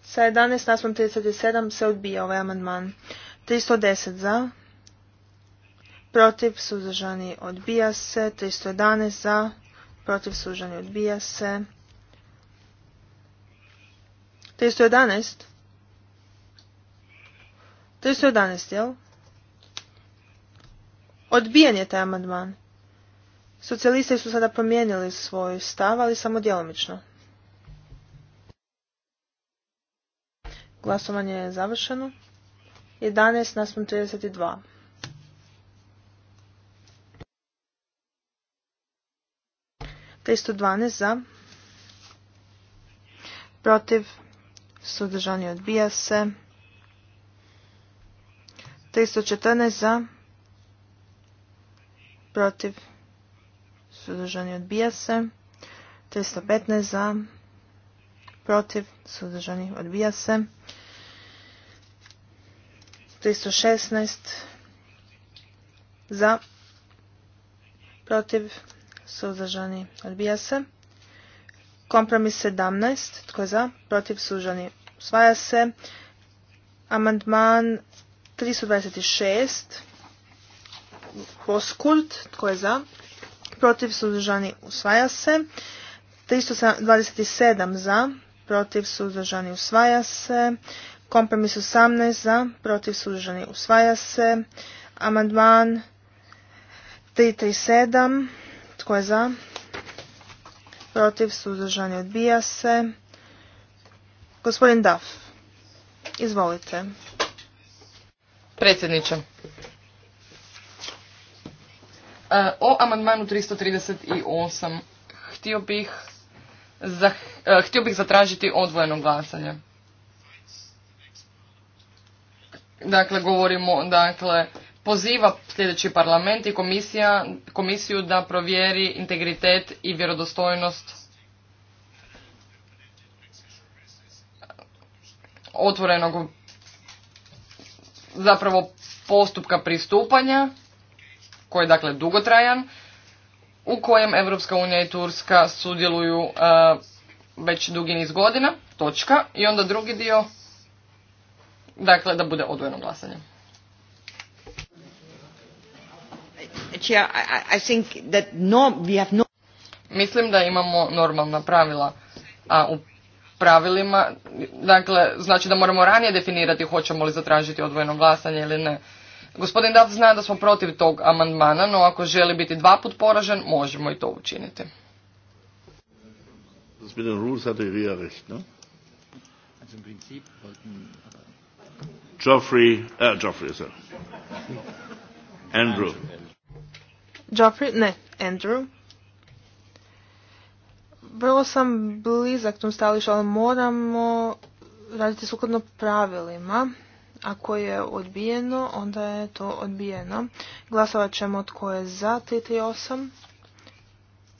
Sa 11 naspom 37 se odbija ovaj amandman. 310 za. Protiv suzdržani odbija se. 311 za. Protiv sužani odbija se. 311. 311, jel? Odbijen je taj amandman. Socijalisti su sada promijenili svoj stav, ali samo djelomično. Glasovanje je završeno. 11 naspram 32. Tristo dvanaest za, protiv, sudržanje odbija se. 314 za, protiv, suzdržani odbija se. 315 za, protiv, suzdržani odbija se. 316 za, protiv, suzdržani odbija se. Kompromis 17, tko je za, protiv, suzdržani osvaja se. Amandman 326. poskult, Tko je za? Protiv suzdržani usvaja se. 327 za. Protiv suzdržani usvaja se. Kompromis 18 za. Protiv suzdržani usvaja se. Amandman 337. Tko je za? Protiv suzdržani odbija se. Gospodin Daf. Izvolite. Predsjedniče. E, o amandmanu 338 htio bih, e, htio bih zatražiti odvojeno glasanje. Dakle, govorimo, dakle, poziva sljedeći parlament i komisija, komisiju da provjeri integritet i vjerodostojnost otvorenog zapravo postupka pristupanja koji je dakle dugotrajan u kojem Europska unija i Turska sudjeluju uh, već dugi niz godina, točka, i onda drugi dio, dakle, da bude odvojeno glasanje. Mislim da imamo normalna pravila, a u pravilima, dakle, znači da moramo ranije definirati hoćemo li zatražiti odvojeno glasanje ili ne. Gospodin Dav zna da smo protiv tog amandmana, no ako želi biti dva put poražen, možemo i to učiniti. Geoffrey, äh, Geoffrey, sir. Andrew. Geoffrey, ne, Andrew vrlo sam blizak tom stališu, ali moramo raditi sukladno pravilima. Ako je odbijeno, onda je to odbijeno. Glasovat ćemo tko je za 338,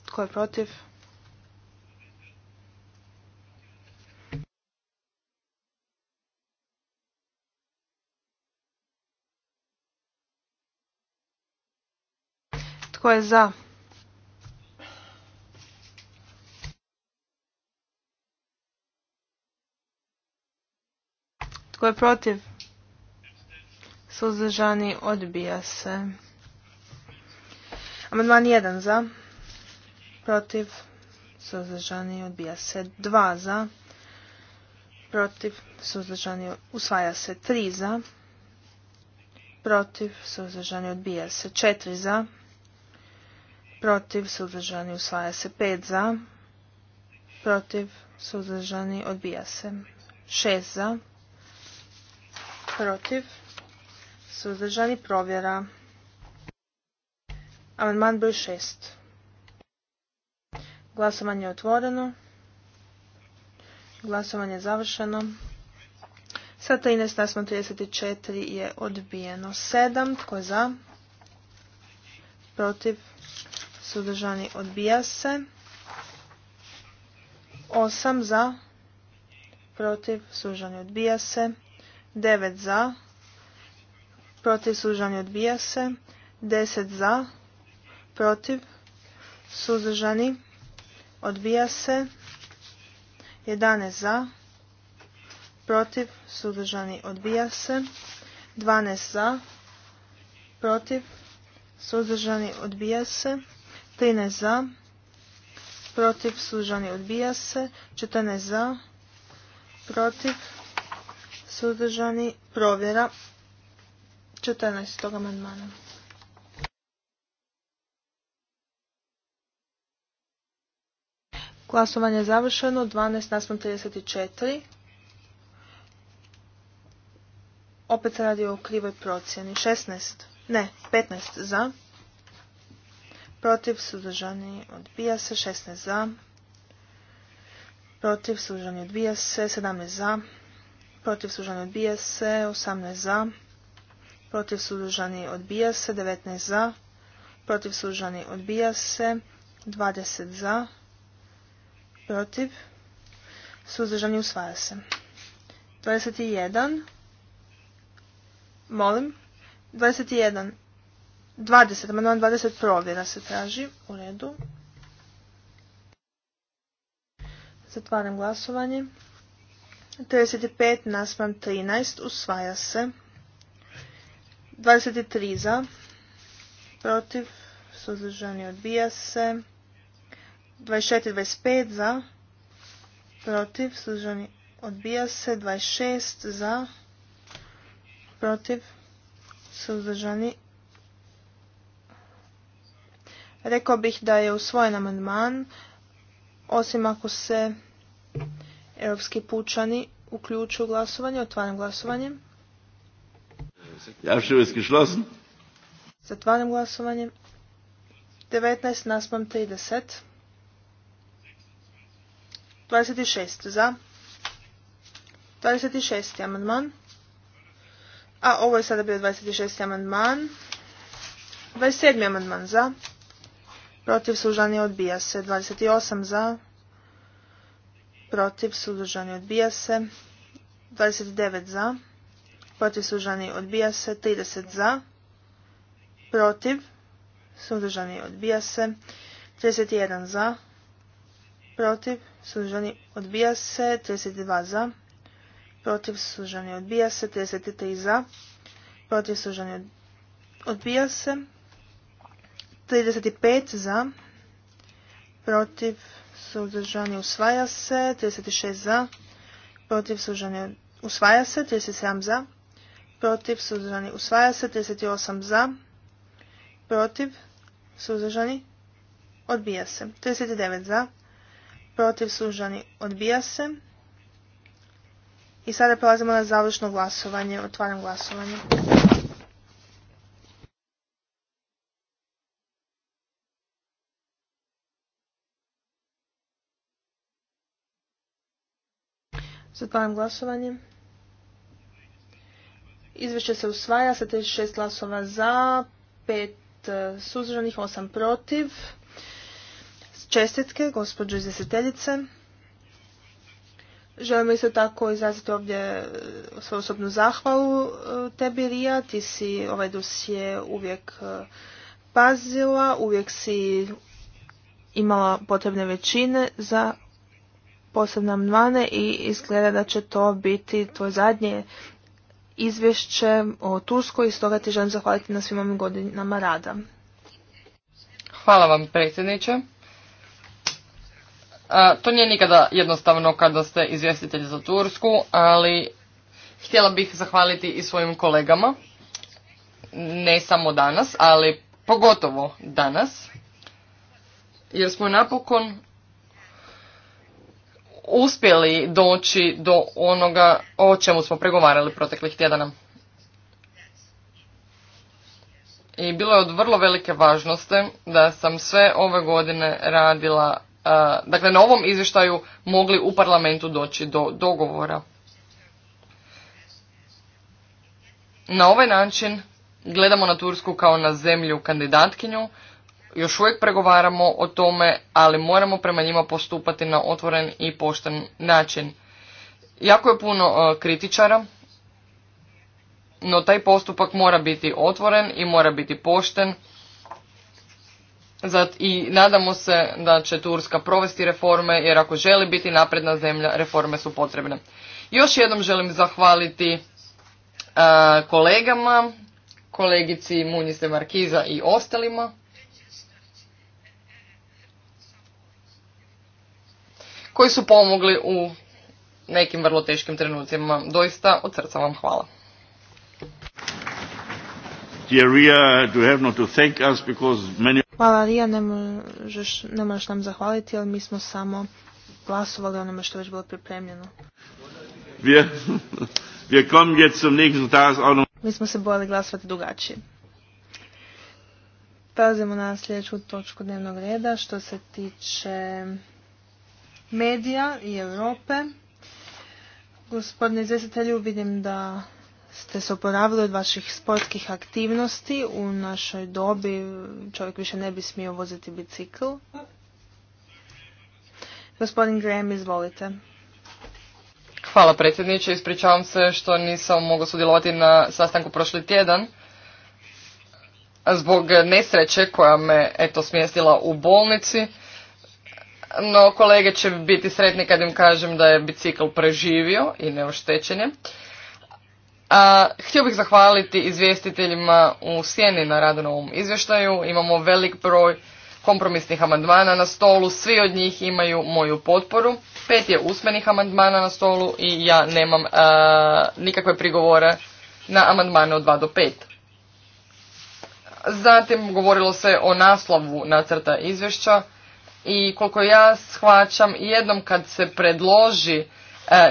tko je protiv. Tko je za Tko je protiv? Suzdržani odbija se. Amandman 1 za. Protiv. Suzdržani odbija se. 2 za. Protiv. Suzdržani usvaja se. 3 za. Protiv. Suzdržani odbija se. 4 za. Protiv. Suzdržani usvaja se. 5 za. Protiv. Suzdržani odbija se. 6 za protiv, suzdržani provjera. Amandman broj 6. Glasovanje je otvoreno. Glasovanje je završeno. Sa 13 34 je odbijeno 7. Tko je za? Protiv. suzdržani odbija se. Osam za. Protiv. suzdržani odbija se. 9 za, protiv suzdržani odbija se, 10 za, protiv suzdržani odbija se, 11 za, protiv suzdržani odbija se, 12 za, protiv suzdržani odbija se, 13 za, protiv suzdržani odbija se, 14 za, protiv suzdržani, provjera 14. amandmana. Glasovanje je završeno, 12 34. Opet se radi o krivoj procjeni. 16, ne, 15 za. Protiv, suzdržani, odbija se. 16 za. Protiv, suzdržani, odbija se. 17 za protiv suzdržani odbija se, 18 za, protiv suzdržani odbija se, 19 za, protiv suzdržani odbija se, 20 za, protiv suzdržani usvaja se. 21, molim, 21, 20, amandman 20 provjera se traži, u redu. Zatvaram glasovanje. 35 naspram 13 usvaja se. 23 za, protiv, suzdržani odbija se. 24, 25 za, protiv, suzdržani odbija se. 26 za, protiv, suzdržani Rekao bih da je usvojen amandman, osim ako se Europski pučani uključuju glasovanje. Otvaram glasovanje. Ja Zatvaram glasovanje. 19 naspam 30. 26 za. 26. amandman. A ovo je sada bio 26. amandman. 27. amandman za. Protiv služanje odbija se. 28 za protiv, sudržani odbija se. 29 za, protiv, sudržani odbija se. 30 za, protiv, suzdržani, odbija se. 31 za, protiv, sudržani odbija se. 32 za, protiv, sudržani odbija se. 33 za, protiv, sudržani odbija se. 35 za, protiv, suzdržani usvaja se, 36 za, protiv suzdržani usvaja se, 37 za, protiv suzdržani usvaja se, 38 za, protiv suzdržani odbija se, 39 za, protiv suzdržani odbija se. I sada prelazimo na završno glasovanje, otvaram glasovanje. Zatvaram glasovanje. Izvješće se usvaja sa šest glasova za, pet e, suzdržanih, osam protiv. Čestitke, gospođo izvjestiteljice. Želimo isto tako izraziti ovdje e, svoju osobnu zahvalu e, tebi, Rija. Ti si ovaj dosje uvijek pazila, uvijek si imala potrebne većine za posebne amandmane i izgleda da će to biti tvoje zadnje izvješće o Turskoj i stoga ti želim zahvaliti na svim ovim godinama rada. Hvala vam predsjedniče. A, to nije nikada jednostavno kada ste izvjestitelj za Tursku, ali htjela bih zahvaliti i svojim kolegama, ne samo danas, ali pogotovo danas, jer smo napokon uspjeli doći do onoga o čemu smo pregovarali proteklih tjedana. I bilo je od vrlo velike važnosti da sam sve ove godine radila, dakle na ovom izvještaju mogli u parlamentu doći do dogovora. Na ovaj način gledamo na Tursku kao na zemlju kandidatkinju još uvijek pregovaramo o tome, ali moramo prema njima postupati na otvoren i pošten način. Jako je puno e, kritičara, no taj postupak mora biti otvoren i mora biti pošten. I nadamo se da će Turska provesti reforme, jer ako želi biti napredna zemlja, reforme su potrebne. Još jednom želim zahvaliti e, kolegama, kolegici Munjiste Markiza i ostalima. koji su pomogli u nekim vrlo teškim trenucima. Doista od srca vam hvala. Hvala Rija, ne možeš, nam zahvaliti, ali mi smo samo glasovali onome što je već bilo pripremljeno. Mi smo se bojali glasovati drugačije. Prelazimo na sljedeću točku dnevnog reda što se tiče medija i Europe. Gospodine izvjestitelju, vidim da ste se oporavili od vaših sportskih aktivnosti. U našoj dobi čovjek više ne bi smio voziti bicikl. Gospodin Graham, izvolite. Hvala predsjedniče, ispričavam se što nisam mogao sudjelovati na sastanku prošli tjedan zbog nesreće koja me eto smjestila u bolnici no kolege će biti sretni kad im kažem da je bicikl preživio i neoštećen je. htio bih zahvaliti izvjestiteljima u Sjeni na radu na ovom izvještaju. Imamo velik broj kompromisnih amandmana na stolu, svi od njih imaju moju potporu. Pet je usmenih amandmana na stolu i ja nemam nikakve prigovore na amandmane od 2 do 5. Zatim govorilo se o naslovu nacrta izvješća i koliko ja shvaćam jednom kad se predloži e,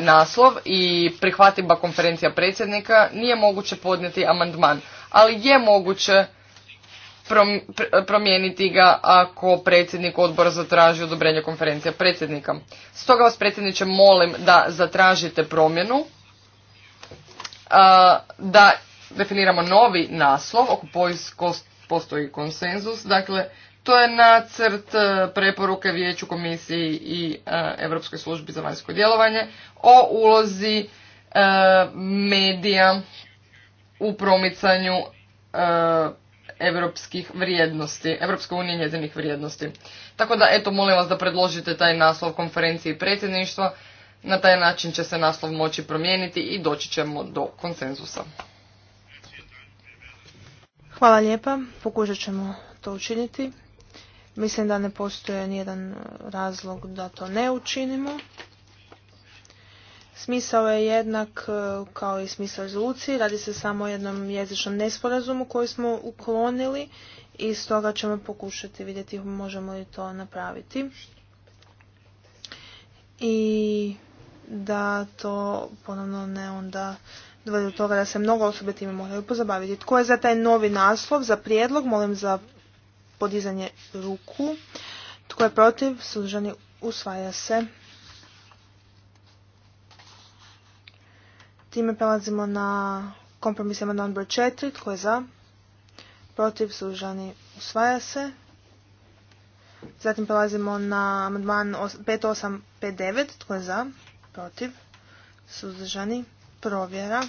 naslov i prihvatiba konferencija predsjednika nije moguće podnijeti amandman, ali je moguće promijeniti ga ako predsjednik odbora zatraži odobrenje konferencija predsjednika. Stoga vas predsjedniče molim da zatražite promjenu, e, da definiramo novi naslov, oko postoji konsenzus, dakle to je nacrt e, preporuke Vijeću komisiji i e, Europskoj službi za vanjsko djelovanje o ulozi e, medija u promicanju europskih vrijednosti, Europske unije njezinih vrijednosti. Tako da, eto, molim vas da predložite taj naslov konferenciji predsjedništva. Na taj način će se naslov moći promijeniti i doći ćemo do konsenzusa. Hvala lijepa. Pokušat ćemo to učiniti. Mislim da ne postoje nijedan razlog da to ne učinimo. Smisao je jednak e, kao i smisao rezolucije. Radi se samo o jednom jezičnom nesporazumu koji smo uklonili i stoga ćemo pokušati vidjeti možemo li to napraviti. I da to ponovno ne onda dovede do toga da se mnogo osobe time moraju pozabaviti. Tko je za taj novi naslov, za prijedlog, molim za podizanje ruku. Tko je protiv? Suzdržani usvaja se. Time prelazimo na kompromis amandman broj 4. Tko je za? Protiv? Suzdržani usvaja se. Zatim prelazimo na amandman 5859. Tko je za? Protiv? Suzdržani provjera.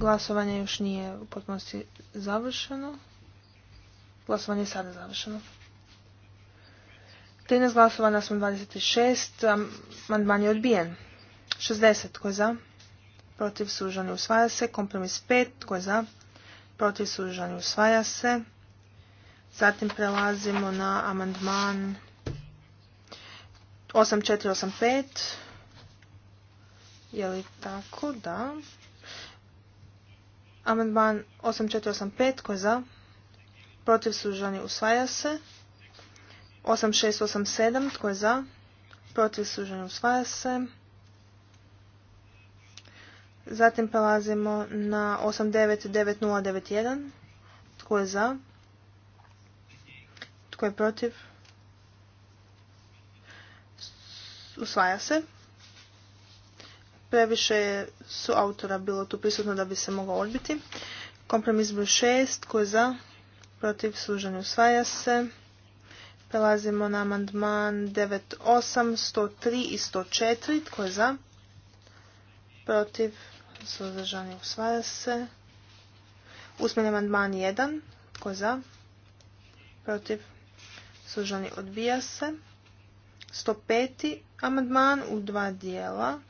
Glasovanje još nije u potpunosti završeno. Glasovanje je sada završeno. 13 glasova na 26, amandman je odbijen. 60, tko je za? Protiv sužani usvaja se. Kompromis 5, tko je za? Protiv sužani usvaja se. Zatim prelazimo na amandman 8485. Je li tako? Da. Amandman 8485 tko je za? Protiv suzdržani usvaja se. 8687 tko je za? Protiv suzdržani usvaja se. Zatim prelazimo na 899091. Tko je za? Tko je protiv? Usvaja se. Previše su autora bilo tu prisutno da bi se moglo odbiti. Kompromis broj 6, koji je za, protiv, služeni usvaja se. Prelazimo na amandman 9.8, 103 i 104, tko je za, protiv, suzdržani usvaja se. Usmeni amandman 1, tko je za, protiv, suzdržani odbija se. 105. amandman u dva dijela.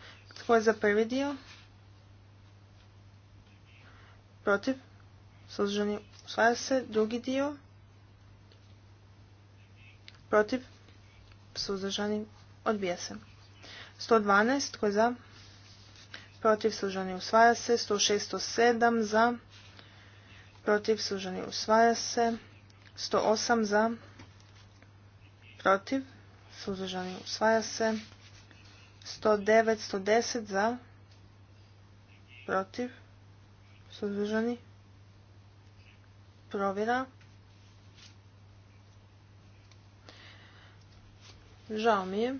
Tko je za prvi dio? Protiv? Suzdržani usvaja se. Drugi dio? Protiv? Suzdržani odbija se. 112. Tko je za? Protiv? Suzdržani usvaja se. 106. 107. Za? Protiv? Suzdržani usvaja se. 108. Za? Protiv? Suzdržani usvaja se. 109, 110 za, protiv, Sudržani. provjera. Žao mi je.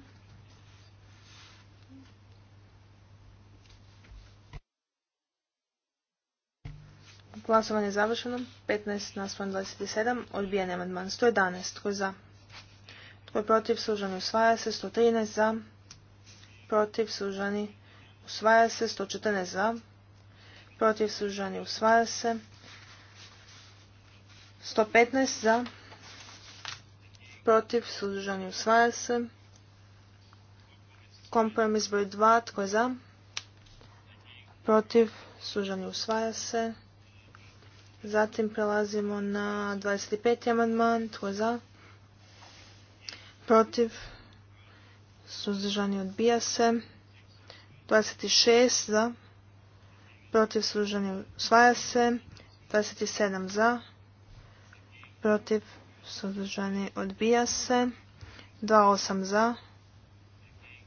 Glasovanje je završeno. 15 na 127. Odbijen amandman 111. Tko je za? Tko je protiv? je usvaja se. 113 za protiv, sužani, usvaja se. 114 za, protiv, sužani, usvaja se. 115 za, protiv, suzdržani, usvaja se. Kompromis broj 2, tko je za? Protiv, suzdržani, usvaja se. Zatim prelazimo na 25. amandman, tko je za? Protiv, suzdržani odbija se. 26 za, protiv suzdržani usvaja se. 27 za, protiv suzdržani odbija se. 28 za,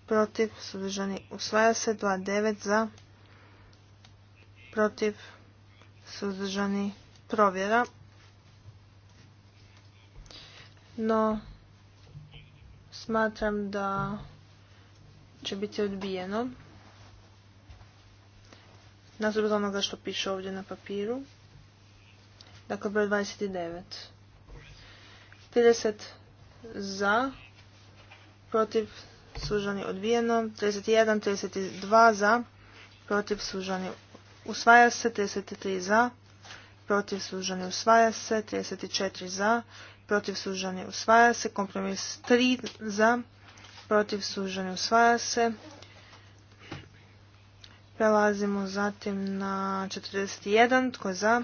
protiv suzdržani usvaja se. 29 za, protiv suzdržani provjera. No, smatram da će biti odbijeno. Nazor onoga što piše ovdje na papiru. Dakle, broj 29. 30 za, protiv, sužani odbijeno. 31, 32 za, protiv, sužani usvaja se. 33 za, protiv, sužani usvaja se. 34 za, protiv, sužani usvaja se. Kompromis 3 za, protiv, protiv, suženi, usvaja se. Prelazimo zatim na 41, tko je za,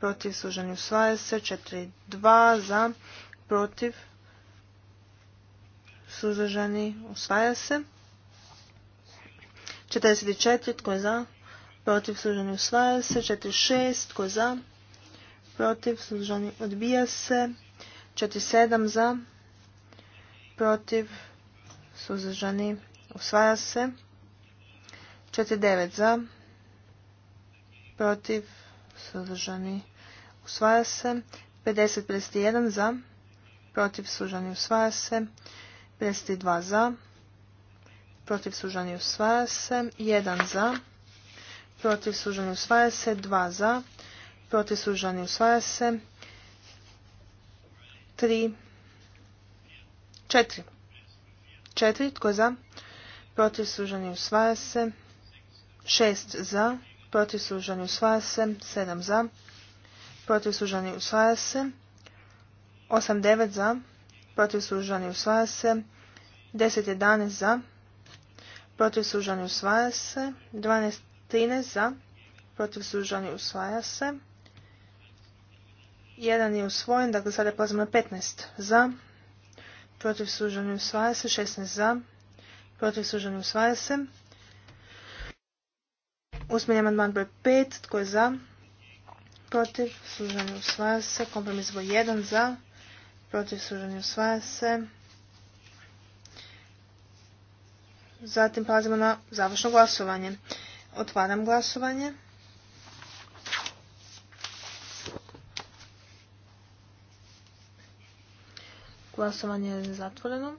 protiv, suženi, usvaja se. 42, za, protiv, suzdržani, usvaja se. 44, tko je za, protiv, suzdržani, usvaja se. 46, tko je za, protiv, suzdržani, odbija se. 47, za, protiv, suzdržani, usvaja se. 49 za, protiv, suzdržani, usvaja se. 50, 51 za, protiv, suzdržani, usvaja se. 52 za, protiv, suzdržani, usvaja se. 1 za, protiv, suzdržani, usvaja se. 2 za, protiv, suzdržani, usvaja se. 3, 4 Četiri, tko za? Protiv služani usvaja se. Šest za. Protiv služani usvaja se. Sedam za. Protiv sužani usvaja se. Osam devet za. Protiv sužani usvaja se. Deset jedanest za. Protiv sužani usvaja se. Dvanest trinest za. Protiv sužani usvaja se. Jedan je usvojen, dakle sada je na 15 za, protiv služenju usvaja se, 16 za, protiv služenju usvaja se. Usmeni amandman broj 5, tko je za, protiv suženi usvaja se, kompromis broj 1 za, protiv suženi usvaja se. Zatim pazimo na završno glasovanje. Otvaram glasovanje. Glasovanje je zatvoreno.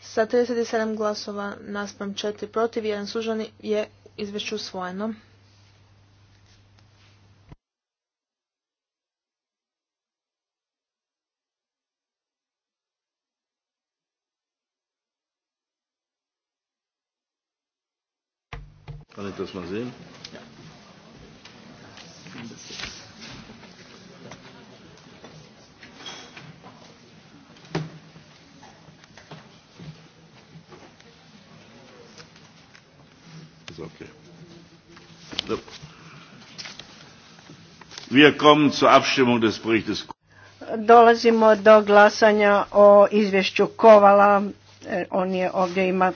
Sa 37 glasova naspram 4 protiv, jedan sužani je izvješću usvojeno. Kann ich das Dolazimo do glasanja o izvješću Kovala. E, on je ovdje ima...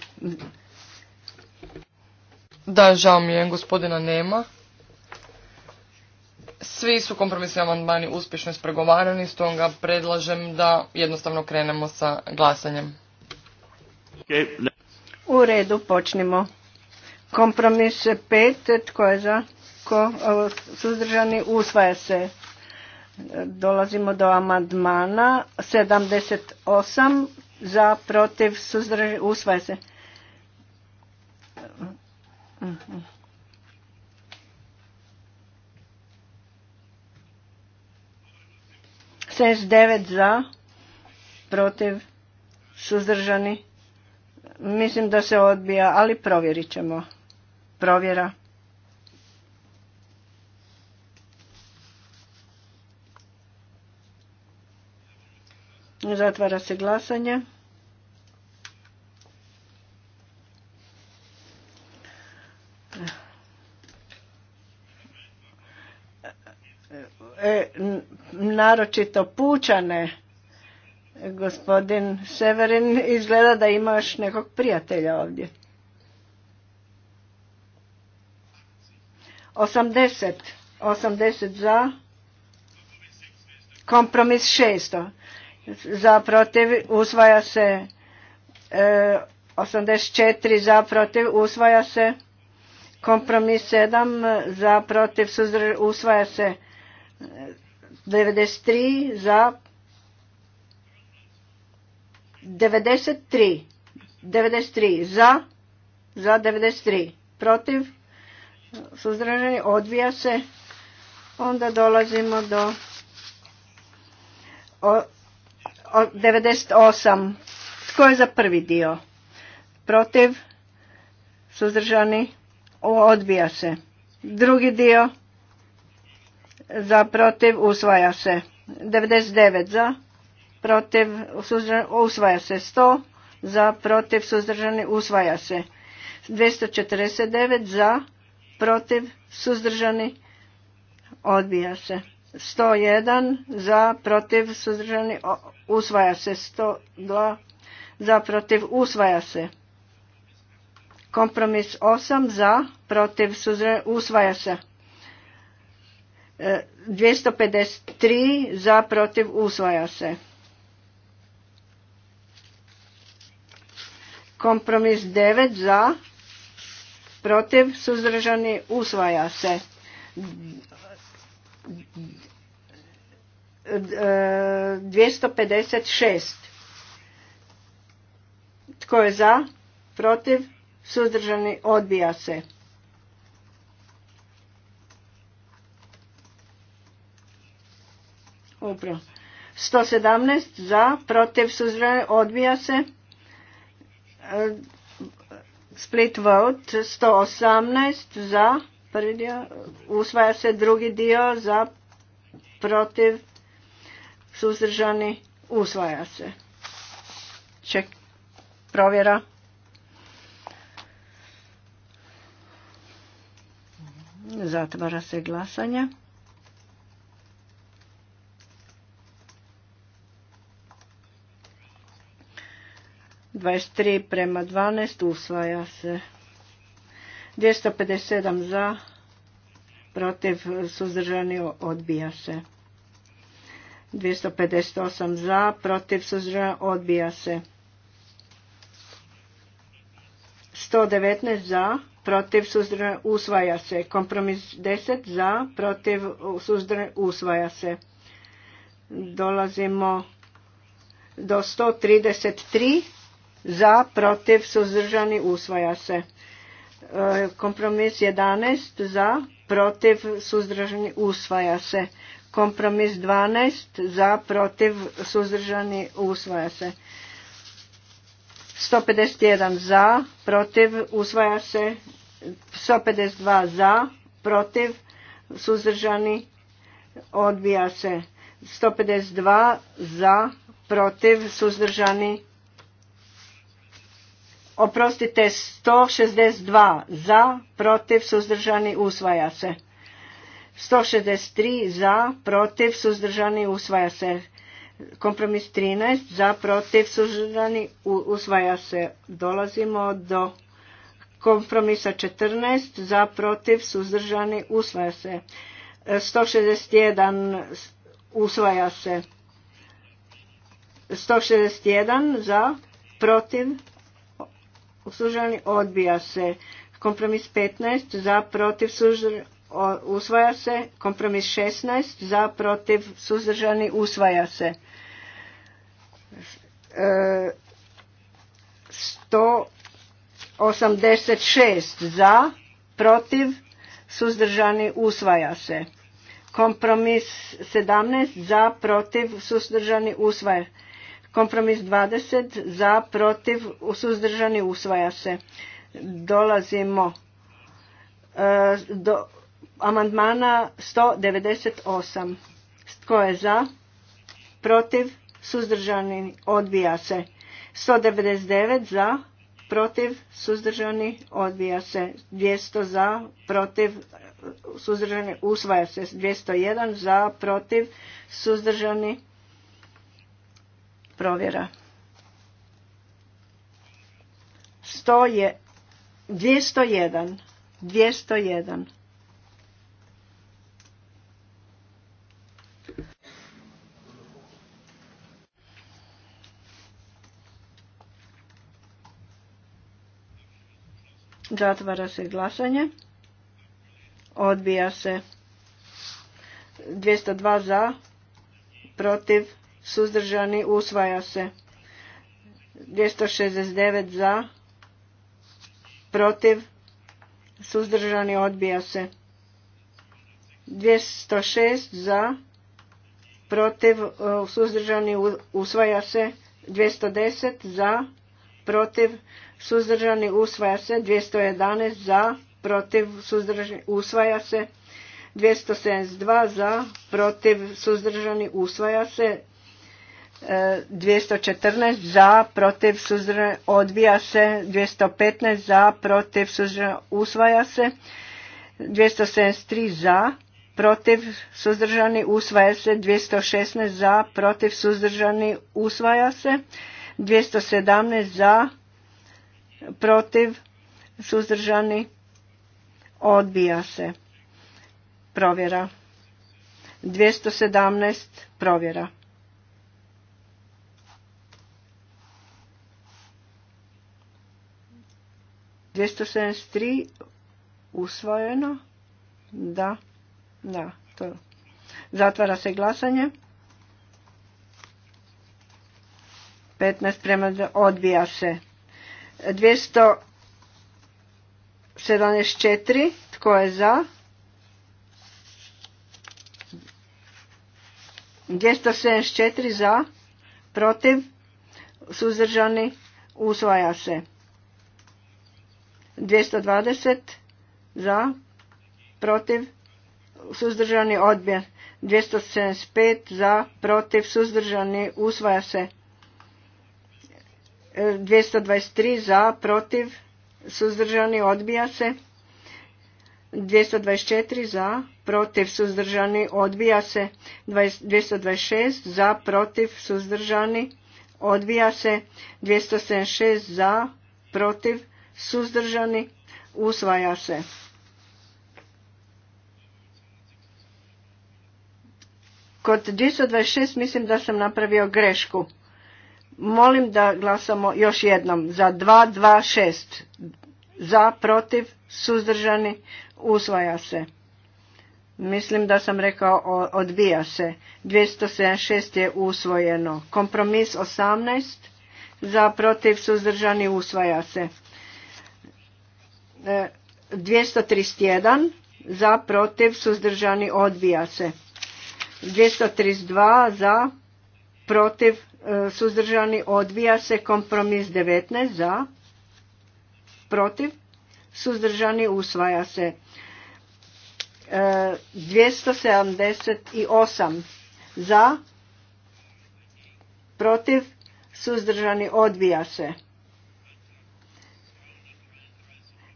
Da, žao mi je, gospodina nema. Svi su kompromisni amandmani uspješno ispregovarani, stoga predlažem da jednostavno krenemo sa glasanjem. U redu, počnimo. Kompromis 5, tko je za? tko e, suzdržani usvaja se e, dolazimo do amandmana 78 za protiv suzdržani usvaja se devet za, protiv, suzdržani. Mislim da se odbija, ali provjerit ćemo. Provjera. Zatvara se glasanje. E, naročito pučane gospodin Severin izgleda da ima još nekog prijatelja ovdje. 80. 80 za. Kompromis 600 za protiv usvaja se 84 e, za protiv usvaja se kompromis 7 za protiv usvaja se 93 za 93 93 za za 93 protiv suzdržani odvija se onda dolazimo do 98. Tko je za prvi dio? Protiv? Suzdržani? Odbija se. Drugi dio? Za protiv? Usvaja se. 99 za? Protiv? Usvaja se. 100 za? Protiv? Suzdržani? Usvaja se. 249 za? Protiv? Suzdržani? Odbija se. 101 za protiv suzdržani usvaja se 102 e, za protiv usvaja se kompromis 8 za protiv suzdržani usvaja se 253 za protiv usvaja se kompromis 9 za protiv suzdržani usvaja se 256. Tko je za? Protiv? Suzdržani? Odbija se. Upravo. 117 za, protiv suzdržani, odbija se. Split vote 118 za, prvi dio, usvaja se drugi dio za protiv suzdržani usvaja se. Ček, provjera. Zatvara se glasanje. Dvadeset tri prema dvanaest usvaja se. 257 za, protiv, suzdržani, odbija se. 258 za, protiv, suzdržani, odbija se. 119 za, protiv, suzdržani, usvaja se. Kompromis 10 za, protiv, suzdržani, usvaja se. Dolazimo do 133 za, protiv, suzdržani, usvaja se. Kompromis 11 za, protiv, suzdržani, usvaja se. Kompromis 12 za, protiv, suzdržani, usvaja se. 151 za, protiv, usvaja se. 152 za, protiv, suzdržani, odbija se. 152 za, protiv, suzdržani, oprostite 162 za, protiv, suzdržani, usvaja se. 163 za, protiv, suzdržani, usvaja se. Kompromis 13 za, protiv, suzdržani, usvaja se. Dolazimo do kompromisa 14 za, protiv, suzdržani, usvaja se. 161 usvaja se. 161 za, protiv, suzdržani, odbija se. Kompromis 15 e, za, protiv, suzdržani, usvaja se. Kompromis 16 za, protiv, suzdržani, usvaja se. E, 186 za, protiv, suzdržani, usvaja se. Kompromis 17 za, protiv, suzdržani, usvaja se Kompromis 20 za, protiv, suzdržani usvaja se. Dolazimo e, do amandmana 198. Tko je za? Protiv? Suzdržani? Odbija se. 199 za? Protiv? Suzdržani? Odbija se. 200 za? Protiv? Suzdržani? Usvaja se. 201 za? Protiv? Suzdržani? provjera. sto je, 201. jedan. Zatvara se glasanje. Odbija se. dva za, protiv, suzdržani, usvaja se. 269 za, protiv, suzdržani, odbija se. 206 e, za, protiv, suzdržani, usvaja se. 210 za, protiv, suzdržani, usvaja se. 211 za, protiv, suzdržani, usvaja se. 272 za, protiv, suzdržani, usvaja se. 214 za, protiv suzdržan, odbija se, 215 za, protiv suzdržan, usvaja se, 273 za, protiv suzdržani, usvaja se, 216 za, protiv suzdržani, usvaja se, 217 za, protiv suzdržani, odbija se. Provjera. 217 provjera. 273 usvojeno. Da. Da. To. Zatvara se glasanje. 15 prema odbija se. 274. Tko je za? 274 za. Protiv. Suzdržani. Usvaja se. 220 za, protiv, suzdržani odbjer. 275 za, protiv, suzdržani, usvaja se. 223 e, za, protiv, suzdržani, odbija se. 224 za, protiv, suzdržani, odbija se. 226 za, protiv, suzdržani, odbija se. 276 za, protiv, suzdržani, usvaja se. Kod 226 mislim da sam napravio grešku. Molim da glasamo još jednom za 226. Za, protiv, suzdržani, usvaja se. Mislim da sam rekao odbija se. 276 je usvojeno. Kompromis 18. Za, protiv, suzdržani, usvaja se. 231 za protiv suzdržani odbija se 232 e, e, za protiv suzdržani odbija se kompromis 19 za protiv suzdržani usvaja se 278 za protiv suzdržani odbija se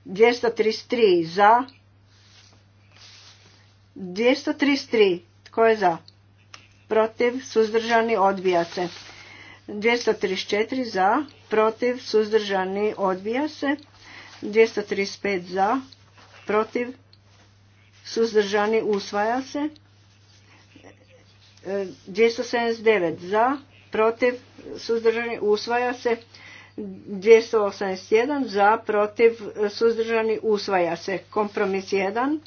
233 za. 233. Tko je za? Protiv. Suzdržani. Odbija se. 234 za. Protiv. Suzdržani. Odbija se. 235 za. Protiv. Suzdržani. Usvaja se. 279 za. Protiv. Suzdržani. Usvaja se. 281 za, protiv, suzdržani, usvaja se. Kompromis 1,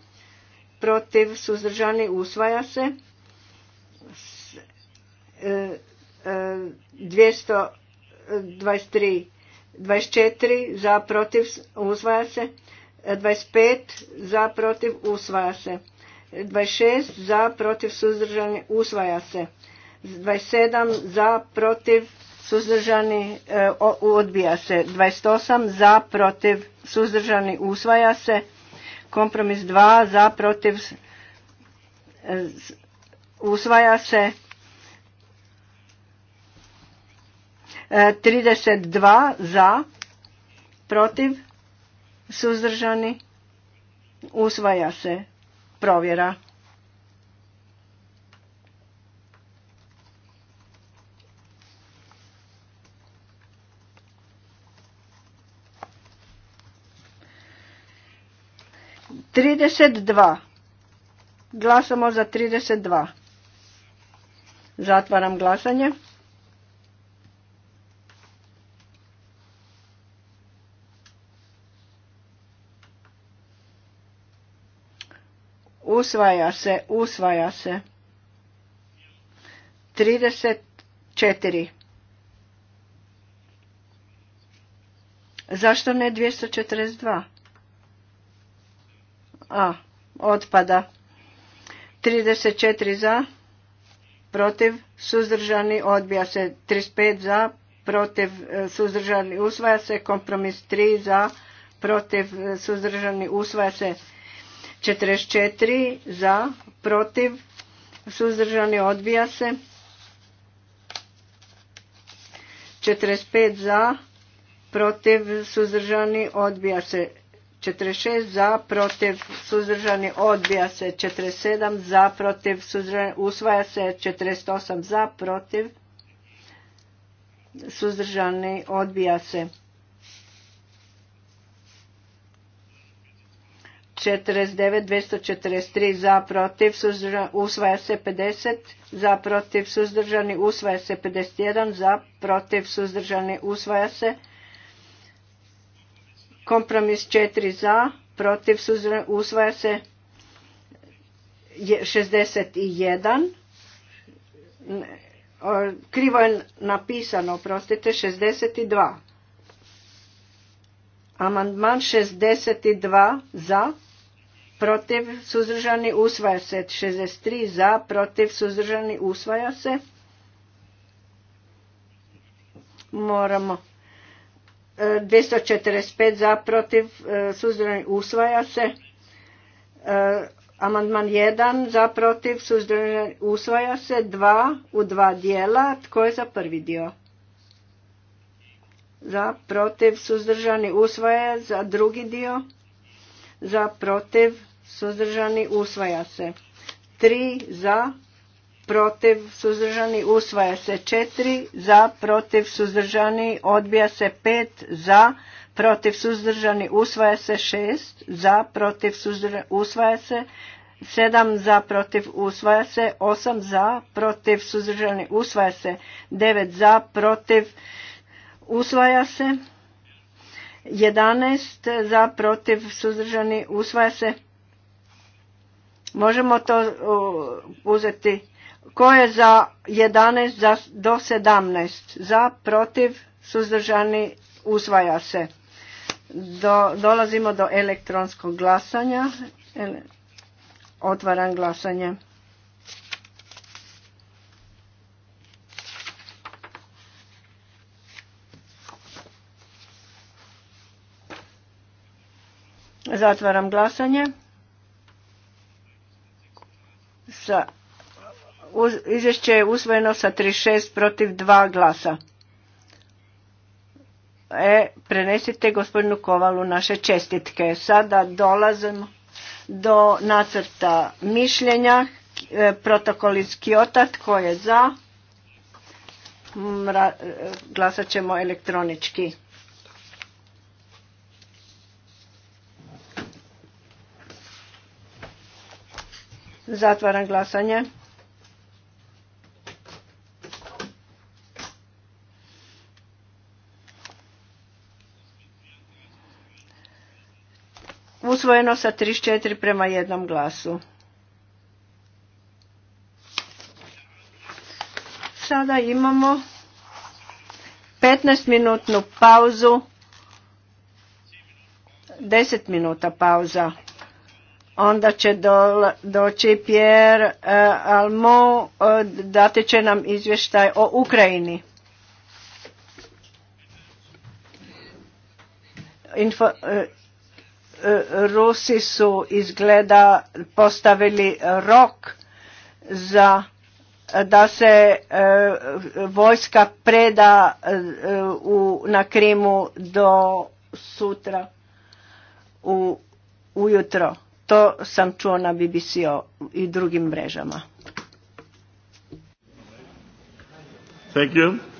protiv, suzdržani, usvaja se. 223, 24 e, e, za, protiv, usvaja se. 25 za, protiv, usvaja se. 26 za, protiv, suzdržani, usvaja se. 27 za, protiv, suzdržani e, odbija se 28 za protiv suzdržani usvaja se kompromis 2 za protiv e, usvaja se 32 e, za protiv suzdržani usvaja se provjera 32. Glasamo za 32. Zatvaram glasanje. Usvaja se, usvaja se. 34. Zašto ne 242? a otpada 34 za protiv suzdržani odbija se 35 za protiv e, suzdržani usvaja se kompromis 3 za protiv e, suzdržani usvaja se 44 za protiv suzdržani odbija se 45 za protiv suzdržani odbija se 46 za, protiv, suzdržani, odbija se 47 za, protiv, suzdržani, usvaja se 48 za, protiv, suzdržani, odbija se 49, 243 za, protiv, usvaja se 50 za, protiv, suzdržani, usvaja se 51 za, protiv, suzdržani, usvaja se Kompromis četiri za, protiv usvaja se 61. Krivo je napisano, prostite, 62. Amandman 62 za, protiv suzdržani usvaja se 63 za protiv suzdržani usvaja se moramo 245 e, e, za protiv suzdržani usvaja se. Amandman 1 za protiv suzdržani usvaja se. 2 u dva dijela. Tko je za prvi dio? Za protiv suzdržani usvaja za drugi dio. Za protiv suzdržani usvaja se. 3 za protiv suzdržani usvaja se četiri, za protiv suzdržani odbija se pet, za protiv suzdržani usvaja se šest, za protiv suzdržani usvaja se 7 za protiv usvaja se osam, za protiv suzdržani usvaja se devet, za protiv usvaja se jedanest, za protiv suzdržani usvaja se možemo to uh, uzeti koje je za 11 do 17? Za, protiv, suzdržani, usvaja se. Do, dolazimo do elektronskog glasanja. Otvaram glasanje. Zatvaram glasanje. Sa Izvješće je usvojeno sa 36 protiv 2 glasa. E, prenesite gospodinu Kovalu naše čestitke. Sada dolazim do nacrta mišljenja e, protokol iz koji tko je za, e, glasat ćemo elektronički. Zatvaram glasanje. usvojeno sa 34 prema jednom glasu. Sada imamo 15-minutnu pauzu, 10 minuta pauza. Onda će doći Pierre e, Almo, e, dati će nam izvještaj o Ukrajini. Info, e, Rusi su izgleda postavili rok za da se e, vojska preda e, na Krimu do sutra u, ujutro. To sam čuo na bbc i drugim mrežama. Thank you.